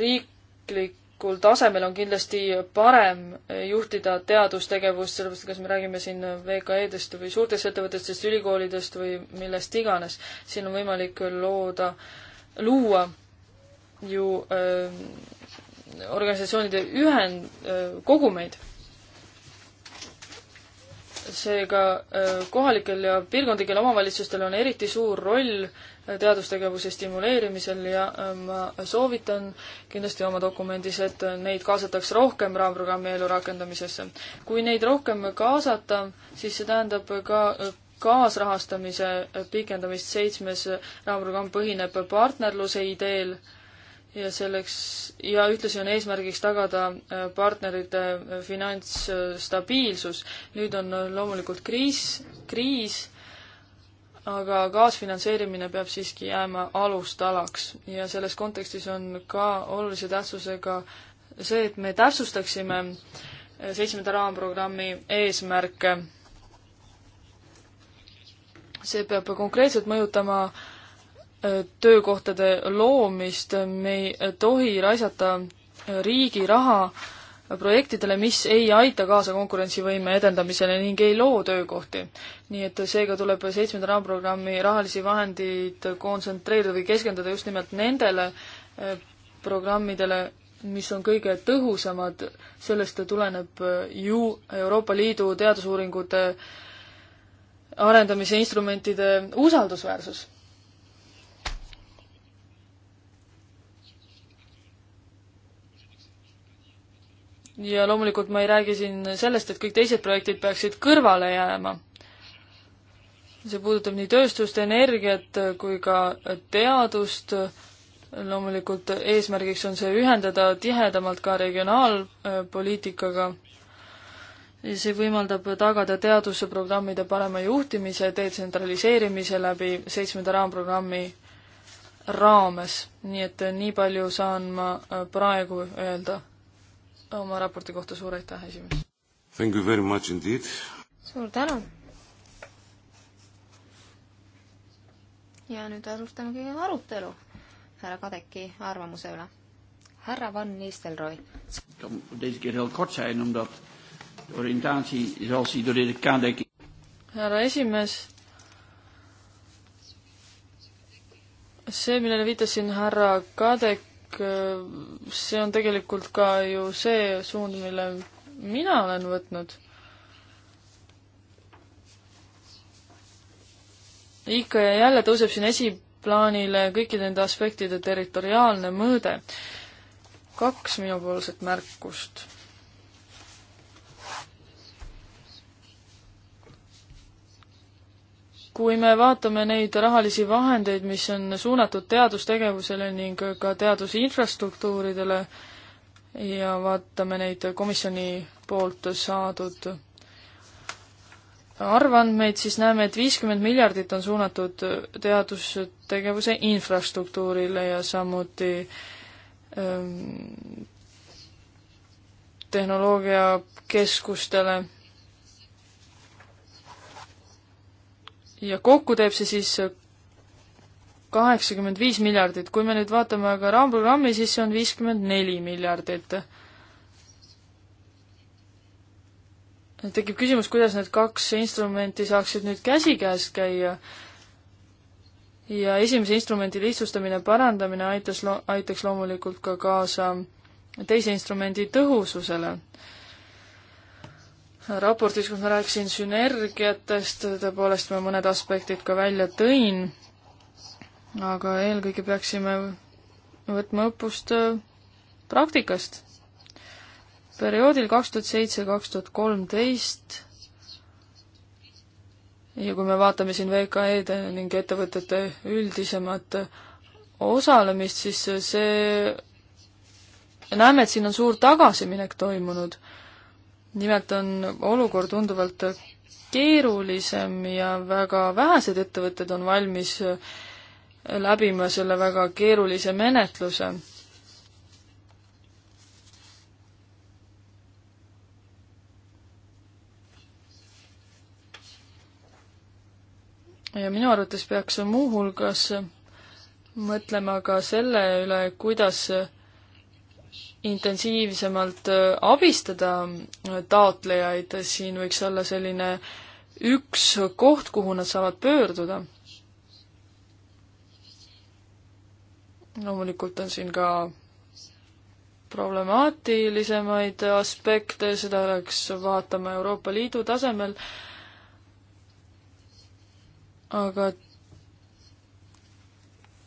riiklik riiklikul tasemel on kindlasti parem juhtida teadustegevust, sellepärast kas me räägime siin VKE-dest või suurtest ettevõtetest, ülikoolidest või millest iganes, siin on võimalik looda, luua ju öö, organisatsioonide ühend, kogumeid. seega kohalikel ja piirkondlikel omavalitsustel on eriti suur roll teadustegevuse stimuleerimisel ja äh, ma soovitan kindlasti oma dokumendis, et neid kaasataks rohkem raamprogrammi elu rakendamisesse. kui neid rohkem kaasata, siis see tähendab ka äh, kaasrahastamise pikendamist, seitsmes raamprogramm põhineb partnerluse ideel ja selleks, ja ühtlasi on eesmärgiks tagada äh, partnerite finantsstabiilsus. nüüd on loomulikult kriis, kriis aga kaasfinantseerimine peab siiski jääma alustalaks ja selles kontekstis on ka olulise tähtsusega see, et me täpsustaksime seitsmenda raamprogrammi eesmärke. see peab konkreetselt mõjutama äh, töökohtade loomist, me ei tohi raisata riigi raha äh, projektidele, mis ei aita kaasa konkurentsivõime edendamisele ning ei loo töökohti. nii et seega tuleb seitsmenda raamprogrammi rahalisi vahendeid kontsentreerida või keskenduda just nimelt nendele eh, programmidele, mis on kõige tõhusamad, sellest tuleneb ju Euroopa Liidu teadusuuringute arendamise instrumentide usaldusväärsus ja loomulikult ma ei räägi siin sellest, et kõik teised projektid peaksid kõrvale jääma. see puudutab nii tööstust, energiat kui ka teadust, loomulikult eesmärgiks on see ühendada tihedamalt ka regionaalpoliitikaga. see võimaldab tagada teadusprogrammide parema juhtimise detsentraliseerimise läbi seitsmenda raamprogrammi raames, nii et nii palju saan ma praegu öelda oma raporti kohta suur aitäh, esimees! Thank you very much indeed! suur tänu! ja nüüd alustamegi arutelu härra Kadeki arvamuse üle. härra Van Nistelrooy. Deze keer heel kort zijn omdat de oriëntatie zoals die door de Kadeki. härra esimees. see, millele viitasin härra Kadek Äh, see on tegelikult ka ju see suund, mille mina olen võtnud. ikka ja jälle tõuseb siin esiplaanile kõikide nende aspektide territoriaalne mõõde. kaks minupoolset märkust kui me vaatame neid rahalisi vahendeid, mis on suunatud teadustegevusele ning ka teadusinfrastruktuuridele ja vaatame neid komisjoni poolt saadud arvandmeid, siis näeme, et viiskümmend miljardit on suunatud teadustegevuse infrastruktuurile ja samuti ähm, tehnoloogiakeskustele ja kokku teeb see siis äh, kaheksakümmend viis miljardit, kui me nüüd vaatame aga raamprogrammi, siis see on viiskümmend neli miljardit. tekib küsimus, kuidas need kaks instrumenti saaksid nüüd käsikäes käia ja esimese instrumendi lihtsustamine, parandamine aitas lo-, aitaks loomulikult ka kaasa teise instrumendi tõhususele raportis, kus ma rääkisin sünergiatest, tõepoolest ma mõned aspektid ka välja tõin, aga eelkõige peaksime võtma õppust äh, praktikast. perioodil kaks tuhat seitse, kaks tuhat kolmteist ja kui me vaatame siin VKE-de ning ettevõtete üldisemat äh, osalemist, siis äh, see näeme, et siin on suur tagasiminek toimunud nimelt on olukord tunduvalt keerulisem ja väga vähesed ettevõtted on valmis läbima selle väga keerulise menetluse. ja minu arvates peaks muuhulgas mõtlema ka selle üle, kuidas intensiivsemalt äh, abistada äh, taotlejaid, siin võiks olla selline üks koht, kuhu nad saavad pöörduda. loomulikult on siin ka problemaatilisemaid aspekte, seda oleks vaatama Euroopa Liidu tasemel, aga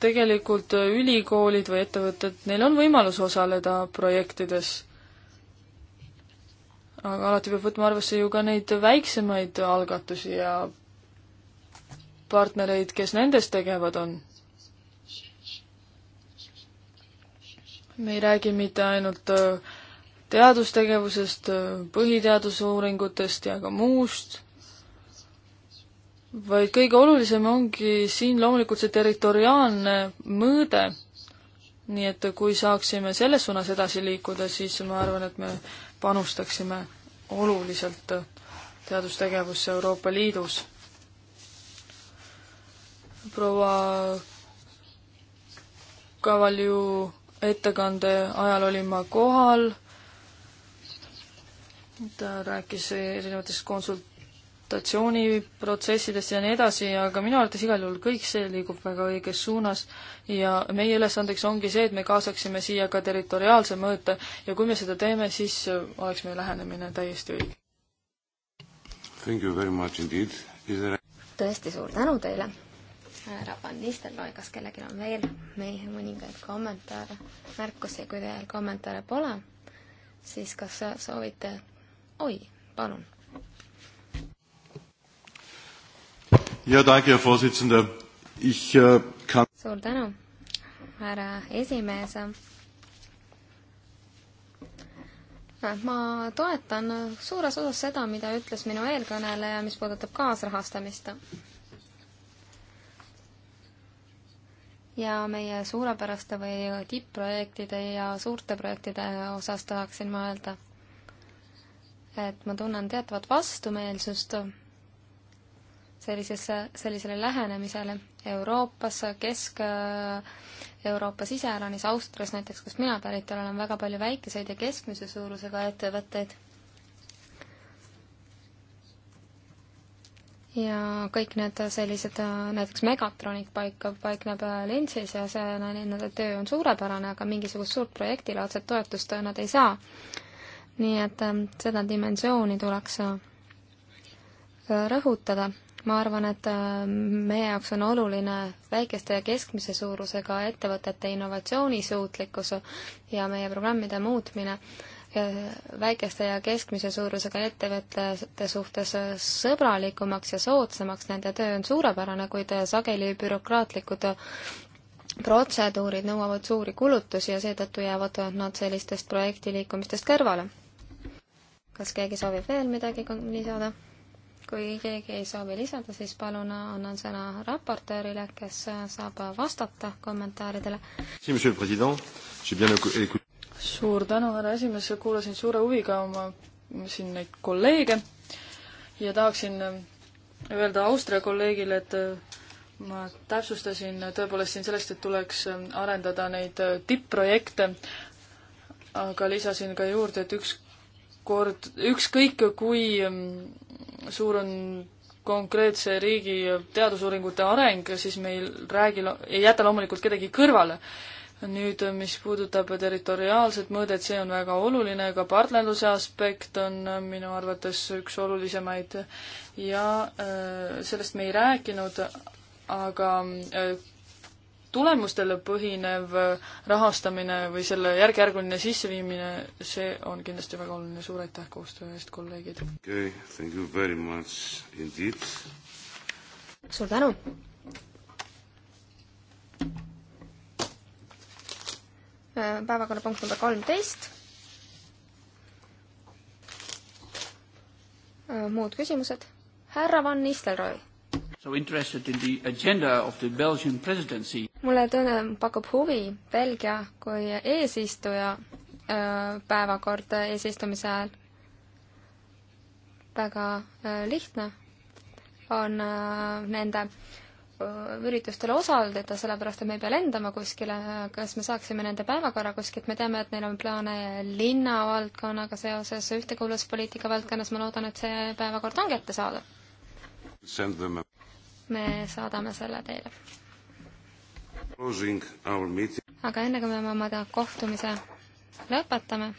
tegelikult ülikoolid või ettevõtted, neil on võimalus osaleda projektides. aga alati peab võtma arvesse ju ka neid väiksemaid algatusi ja partnereid, kes nendes tegevad on. me ei räägi mitte ainult äh, teadustegevusest, äh, põhiteadusuuringutest ja ka muust vaid kõige olulisem ongi siin loomulikult see territoriaalne mõõde. nii et kui saaksime selles suunas edasi liikuda, siis ma arvan, et me panustaksime oluliselt teadustegevusse Euroopa Liidus. proua Kavalju ettekande ajal olin ma kohal, ta rääkis erinevatest konsult-, konsultatsiooniprotsessidest ja nii edasi, aga minu arvates igal juhul kõik see liigub väga õiges suunas ja meie ülesandeks ongi see, et me kaasaksime siia ka territoriaalse mõõte ja kui me seda teeme, siis oleks meie lähenemine täiesti õige. Thank you very much indeed. Is there tõesti suur tänu teile, härra Van Nistelrooy, kas kellelgi on veel meie mõningaid kommentaare, märkusi, kui teil kommentaare pole, siis kas soovite, oi, palun ja tänke, Herr Vorsitzender. Ich äh, kann... Suur tänu, härra esimees. ma toetan suures osas seda, mida ütles minu eelkõneleja, mis puudutab kaasrahastamist. ja meie suurepäraste või tipp-projektide ja suurte projektide osas tahaksin ma öelda, et ma tunnen teatavat vastumeelsust sellisesse, sellisele lähenemisele Euroopas, Kesk-Euroopa siseäranis, Austrias näiteks, kust mina pärit olen, on väga palju väikeseid ja keskmise suurusega ettevõtteid. ja kõik need sellised, näiteks Megatronic paikab, paikneb Lensis ja see, nende töö on suurepärane, aga mingisugust suurt projektilaadset toetust nad ei saa. nii et seda dimensiooni tuleks äh, rõhutada ma arvan, et äh, meie jaoks on oluline väikeste ja keskmise suurusega ettevõtete innovatsioonisuutlikkus ja meie programmide muutmine äh, väikeste ja keskmise suurusega ettevõtete suhtes sõbralikumaks ja soodsamaks, nende töö on suurepärane, kuid äh, sageli bürokraatlikud protseduurid nõuavad suuri kulutusi ja seetõttu jäävad nad sellistest projektiliikumistest kõrvale. kas keegi soovib veel midagi lisada? kui keegi ei soovi lisada, siis palun annan sõna raportöörile, kes saab vastata kommentaaridele. suur tänu, härra esimees, kuulasin suure huviga oma siin neid kolleege ja tahaksin öelda Austria kolleegile, et ma täpsustasin tõepoolest siin sellest, et tuleks arendada neid tipp-projekte, aga lisasin ka juurde, et üks kord, ükskõik kui mm, suur on konkreetse riigi teadusuuringute areng, siis me ei räägi, ei jäta loomulikult kedagi kõrvale. nüüd, mis puudutab territoriaalset mõõdet, see on väga oluline, ka partnerluse aspekt on minu arvates üks olulisemaid ja äh, sellest me ei rääkinud, aga äh, tulemustele põhinev rahastamine või selle järk-järguline sisseviimine, see on kindlasti väga oluline, suur aitäh koostöö eest, kolleegid! okei okay,, thank you very much indeed! suur tänu! päevakorrapunkt number kolmteist. muud küsimused? härra Van Nistelrooy so interested in the agenda of the Belgian presidency. mulle tunne, pakub huvi Belgia kui eesistuja äh, päevakord eesistumise ajal. väga äh, lihtne on äh, nende üritustel osaleda, sellepärast et me ei pea lendama kuskile, kas me saaksime nende päevakorra kuskilt, me teame, et neil on plaane linnavaldkonnaga seoses, ühtekuuluvuspoliitika valdkonnas, ma loodan, et see päevakord on kättesaadav me saadame selle teile. aga enne kui me oma kohtumise lõpetame,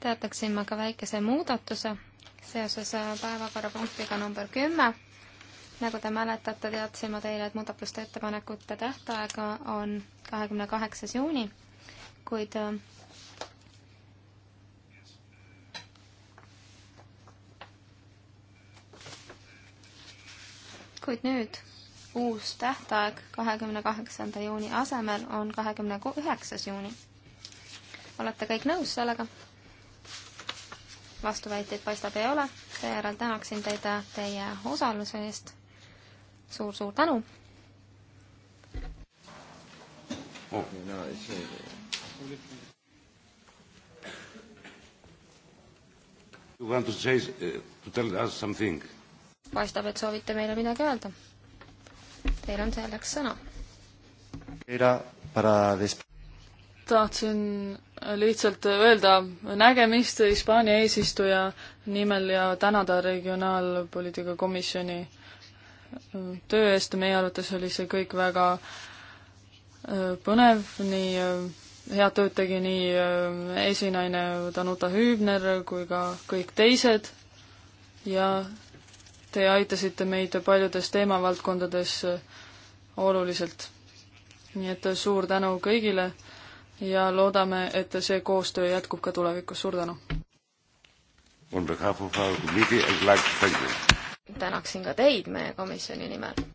teataksin ma ka väikese muudatuse seoses äh, päevakorrapunktiga number kümme. nagu te mäletate, teadsin ma teile, et muudatuste ettepanekute tähtaeg on kahekümne kaheksas juuni, kuid äh, kuid nüüd uus tähtaeg kahekümne kaheksanda juuni asemel on kahekümne üheksas juuni. olete kõik nõus sellega? vastuväiteid paistab ei ole, seejärel tänaksin teid teie osaluse eest suur,. suur-suur tänu oh.. You want to say, uh, to tell us something? paistab, et soovite meile midagi öelda. Teil on selleks sõna. tahtsin lihtsalt öelda nägemist Hispaania eesistuja nimel ja tänada Regionaalpoliitika Komisjoni töö eest, meie arvates oli see kõik väga äh, põnev, nii äh, head tööd tegi nii äh, esinaine Danuta Hübner kui ka kõik teised ja Te aitasite meid paljudes teemavaldkondades äh, oluliselt. nii et äh, suur tänu kõigile ja loodame, et see koostöö jätkub ka tulevikus, suur tänu! tänaksin ka teid meie komisjoni nimel.